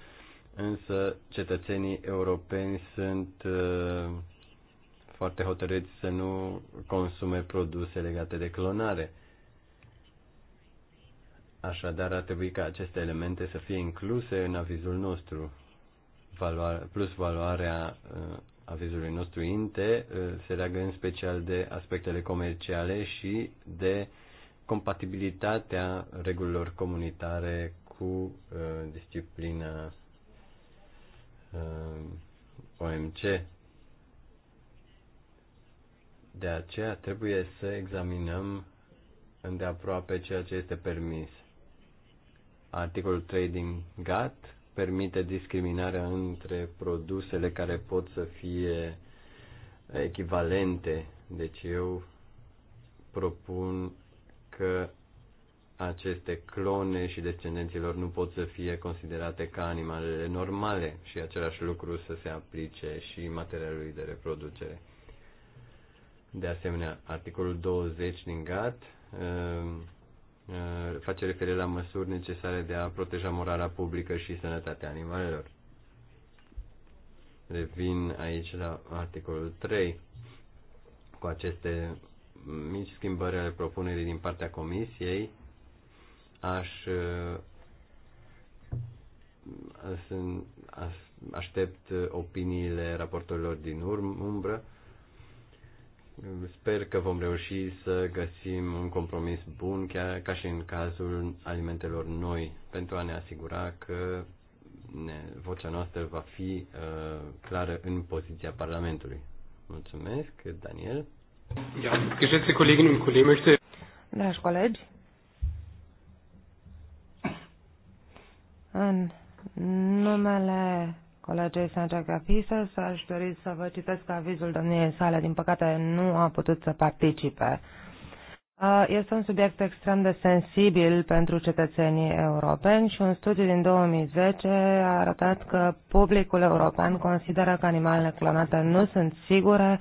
Speaker 1: însă cetățenii europeni sunt uh, foarte hotărâți să nu consume produse legate de clonare. Așadar, ar trebui ca aceste elemente să fie incluse în avizul nostru. Valoare, plus valoarea uh, avizului nostru INTE uh, se leagă în special de aspectele comerciale și de compatibilitatea regulilor comunitare cu uh, disciplina uh, OMC. De aceea trebuie să examinăm îndeaproape ceea ce este permis. Articolul Trading GATT permite discriminarea între produsele care pot să fie echivalente. Deci eu propun că aceste clone și descendenților nu pot să fie considerate ca animalele normale și același lucru să se aplice și materialului de reproducere. De asemenea, articolul 20 din GATT uh, uh, face referire la măsuri necesare de a proteja morala publică și sănătatea animalelor. Revin aici la articolul 3. Cu aceste mici schimbări ale propunerii din partea comisiei, aș, uh, aș, aș aștept opiniile raportorilor din urmă, umbră. Sper că vom reuși să găsim un compromis bun, chiar ca și în cazul alimentelor noi, pentru a ne asigura că ne, vocea noastră va fi uh, clară în poziția Parlamentului. Mulțumesc, Daniel
Speaker 2: geschätzte Kolleginnen und Kollegen, möchte. Dragi colegi, în numele colegei Santiago Capises aș dori să vă citesc avizul domniei sale. Din păcate nu a putut să participe. Uh, este un subiect extrem de sensibil pentru cetățenii europeni și un studiu din 2010 a arătat că publicul european consideră că animalele clonate nu sunt sigure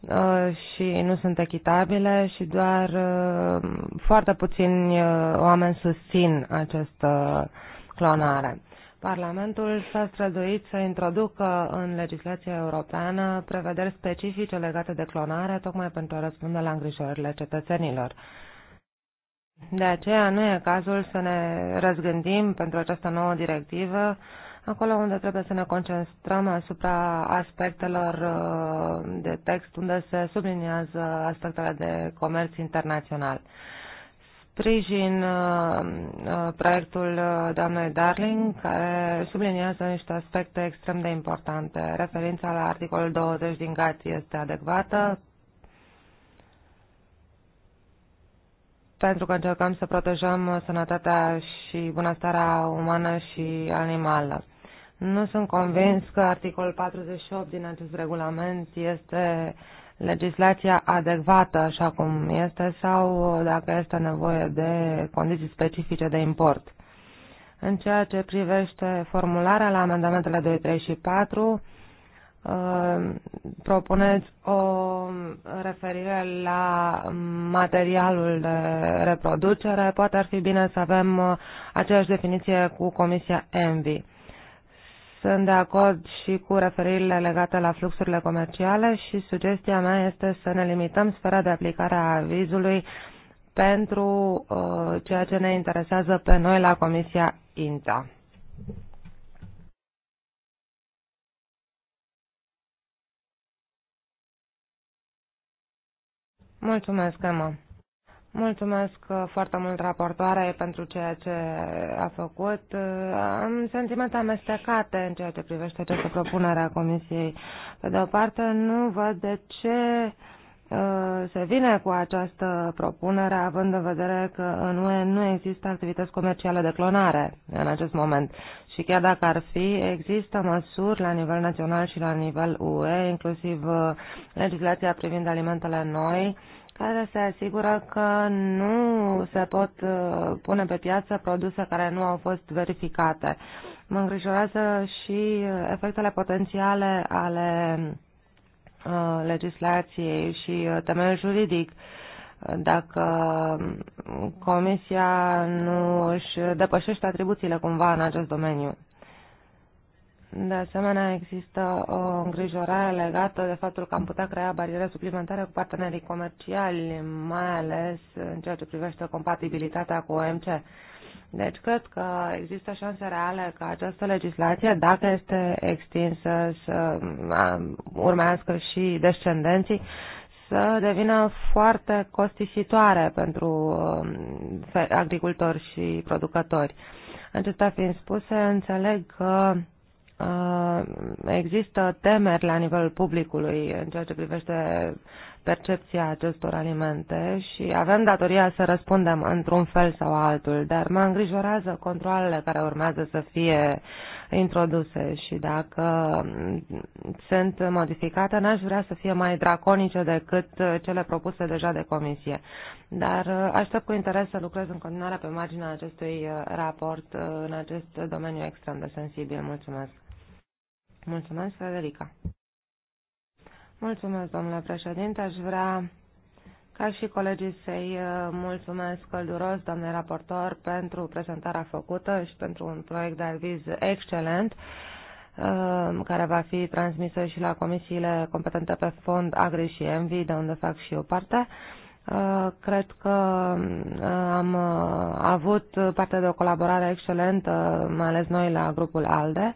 Speaker 2: Uh, și nu sunt echitabile și doar uh, foarte puțini uh, oameni susțin această clonare. Parlamentul s-a străduit să introducă în legislația europeană prevederi specifice legate de clonare, tocmai pentru a răspunde la îngrijorările cetățenilor. De aceea nu e cazul să ne răzgândim pentru această nouă directivă Acolo unde trebuie să ne concentrăm asupra aspectelor uh, de text, unde se subliniază aspectele de comerț internațional. Sprijin uh, uh, proiectul doamnei Darling, care subliniază niște aspecte extrem de importante. Referința la articolul 20 din GATT este adecvată, pentru că încercăm să protejăm sănătatea și bunăstarea umană și animală. Nu sunt convins că articolul 48 din acest regulament este legislația adecvată așa cum este sau dacă este nevoie de condiții specifice de import. În ceea ce privește formularea la amendamentele 2, 3 și 4, uh, propuneți o referire la materialul de reproducere. Poate ar fi bine să avem uh, aceeași definiție cu Comisia ENVI. Sunt de acord și cu referirile legate la fluxurile comerciale și sugestia mea este să ne limităm sfera de aplicare a vizului pentru uh, ceea ce ne interesează pe noi la Comisia INTA. Mulțumesc, Emma. Mulțumesc uh, foarte mult raportoare pentru ceea ce a făcut. Uh, am sentimente amestecate în ceea ce privește această propunere a Comisiei. Pe de o parte, nu văd de ce uh, se vine cu această propunere având în vedere că în UE nu există activități comerciale de clonare în acest moment. Și chiar dacă ar fi, există măsuri la nivel național și la nivel UE, inclusiv legislația privind alimentele noi, care se asigură că nu se pot uh, pune pe piață produse care nu au fost verificate. Mă îngrijorează și efectele potențiale ale uh, legislației și uh, temeiul juridic dacă Comisia nu își depășește atribuțiile cumva în acest domeniu. De asemenea, există o uh, îngrijorare legată de faptul că am putea crea bariere suplimentare cu partenerii comerciali, mai ales în ceea ce privește compatibilitatea cu OMC. Deci cred că există șanse reale ca această legislație, dacă este extinsă să um, urmească și descendenții, să devină foarte costisitoare pentru um, agricultori și producători. Acestea fiind spuse, înțeleg că Uh, există temeri la nivelul publicului în ceea ce privește percepția acestor alimente și avem datoria să răspundem într-un fel sau altul, dar mă îngrijorează controlele care urmează să fie introduse și dacă sunt modificate, n-aș vrea să fie mai draconice decât cele propuse deja de comisie. Dar uh, aștept cu interes să lucrez în continuare pe marginea acestui uh, raport în acest domeniu extrem de sensibil. Mulțumesc! Mulțumesc, Frederica. Mulțumesc, domnule președinte. Aș vrea ca și colegii să-i uh, mulțumesc călduros, domnule raportor, pentru prezentarea făcută și pentru un proiect de aviz excelent uh, care va fi transmisă și la comisiile competente pe fond Agri și Envi, de unde fac și eu parte. Uh, cred că am avut parte de o colaborare excelentă, mai ales noi la grupul ALDE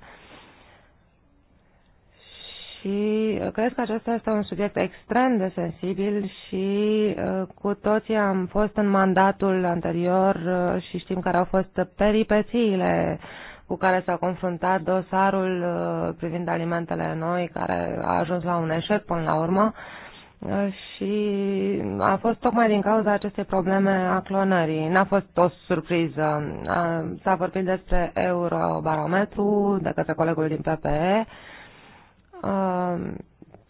Speaker 2: și uh, cred că acesta este un subiect extrem de sensibil și uh, cu toții am fost în mandatul anterior uh, și știm care au fost peripețiile cu care s-a confruntat dosarul privind alimentele noi, care a ajuns la un eșec până la urmă și a fost tocmai din cauza acestei probleme a clonării. N-a fost o surpriză. S-a vorbit despre eurobarometru de către colegul din PPE Uh,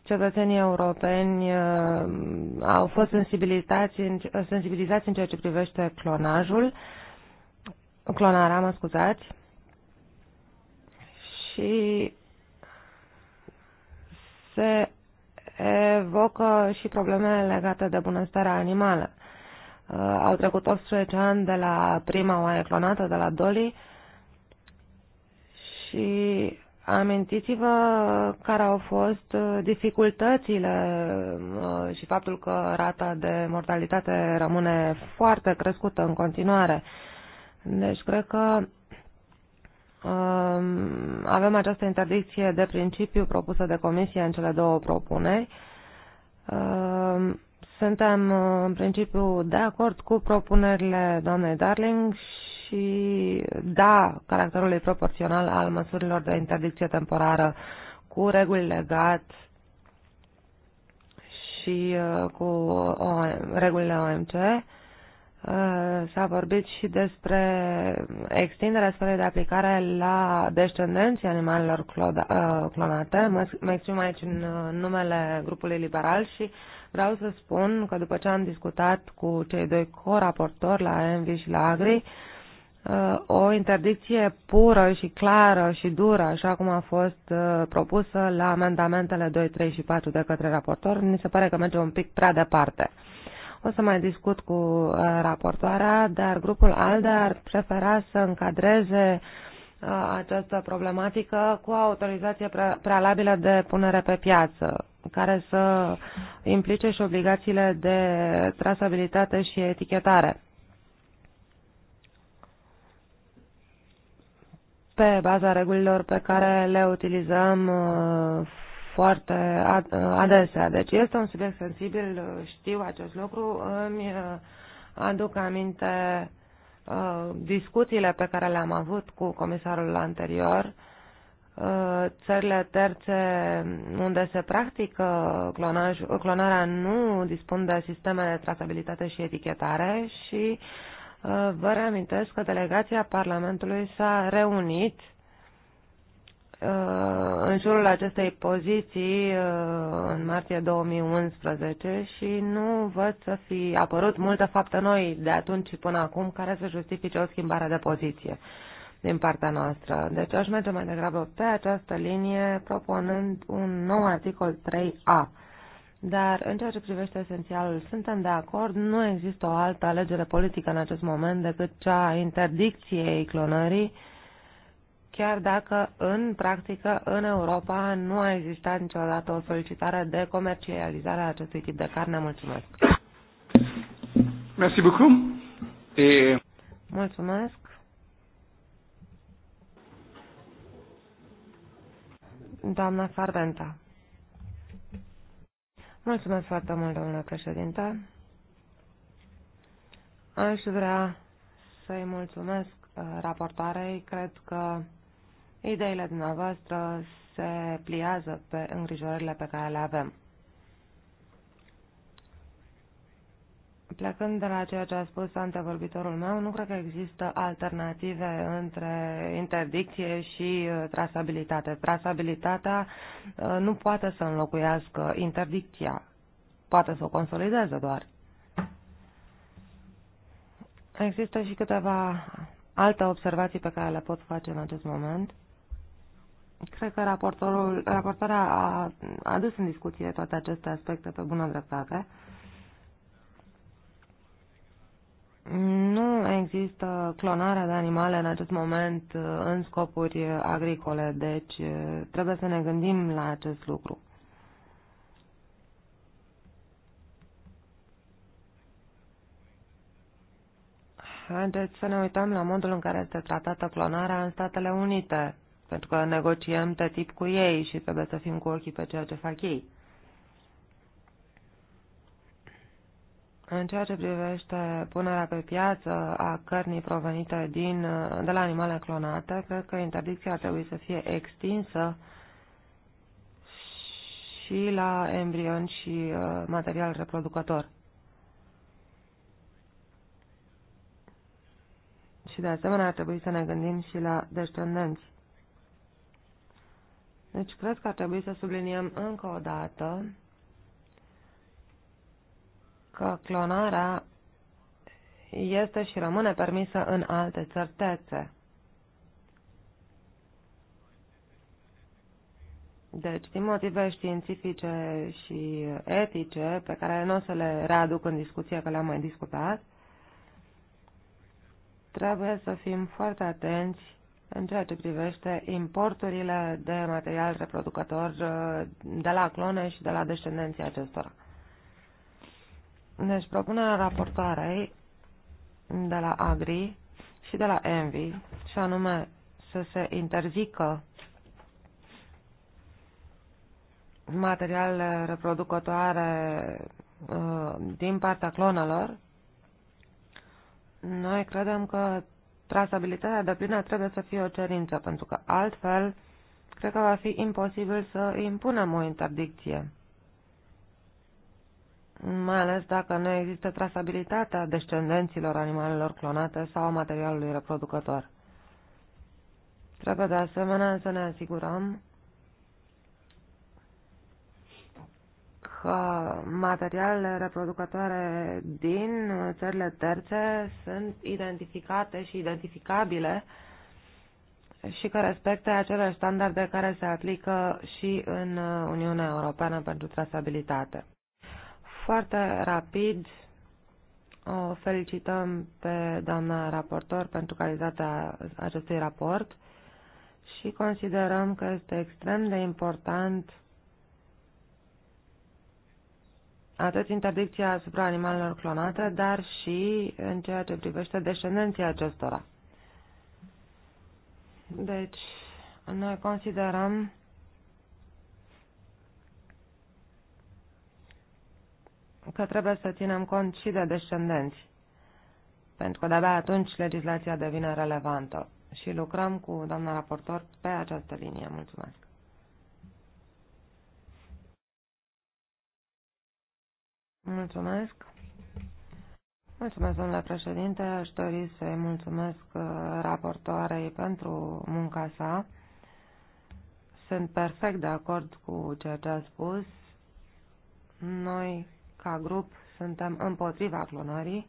Speaker 2: cetățenii europeni uh, au fost sensibilizați în, sensibilizați în ceea ce privește clonajul, clonarea, mă scuzați, și se evocă și probleme legate de bunăstarea animală. Uh, au trecut 18 ani de la prima oaie clonată, de la Dolly, și Amintiți-vă care au fost uh, dificultățile uh, și faptul că rata de mortalitate rămâne foarte crescută în continuare. Deci cred că um, avem această interdicție de principiu propusă de comisie în cele două propuneri. Um, suntem uh, în principiu de acord cu propunerile doamnei Darling și da caracterului proporțional al măsurilor de interdicție temporară cu reguli legat și uh, cu regulile OMC. Uh, s-a vorbit și despre extinderea sferei de aplicare la descendenții animalelor uh, clonate. Mă exprim aici în numele grupului liberal și vreau să spun că după ce am discutat cu cei doi coraportori la Envi și la Agri, o interdicție pură și clară și dură, așa cum a fost uh, propusă la amendamentele 2, 3 și 4 de către raportor, mi se pare că merge un pic prea departe. O să mai discut cu uh, raportoarea, dar grupul ALDE ar prefera să încadreze uh, această problematică cu autorizație prealabilă de punere pe piață, care să implice și obligațiile de trasabilitate și etichetare pe baza regulilor pe care le utilizăm uh, foarte uh, adesea. Deci este un subiect sensibil, uh, știu acest lucru, îmi aduc aminte discuțiile pe care le-am avut cu comisarul anterior, țările terțe unde se practică clonaj, clonarea nu dispun de sisteme de trasabilitate și etichetare și uh, Vă reamintesc că delegația Parlamentului s-a reunit uh, în jurul acestei poziții uh, în martie 2011 și nu văd să fi apărut multă faptă noi de atunci și până acum care să justifice o schimbare de poziție din partea noastră. Deci aș merge mai degrabă pe această linie propunând un nou articol 3A dar în ceea ce privește esențialul, suntem de acord, nu există o altă alegere politică în acest moment decât cea a interdicției clonării, chiar dacă în practică în Europa nu a existat niciodată o solicitare de comercializare a acestui tip de carne. Mulțumesc! Merci beaucoup. Et... Mulțumesc! Doamna Farventa. Mulțumesc foarte mult, domnule președinte. Aș vrea să-i mulțumesc uh, raportoarei. Cred că ideile dumneavoastră se pliază pe îngrijorările pe care le avem. Plecând de la ceea ce a spus antevorbitorul meu, nu cred că există alternative între interdicție și uh, trasabilitate. Trasabilitatea uh, nu poate să înlocuiască interdicția, poate să o consolideze doar. Există și câteva alte observații pe care le pot face în acest moment. Cred că raportorul, raportarea a adus în discuție toate aceste aspecte pe bună dreptate. Nu există clonarea de animale în acest moment uh, în scopuri agricole, deci uh, trebuie să ne gândim la acest lucru. Haideți să ne uităm la modul în care este tratată clonarea în Statele Unite, pentru că negociem tip cu ei și trebuie să fim cu ochii pe ceea ce fac ei. În ceea ce privește punerea pe piață a cărnii provenite din, de la animale clonate, cred că interdicția ar trebui să fie extinsă și la embrion și uh, material reproducător. Și de asemenea ar trebui să ne gândim și la descendenți. Deci cred că ar trebui să subliniem încă o dată că clonarea este și rămâne permisă în alte certețe. Deci, din motive științifice și etice, pe care nu o să le readuc în discuție, că le-am mai discutat, trebuie să fim foarte atenți în ceea ce privește importurile de material reproducător uh, de la clone și de la descendenții acestora. Deci propunerea raportoarei de la Agri și de la Envi, și anume să se interzică materialele reproducătoare uh, din partea clonelor, noi credem că trasabilitatea de plină trebuie să fie o cerință, pentru că altfel cred că va fi imposibil să impunem o interdicție mai ales dacă nu există trasabilitatea descendenților animalelor clonate sau a materialului reproducător. Trebuie de asemenea să ne asigurăm că materialele reproducătoare din țările terțe sunt identificate și identificabile și că respecte aceleași standarde care se aplică și în Uniunea Europeană pentru trasabilitate. Foarte rapid o felicităm pe doamna raportor pentru calitatea acestui raport și considerăm că este extrem de important atât interdicția asupra animalelor clonate, dar și în ceea ce privește descendenția acestora. Deci, noi considerăm că trebuie să ținem cont și de descendenți, pentru că de-abia atunci legislația devine relevantă și lucrăm cu doamna raportor pe această linie. Mulțumesc! Mulțumesc! Mulțumesc, domnule președinte. Aș dori să-i mulțumesc uh, raportoarei pentru munca sa. Sunt perfect de acord cu ceea ce a spus. Noi ca grup suntem împotriva clonării.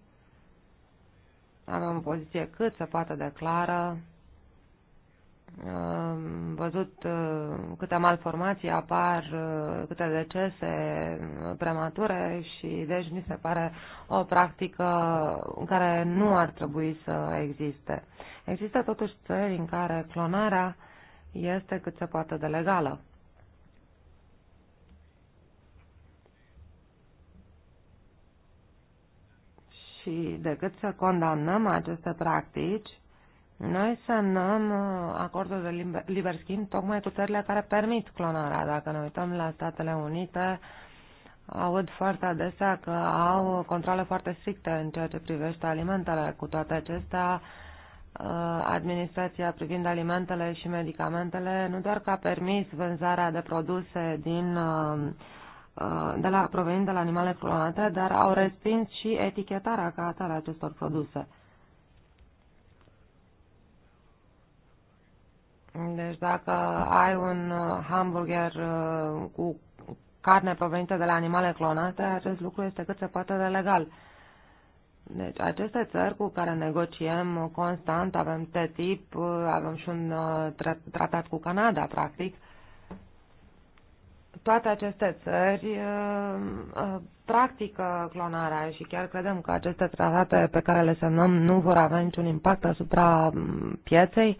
Speaker 2: Avem o poziție cât se poate de clară. Am văzut uh, câte malformații apar, uh, câte decese premature și deci mi se pare o practică care nu ar trebui să existe. Există totuși țări în care clonarea este cât se poate de legală. și decât să condamnăm aceste practici, noi semnăm uh, acordul de liber, liber schimb tocmai cu țările care permit clonarea. Dacă ne uităm la Statele Unite, aud foarte adesea că au controle foarte stricte în ceea ce privește alimentele. Cu toate acestea, uh, administrația privind alimentele și medicamentele nu doar că a permis vânzarea de produse din uh, Uh, de la, provenind de la animale clonate, dar au respins și etichetarea ca atare a acestor produse. Deci dacă ai un uh, hamburger uh, cu carne provenită de la animale clonate, acest lucru este cât se poate de legal. Deci aceste țări cu care negociem constant, avem TTIP, avem și un tratat cu Canada, practic, toate aceste țări uh, uh, practică clonarea și chiar credem că aceste tratate pe care le semnăm nu vor avea niciun impact asupra mm, pieței?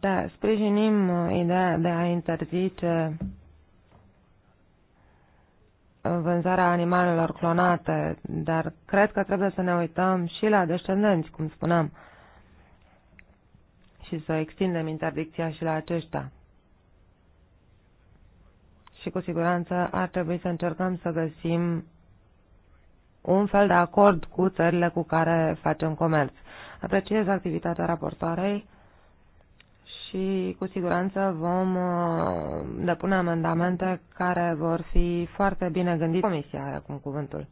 Speaker 2: Da, sprijinim ideea de a interzice uh, vânzarea animalelor clonate, dar cred că trebuie să ne uităm și la descendenți, cum spuneam, și să extindem interdicția și la aceștia și cu siguranță ar trebui să încercăm să găsim un fel de acord cu țările cu care facem comerț. Apreciez activitatea raportoarei și cu siguranță vom uh, depune amendamente care vor fi foarte bine gândite. Comisia are acum cuvântul.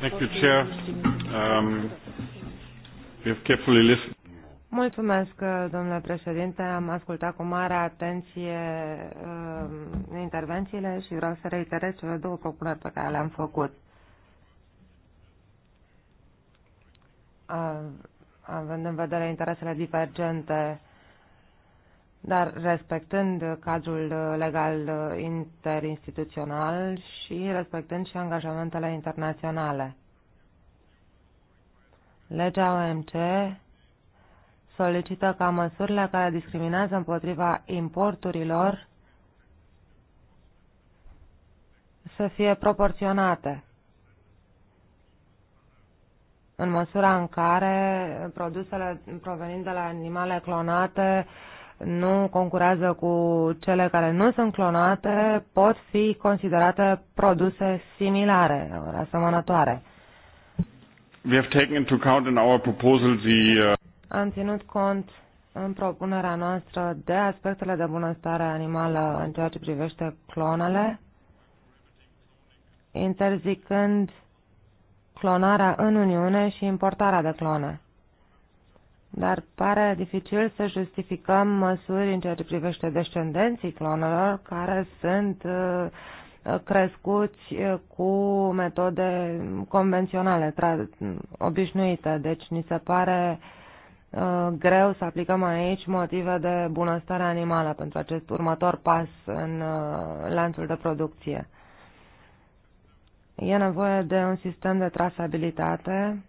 Speaker 2: Thank you, Chair.
Speaker 4: Um, we've carefully listened.
Speaker 2: Mulțumesc, domnule președinte. Am ascultat cu mare atenție uh, intervențiile și vreau să reiterez cele două propuneri pe care le-am făcut. Uh, având în vedere interesele divergente dar respectând cadrul legal interinstituțional și respectând și angajamentele internaționale. Legea OMC solicită ca măsurile care discriminează împotriva importurilor să fie proporționate în măsura în care produsele provenind de la animale clonate uh, nu concurează cu cele care nu sunt clonate, pot fi considerate produse similare, asemănătoare.
Speaker 4: We have taken into account in our proposal the, uh...
Speaker 2: Am ținut cont în propunerea noastră de aspectele de bunăstare animală în ceea ce privește clonele, interzicând clonarea în Uniune și importarea de clone dar pare dificil să justificăm măsuri în ceea ce privește descendenții clonelor care sunt uh, crescuți uh, cu metode convenționale, obișnuite. Deci ni se pare uh, greu să aplicăm aici motive de bunăstare animală pentru acest următor pas în lanțul de producție. E nevoie de un sistem de trasabilitate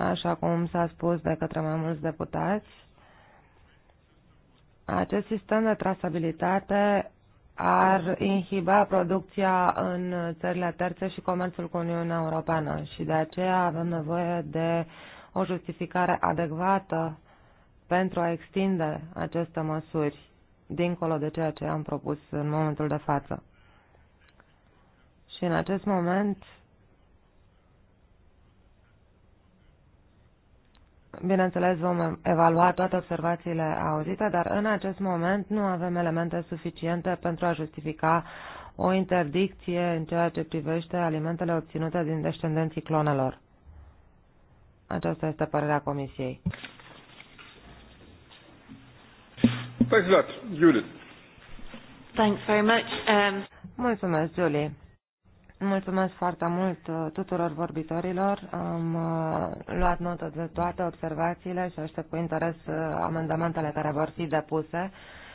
Speaker 2: așa cum s-a spus de către mai mulți deputați, acest sistem de trasabilitate ar inhiba producția în țările terțe și comerțul cu Uniunea Europeană și de aceea avem nevoie de o justificare adecvată pentru a extinde aceste măsuri dincolo de ceea ce am propus în momentul de față. Și în acest moment Bineînțeles, vom evalua toate observațiile auzite, dar în acest moment nu avem elemente suficiente pentru a justifica o interdicție în ceea ce privește alimentele obținute din descendenții clonelor. Aceasta este părerea Comisiei.
Speaker 4: Thanks a lot, Judith. Thanks very much.
Speaker 2: Um... Mulțumesc, Julie. Mulțumesc foarte mult uh, tuturor vorbitorilor. Am uh, luat notă de toate observațiile și aștept cu interes uh, amendamentele care vor fi depuse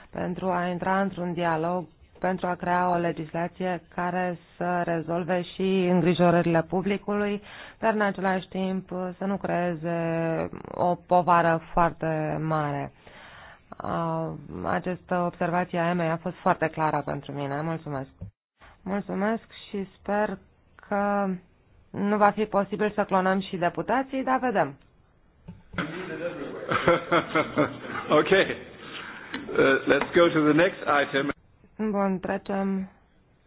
Speaker 2: pentru a intra într-un dialog, pentru a crea o legislație care să rezolve și îngrijorările publicului, dar în același timp să nu creeze o povară foarte mare. Această observație a Emei a fost foarte clară pentru mine. Mulțumesc! Mulțumesc și sper că nu va fi posibil să clonăm și deputații, dar vedem.
Speaker 4: ok. Uh, let's go to the next item.
Speaker 2: Bun, trecem.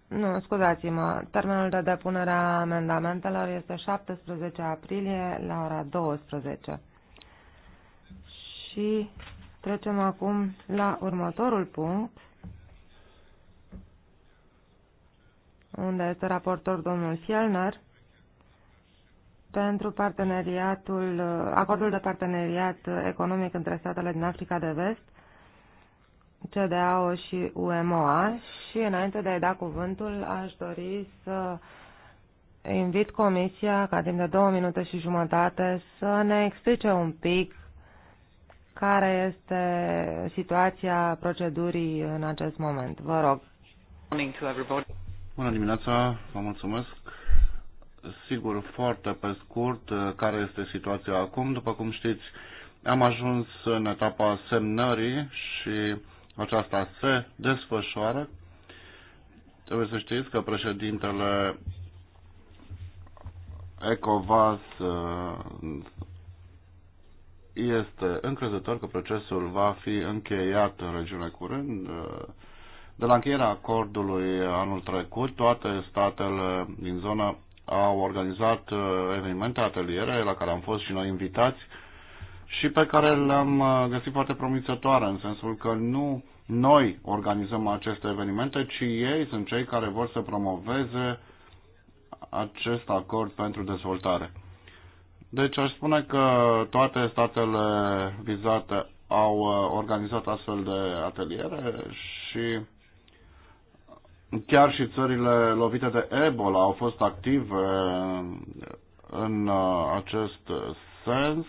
Speaker 2: Nu, scuzați-mă. Termenul de depunere a amendamentelor este 17 aprilie la ora 12. Și trecem acum la următorul punct unde este raportor domnul Fielner, pentru parteneriatul, acordul de parteneriat economic între statele din Africa de Vest, CDAO și UMOA și înainte de a-i da cuvântul aș dori să invit Comisia ca timp de două minute și jumătate să ne explice un pic care este situația procedurii în acest moment. Vă rog.
Speaker 3: Bună dimineața, vă mulțumesc. Sigur, foarte pe scurt, uh, care este situația acum. După cum știți, am ajuns în etapa semnării și aceasta se desfășoară. Trebuie să știți că președintele ECOVAS uh, este încrezător că procesul va fi încheiat în regiune curând. Uh, de la încheierea acordului anul trecut, toate statele din zonă au organizat uh, evenimente, ateliere la care am fost și noi invitați și pe care le-am uh, găsit foarte promițătoare, în sensul că nu noi organizăm aceste evenimente, ci ei sunt cei care vor să promoveze acest acord pentru dezvoltare. Deci aș spune că toate statele vizate au uh, organizat astfel de ateliere și Chiar și țările lovite de Ebola au fost active în uh, acest sens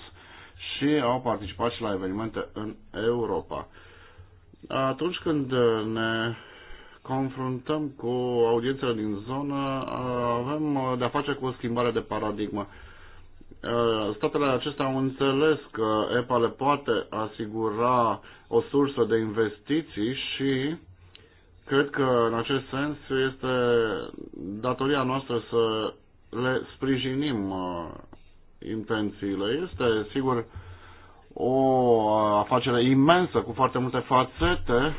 Speaker 3: și au participat și la evenimente în Europa. Atunci când ne confruntăm cu audiențele din zonă, uh, avem de-a face cu o schimbare de paradigmă. Uh, statele acestea au înțeles că EPA le poate asigura o sursă de investiții și Cred că în acest sens este datoria noastră să le sprijinim uh, intențiile. Este, sigur, o afacere imensă cu foarte multe fațete.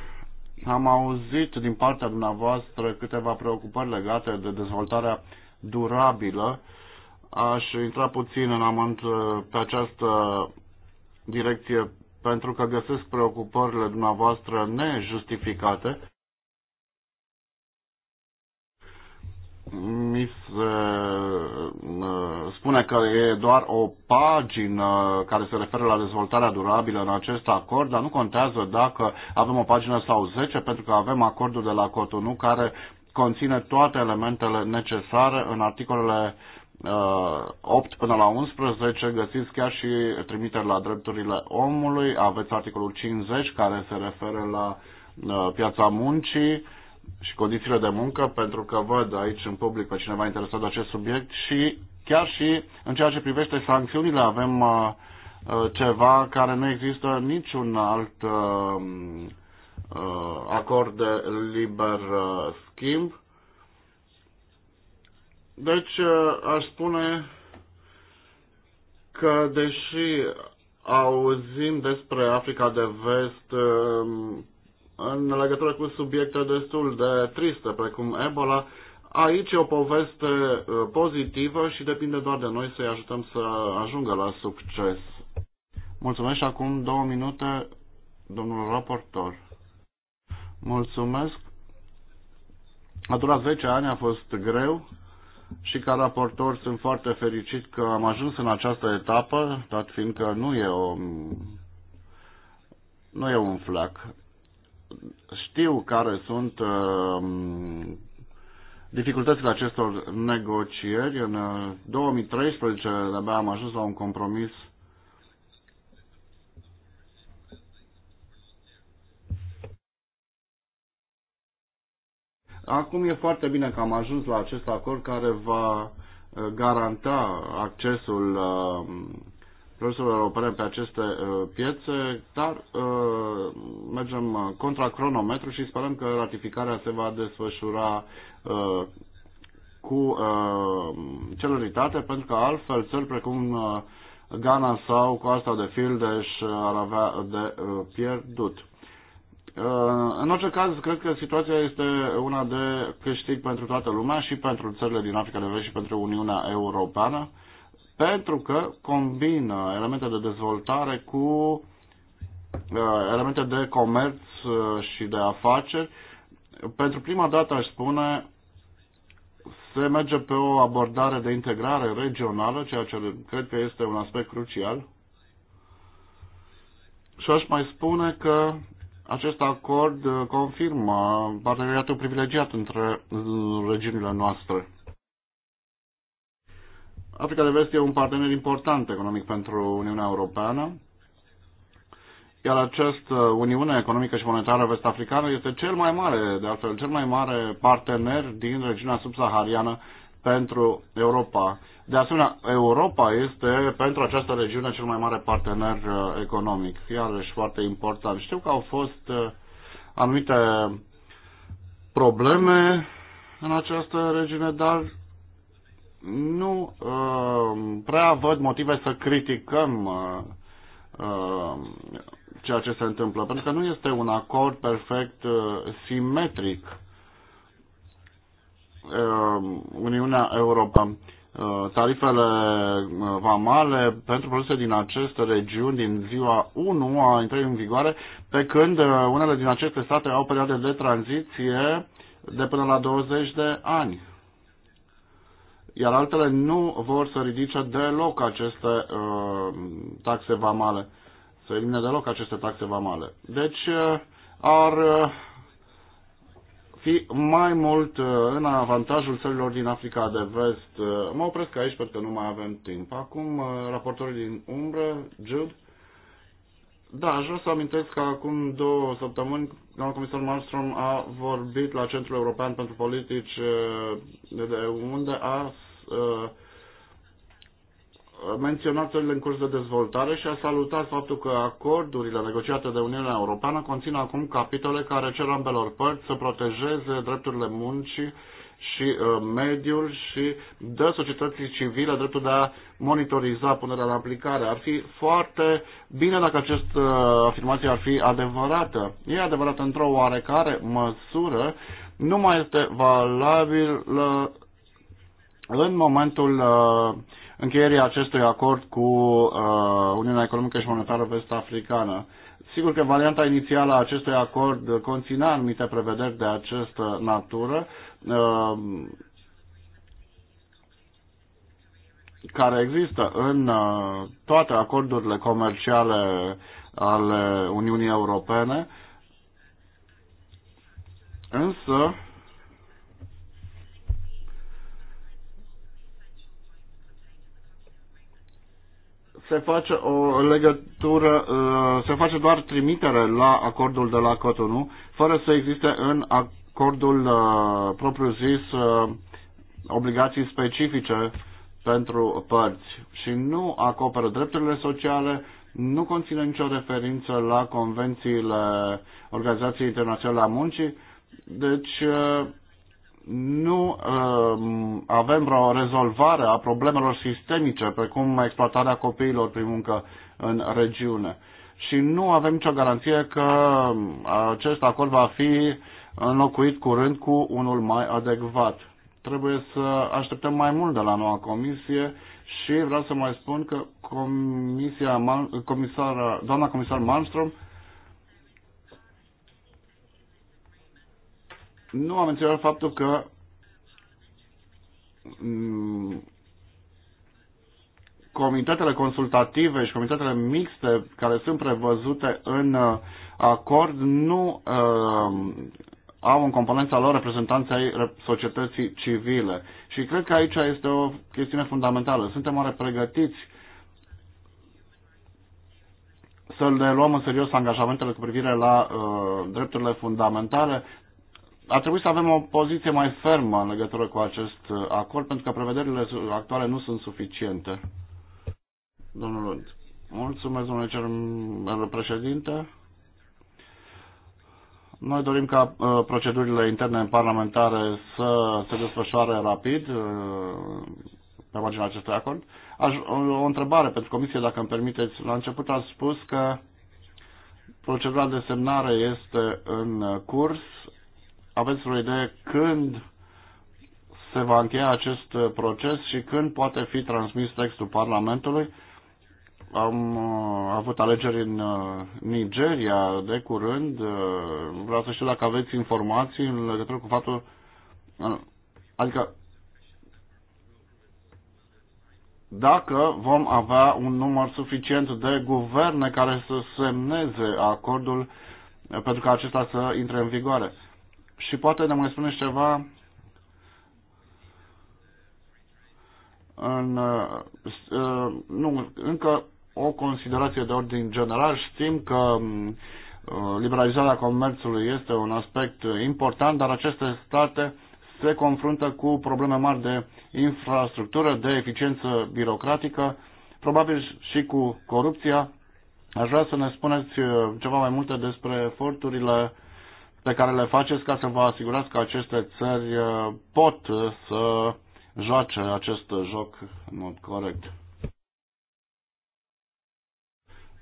Speaker 3: Am auzit din partea dumneavoastră câteva preocupări legate de dezvoltarea durabilă. Aș intra puțin în amănt uh, pe această direcție pentru că găsesc preocupările dumneavoastră nejustificate. mi se uh, spune că e doar o pagină care se referă la dezvoltarea durabilă în acest acord, dar nu contează dacă avem o pagină sau 10, pentru că avem acordul de la Cotonou care conține toate elementele necesare în articolele 8 uh, până la 11 găsiți chiar și trimiteri la drepturile omului, aveți articolul 50 care se referă la uh, piața muncii, și condițiile de muncă, pentru că văd aici în public pe cineva interesat de acest subiect și chiar și în ceea ce privește sancțiunile avem uh, uh, ceva care nu există niciun alt uh, acord de liber schimb. Deci aș spune că deși auzim despre Africa de Vest, în legătură cu subiecte destul de triste, precum Ebola. Aici e o poveste uh, pozitivă și depinde doar de noi să-i ajutăm să ajungă la succes. Mulțumesc și acum două minute, domnul raportor. Mulțumesc. A durat 10 ani, a fost greu și ca raportor sunt foarte fericit că am ajuns în această etapă, dat fiindcă nu e o nu e un flac știu care sunt uh, dificultățile acestor negocieri. În 2013 uh, de-abia am ajuns la un compromis Acum e foarte bine că am ajuns la acest acord care va uh, garanta accesul produselor europene pe aceste uh, piețe, dar uh, mergem uh, contra cronometru și sperăm că ratificarea se va desfășura cu celeritate, pentru că altfel țări precum Ghana sau Coasta de Fildeș ar avea de pierdut. În orice caz, cred că situația este una de câștig pentru toată lumea și pentru țările din Africa de Vest și pentru Uniunea Europeană pentru că combină elemente de dezvoltare cu uh, elemente de comerț uh, și de afaceri. Pentru prima dată, aș spune, se merge pe o abordare de integrare regională, ceea ce cred că este un aspect crucial. Și aș mai spune că acest acord uh, confirmă parteneriatul privilegiat între regiunile noastre. Africa de Vest e un partener important economic pentru Uniunea Europeană, iar această Uniune Economică și Monetară Vest-Africană este cel mai mare, de altfel, cel mai mare partener din regiunea subsahariană pentru Europa. De asemenea, Europa este pentru această regiune cel mai mare partener uh, economic, iarăși foarte important. Știu că au fost uh, anumite probleme în această regiune, dar nu uh, prea văd motive să criticăm uh, uh, ceea ce se întâmplă, pentru că nu este un acord perfect uh, simetric. Uh, Uniunea Europeană uh, tarifele uh, vamale pentru produse din aceste regiuni din ziua 1 a intrat în vigoare, pe când uh, unele din aceste state au perioade de tranziție de până la 20 de ani iar altele nu vor să ridice deloc aceste uh, taxe vamale, să elimine deloc aceste taxe vamale. Deci uh, ar uh, fi mai mult uh, în avantajul țărilor din Africa de Vest. Uh, mă opresc aici pentru că nu mai avem timp. Acum, uh, raportorii din umbră, Jude. Da, aș vrea să amintesc că acum două săptămâni domnul comisar Malmström a vorbit la Centrul European pentru Politici eh, de unde a eh, menționat țările în curs de dezvoltare și a salutat faptul că acordurile negociate de Uniunea Europeană conțin acum capitole care cer ambelor părți să protejeze drepturile muncii și uh, mediul și dă societății civile dreptul de a monitoriza punerea la aplicare. Ar fi foarte bine dacă această uh, afirmație ar fi adevărată. E adevărată într-o oarecare măsură, nu mai este valabil uh, în momentul uh, încheierii acestui acord cu uh, Uniunea Economică și Monetară Vest-Africană. Sigur că varianta inițială a acestui acord conținea anumite prevederi de această natură, Um, care există în uh, toate acordurile comerciale ale Uniunii Europene, însă se face o legătură, uh, se face doar trimitere la acordul de la Cotonou, fără să existe în acord acordul uh, propriu-zis uh, obligații specifice pentru părți și nu acoperă drepturile sociale, nu conține nicio referință la convențiile Organizației Internaționale a Muncii, deci uh, nu uh, avem vreo rezolvare a problemelor sistemice, precum exploatarea copiilor prin muncă în regiune. Și nu avem nicio garanție că acest acord va fi înlocuit curând cu unul mai adecvat. Trebuie să așteptăm mai mult de la noua comisie și vreau să mai spun că comisia, comisara, doamna comisar Malmström nu a menționat faptul că mm, comitetele consultative și comitetele mixte care sunt prevăzute în uh, acord nu uh, au în componența lor reprezentanții societății civile. Și cred că aici este o chestiune fundamentală. Suntem oare pregătiți să le luăm în serios angajamentele cu privire la uh, drepturile fundamentale? A trebuit să avem o poziție mai fermă în legătură cu acest uh, acord, pentru că prevederile actuale nu sunt suficiente. Domnul Lund. Mulțumesc, domnule președinte. Noi dorim ca uh, procedurile interne parlamentare să se desfășoare rapid uh, pe marginea acestui acord. Aș, o, o întrebare pentru comisie, dacă îmi permiteți. La început ați spus că procedura de semnare este în curs. Aveți o idee când se va încheia acest proces și când poate fi transmis textul Parlamentului? Am uh, avut alegeri în uh, Nigeria de curând. Uh, vreau să știu dacă aveți informații în legătură cu faptul. Adică dacă vom avea un număr suficient de guverne care să semneze acordul pentru ca acesta să intre în vigoare. Și poate ne mai spuneți ceva în, nu, încă o considerație de ordin general. Știm că mm, uh, liberalizarea comerțului este un aspect important, dar aceste state se confruntă cu probleme mari de infrastructură, de eficiență birocratică, probabil și cu corupția. Aș vrea să ne spuneți uh, ceva mai multe despre eforturile pe care le faceți ca să vă asigurați că aceste țări uh, pot să joace acest joc în mod corect.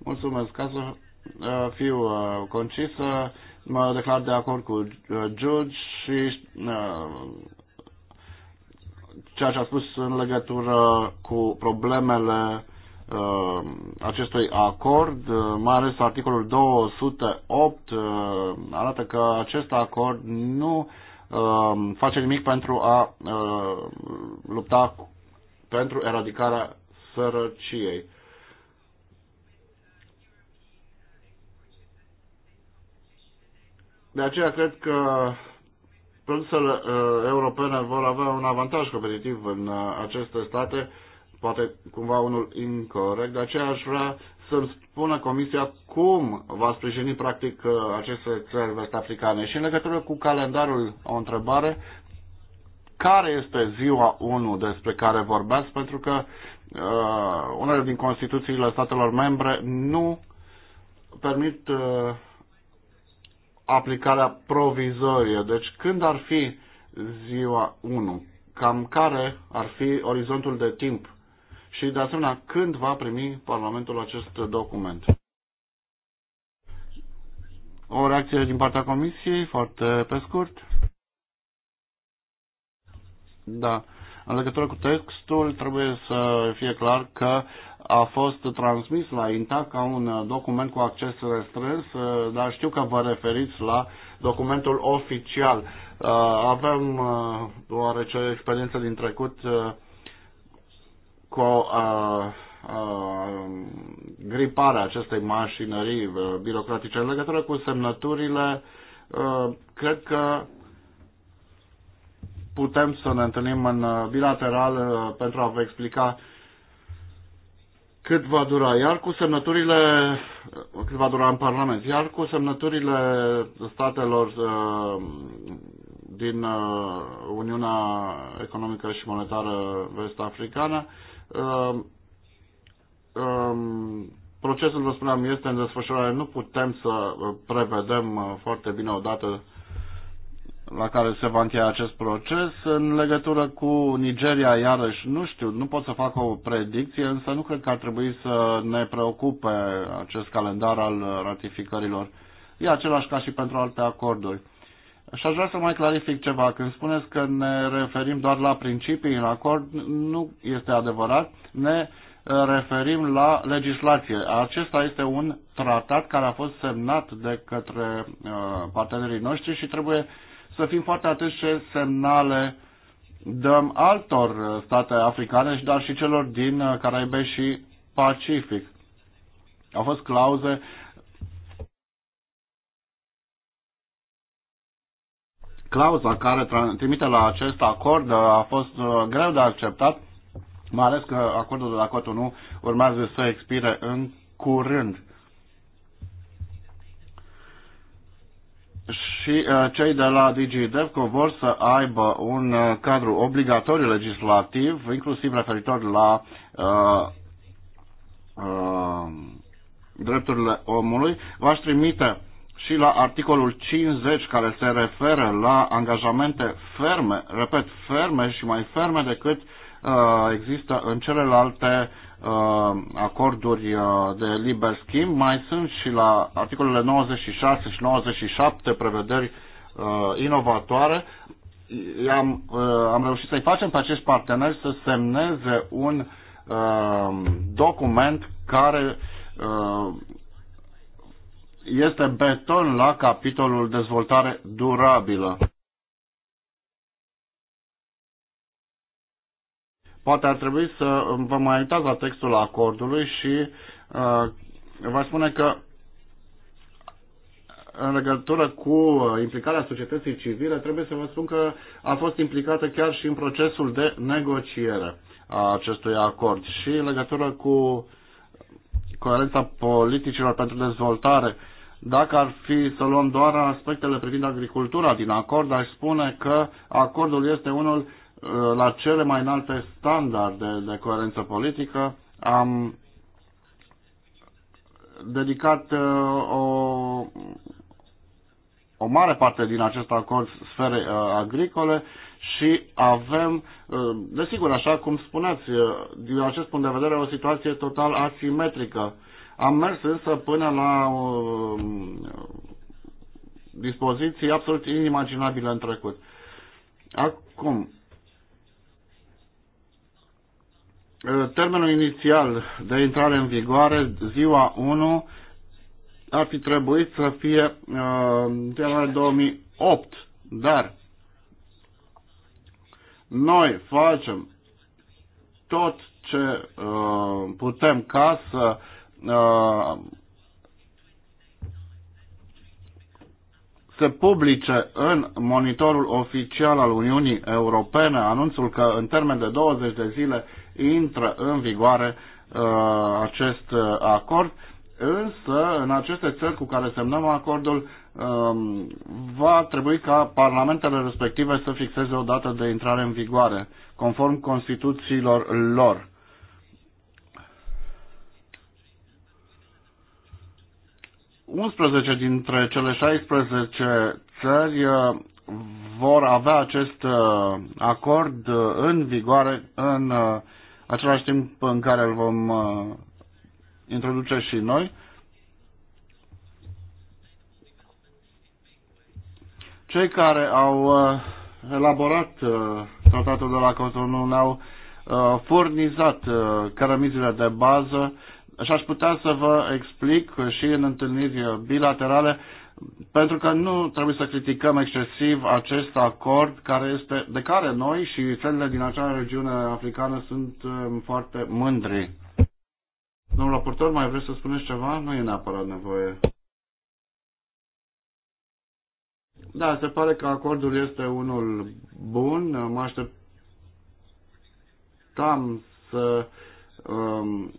Speaker 3: Mulțumesc. Ca să uh, fiu uh, concisă, mă declar de acord cu uh, George și ceea ce a spus în legătură cu problemele acestui acord, mai ales articolul 208 arată că acest acord nu face nimic pentru a lupta pentru eradicarea sărăciei. De aceea cred că produsele uh, europene vor avea un avantaj competitiv în uh, aceste state, poate cumva unul incorrect, de aceea aș vrea să-mi spună Comisia cum va sprijini practic uh, aceste țări vest-africane. Și în legătură cu calendarul, o întrebare, care este ziua 1 despre care vorbeați, pentru că uh, unele din Constituțiile statelor membre nu permit uh, aplicarea provizorie. Deci când ar fi ziua 1? Cam care ar fi orizontul de timp? Și de asemenea, când va primi Parlamentul acest document? O reacție din partea Comisiei, foarte pe scurt. Da. În legătură cu textul, trebuie să fie clar că a fost transmis la INTA ca un uh, document cu acces restrâns, uh, dar știu că vă referiți la documentul oficial. Uh, avem oarece experiență din trecut cu griparea acestei mașinării birocratice în legătură cu semnăturile. Cred că putem să ne întâlnim în bilateral pentru a vă explica cât va dura, iar cu semnăturile, cât va dura în Parlament, iar cu semnăturile statelor uh, din uh, Uniunea Economică și Monetară Vest-Africană, uh, um, procesul, vă spuneam, este în desfășurare, nu putem să prevedem uh, foarte bine odată la care se va încheia acest proces. În legătură cu Nigeria, iarăși, nu știu, nu pot să fac o predicție, însă nu cred că ar trebui să ne preocupe acest calendar al ratificărilor. E același ca și pentru alte acorduri. Și aș vrea să mai clarific ceva. Când spuneți că ne referim doar la principii în acord, nu este adevărat. Ne uh, referim la legislație. Acesta este un tratat care a fost semnat de către uh, partenerii noștri și trebuie să fim foarte atenți ce semnale dăm altor state africane, dar și celor din Caraibe și Pacific. Au fost clauze clauza care trimite la acest acord a fost uh, greu de acceptat, mai ales că acordul de la Cotonou urmează să expire în curând. și uh, cei de la DigiDevco vor să aibă un uh, cadru obligatoriu legislativ, inclusiv referitor la uh, uh, drepturile omului. V-aș trimite și la articolul 50 care se referă la angajamente ferme, repet, ferme și mai ferme decât uh, există în celelalte Uh, acorduri uh, de liber schimb, mai sunt și la articolele 96 și 97 prevederi uh, inovatoare. am am reușit să-i facem pe acești parteneri să semneze un document care este beton la capitolul dezvoltare durabilă. Poate ar trebui să vă mai uitați la textul acordului și uh, vă spune că în legătură cu implicarea societății civile, trebuie să vă spun că a fost implicată chiar și în procesul de negociere a acestui acord și în legătură cu coerența politicilor pentru dezvoltare. Dacă ar fi să luăm doar aspectele privind agricultura din acord, aș spune că acordul este unul Uh, la cele mai înalte standarde de coerență politică. Am dedicat uh, o, o mare parte din acest acord sferei uh, agricole și avem, desigur, așa cum spuneați, din acest punct de vedere, o situație total asimetrică. Am mers însă până la uh, dispoziții absolut inimaginabile în trecut. Acum, termenul inițial de intrare în vigoare, ziua 1, ar fi trebuit să fie uh, ianuarie 2008, dar noi facem tot ce uh, putem ca să uh, se publice în monitorul oficial al Uniunii Europene anunțul că în termen de 20 de zile uh, intră în vigoare uh, acest uh, acord, însă în aceste țări cu care semnăm acordul uh, va trebui ca parlamentele respective să fixeze o dată de intrare în vigoare, conform Constituțiilor lor. Unsprezece dintre cele 16 țări uh, vor avea acest uh, acord în vigoare în același timp în care îl vom uh, introduce și noi. Cei care au uh, elaborat uh, tratatul de la Cotonou ne-au uh, furnizat uh, cărămizile de bază și aș putea să vă explic și în întâlniri bilaterale pentru că nu trebuie să criticăm excesiv acest acord care este, de care noi și țările din acea regiune africană sunt um, foarte mândri. Domnul raportor, mai vreți să spuneți ceva? Nu e neapărat nevoie. Da, se pare că acordul este unul bun. Mă așteptam să um,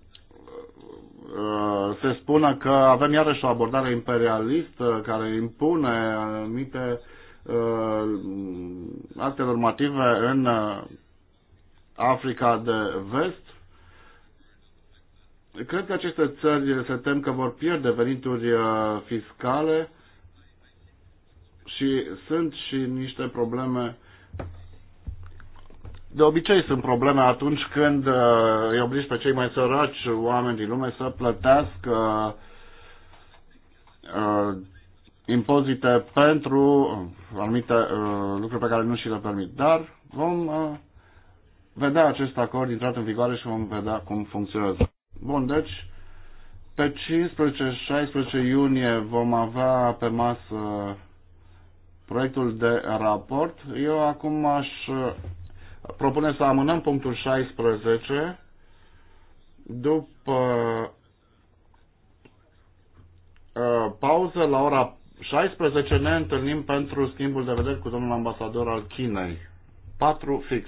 Speaker 3: Uh, se spună că avem iarăși o abordare imperialistă care impune anumite uh, alte normative în uh, Africa de Vest. Cred că aceste țări se tem că vor pierde venituri fiscale și sunt și niște probleme uh, de obicei sunt probleme atunci când îi uh, obligi pe cei mai săraci oameni din lume să plătească uh, impozite pentru uh, anumite uh, lucruri pe care nu și le permit. Dar vom uh, vedea acest acord intrat în vigoare și vom vedea cum funcționează. Bun, deci pe 15-16 iunie vom avea pe masă proiectul de raport. Eu acum aș uh, propune să amânăm punctul 16 după uh, pauză la ora 16 ne întâlnim pentru schimbul de vedere cu domnul ambasador al Chinei. 4 fix.